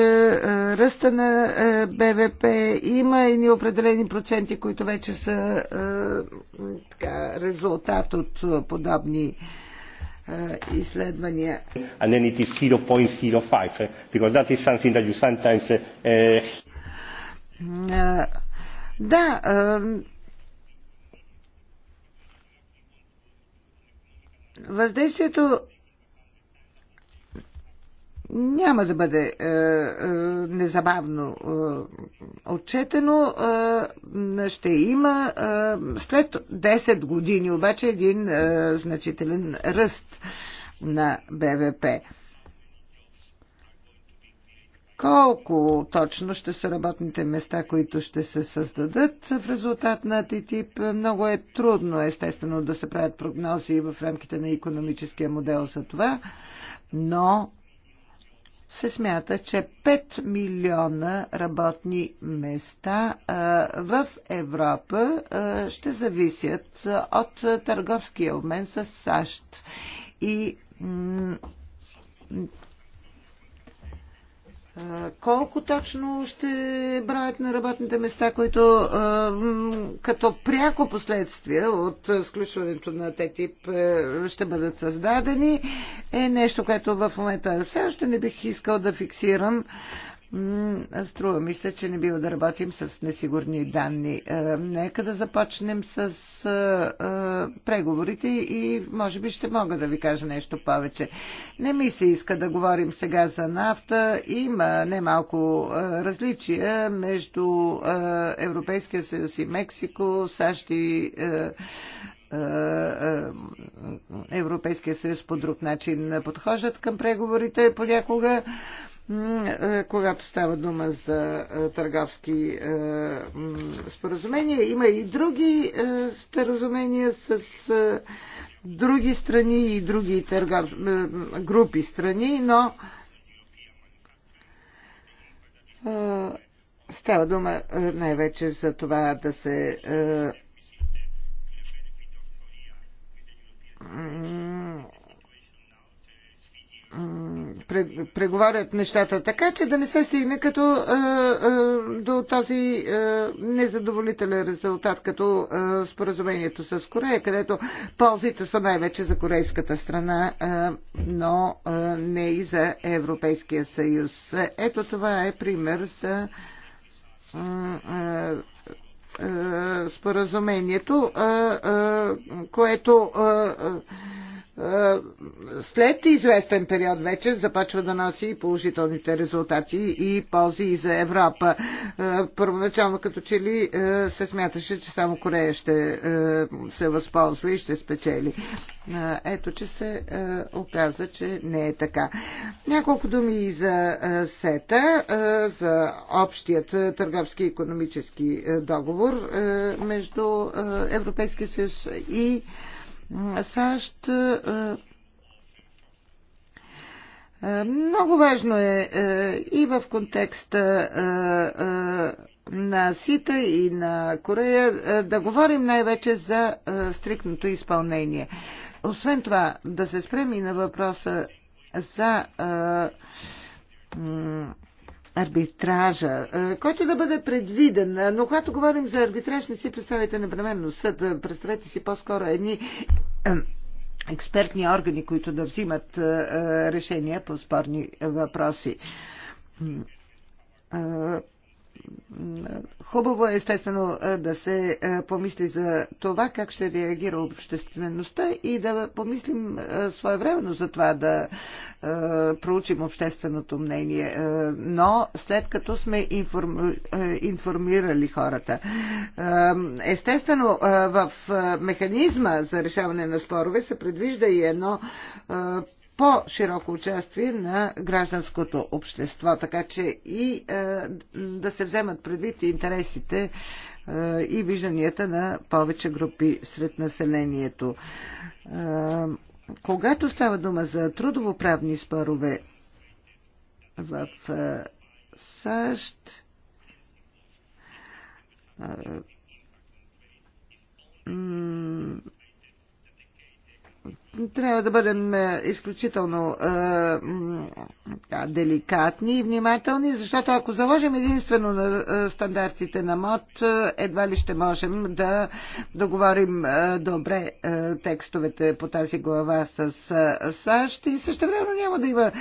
Speaker 1: ръста на БВП. Има и определени проценти, които вече са така, резултат от подобни изследвания. Да, Въздействието няма да бъде е, е, незабавно е, отчетено. Е, ще има е, след 10 години обаче един е, значителен ръст на БВП. Колко точно ще са работните места, които ще се създадат в резултат на ТТИП? Много е трудно, естествено, да се правят прогнози в рамките на економическия модел за това, но се смята, че 5 милиона работни места в Европа ще зависят от търговския обмен с САЩ. И колко точно ще броят на работните места, които като пряко последствие от сключването на ТТИП ще бъдат създадени, е нещо, което в момента все още не бих искал да фиксирам, Струва ми се, че не бива да работим с несигурни данни. Е, нека да започнем с е, е, преговорите и може би ще мога да ви кажа нещо повече. Не ми се иска да говорим сега за нафта. Има немалко различия между Европейския съюз и Мексико, САЩ и Европейския съюз по друг начин подхождат към преговорите понякога. Е, когато става дума за е, търговски е, споразумения. Има и други споразумения с други страни и други търгов... групи страни, но става дума най-вече за това да се преговарят нещата така, че да не се стигне като е, е, до този е, незадоволителен резултат, като споразумението с Корея, където ползите са най-вече за корейската страна, но не и за Европейския съюз. Ето това е пример за споразумението, което е, след известен период вече започва да носи положителните резултати и ползи и за Европа. Е, първоначално като че ли е, се смяташе, че само Корея ще се възползва и ще спечели. Ето, че се оказа, че не е така. Няколко думи и за СЕТА, за общият търговски и економически договор между Европейския съюз и САЩ е, е, много важно е, е и в контекста на СИТА и на Корея да говорим най-вече за стрикното изпълнение. Освен това, да се спрем и на въпроса за арбитража, е, който да бъде предвиден. Е, но когато говорим за арбитраж, не си представете непременно съд. Е, представете си по-скоро едни експертни органи, които да взимат решения по спорни въпроси. Хубаво е естествено да се помисли за това как ще реагира обществеността и да помислим своевременно за това да е, проучим общественото мнение, е, но след като сме е, информирали хората. Естествено, в механизма за решаване на спорове се предвижда и едно по-широко участие на гражданското общество, така че и е, да се вземат предвид интересите е, и вижданията на повече групи сред населението. Е, когато става дума за трудовоправни спорове в САЩ, трябва да бъдем е, изключително е, деликатни и внимателни, защото ако заложим единствено на е, стандартите на МОД, е, едва ли ще можем да договорим добре текстовете по тази глава с САЩ и също време няма да има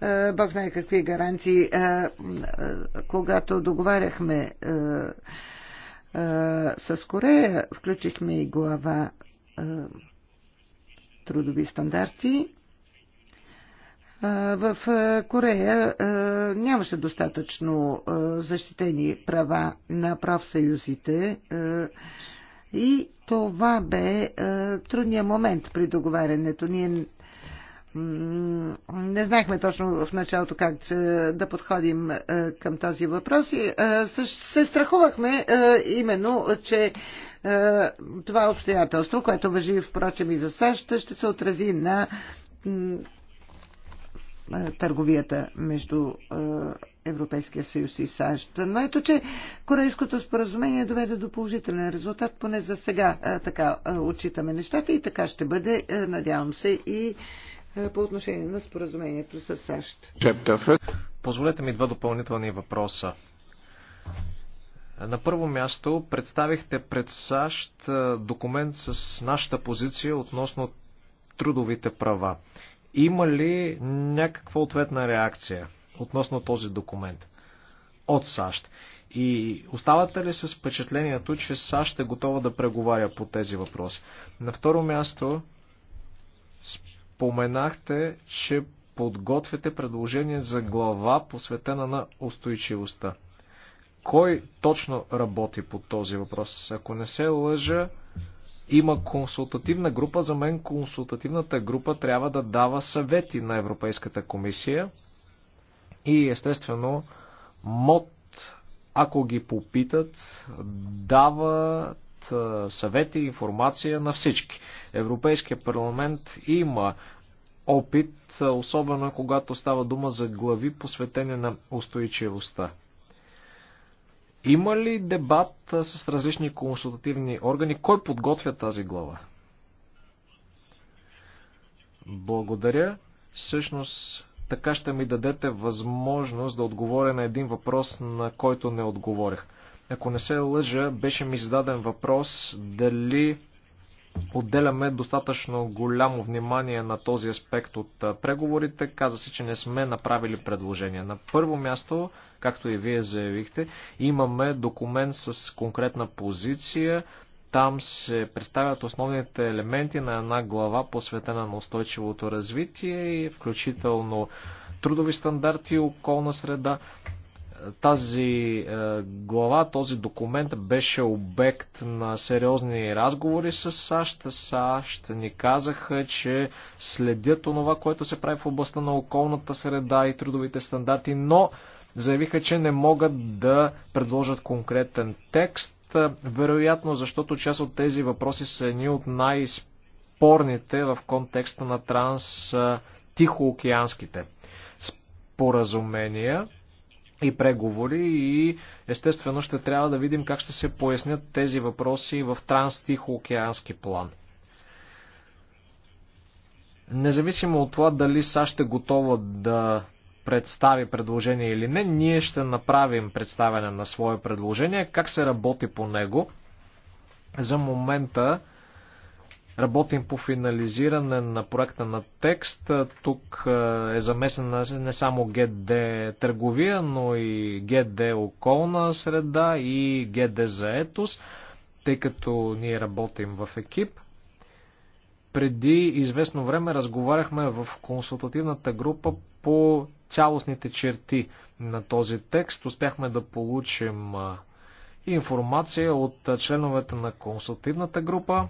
Speaker 1: е, бог знае какви гаранции. когато договаряхме с Корея, включихме и глава трудови стандарти. В Корея нямаше достатъчно защитени права на правсъюзите и това бе трудният момент при договарянето. Ние не знаехме точно в началото как да подходим към този въпрос и се страхувахме именно, че е, това е обстоятелство, което въжи впрочем и за САЩ, ще се отрази на е, търговията между Европейския съюз и САЩ. Но ето, че Корейското споразумение доведе до положителен резултат, поне за сега така отчитаме нещата и така ще бъде, надявам се, и по отношение на споразумението с САЩ.
Speaker 2: Позволете ми два допълнителни въпроса. На първо място представихте пред САЩ документ с нашата позиция относно трудовите права. Има ли някаква ответна реакция относно този документ от САЩ? И оставате ли с впечатлението, че САЩ е готова да преговаря по тези въпроси? На второ място споменахте, че подготвяте предложение за глава посветена на устойчивостта. Кой точно работи по този въпрос? Ако не се лъжа, има консултативна група. За мен консултативната група трябва да дава съвети на Европейската комисия. И естествено, МОД, ако ги попитат, дават съвети и информация на всички. Европейския парламент има опит, особено когато става дума за глави посветени на устойчивостта. Има ли дебат с различни консултативни органи? Кой подготвя тази глава? Благодаря. Всъщност, така ще ми дадете възможност да отговоря на един въпрос, на който не отговорих. Ако не се лъжа, беше ми зададен въпрос дали отделяме достатъчно голямо внимание на този аспект от преговорите. Каза се, че не сме направили предложения. На първо място, както и вие заявихте, имаме документ с конкретна позиция. Там се представят основните елементи на една глава, посветена на устойчивото развитие и включително трудови стандарти околна среда. Тази е, глава, този документ беше обект на сериозни разговори с САЩ. САЩ ни казаха, че следят онова, което се прави в областта на околната среда и трудовите стандарти, но заявиха, че не могат да предложат конкретен текст, е, вероятно защото част от тези въпроси са едни от най-спорните в контекста на транс-тихоокеанските споразумения и преговори и естествено ще трябва да видим как ще се пояснят тези въпроси в транс-тихоокеански план. Независимо от това дали САЩ е готова да представи предложение или не, ние ще направим представяне на свое предложение, как се работи по него. За момента Работим по финализиране на проекта на текст. Тук е, е замесена не само ГД търговия, но и ГД околна среда и ГД заетост, тъй като ние работим в екип. Преди известно време разговаряхме в консултативната група по цялостните черти на този текст. Успяхме да получим е, информация от е, членовете на консултативната група.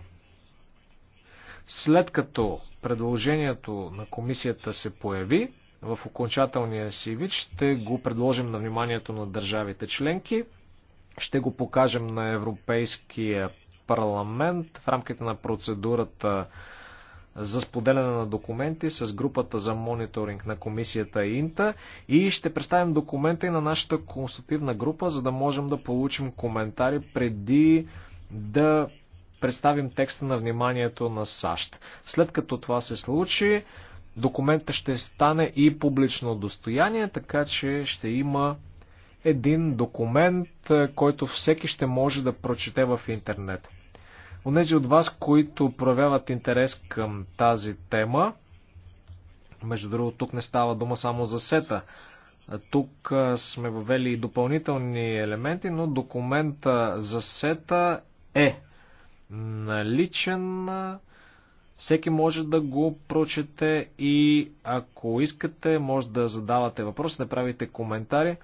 Speaker 2: След като предложението на комисията се появи, в окончателния си вид ще го предложим на вниманието на държавите членки, ще го покажем на Европейския парламент в рамките на процедурата за споделяне на документи с групата за мониторинг на комисията Инта и ще представим документа и на нашата консултативна група, за да можем да получим коментари преди да представим текста на вниманието на САЩ. След като това се случи, документа ще стане и публично достояние, така че ще има един документ, е, който всеки ще може да прочете в интернет. Онези от вас, които проявяват интерес към тази тема, между другото, тук не става дума само за сета. Тук сме въвели и допълнителни елементи, но документа за сета е наличен. Всеки може да го прочете и ако искате, може да задавате въпроси, да правите коментари.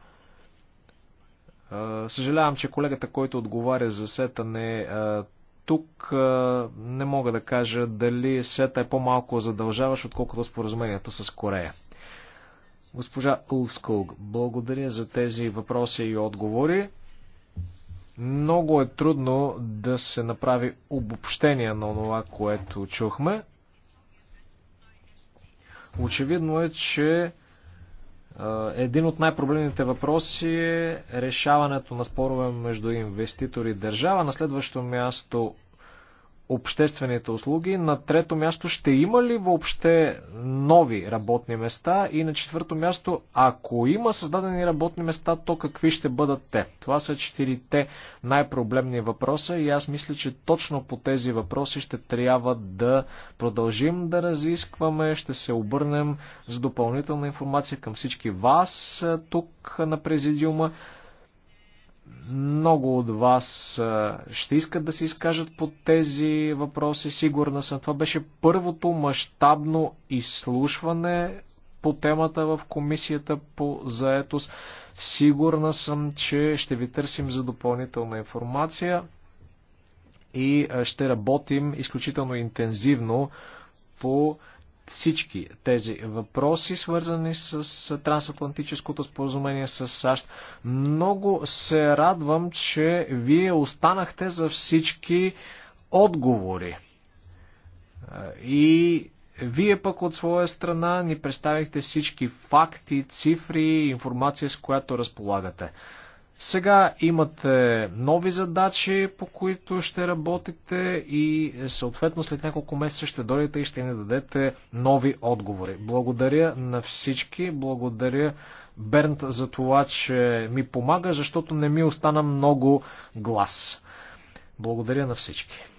Speaker 2: Съжалявам, че колегата, който отговаря за сета не е тук. Не мога да кажа дали сета е по-малко задължаваш, отколкото споразумението с Корея. Госпожа Улскулг, благодаря за тези въпроси и отговори. Много е трудно да се направи обобщение на това, което чухме. Очевидно е, че един от най-проблемните въпроси е решаването на спорове между инвеститори и държава. На следващо място обществените услуги. На трето място ще има ли въобще нови работни места и на четвърто място, ако има създадени работни места, то какви ще бъдат те? Това са четирите най-проблемни въпроса и аз мисля, че точно по тези въпроси ще трябва да продължим да разискваме, ще се обърнем с допълнителна информация към всички вас тук на президиума. Много от вас ще искат да се изкажат по тези въпроси, сигурна съм. Това беше първото мащабно изслушване по темата в комисията по заетост. Сигурна съм, че ще ви търсим за допълнителна информация и ще работим изключително интензивно по всички тези въпроси, свързани с трансатлантическото споразумение с САЩ. Много се радвам, че вие останахте за всички отговори. И вие пък от своя страна ни представихте всички факти, цифри, информация, с която разполагате. Сега имате нови задачи, по които ще работите и съответно след няколко месеца ще дойдете и ще ни дадете нови отговори. Благодаря на всички, благодаря Бернт за това, че ми помага, защото не ми остана много глас. Благодаря на всички.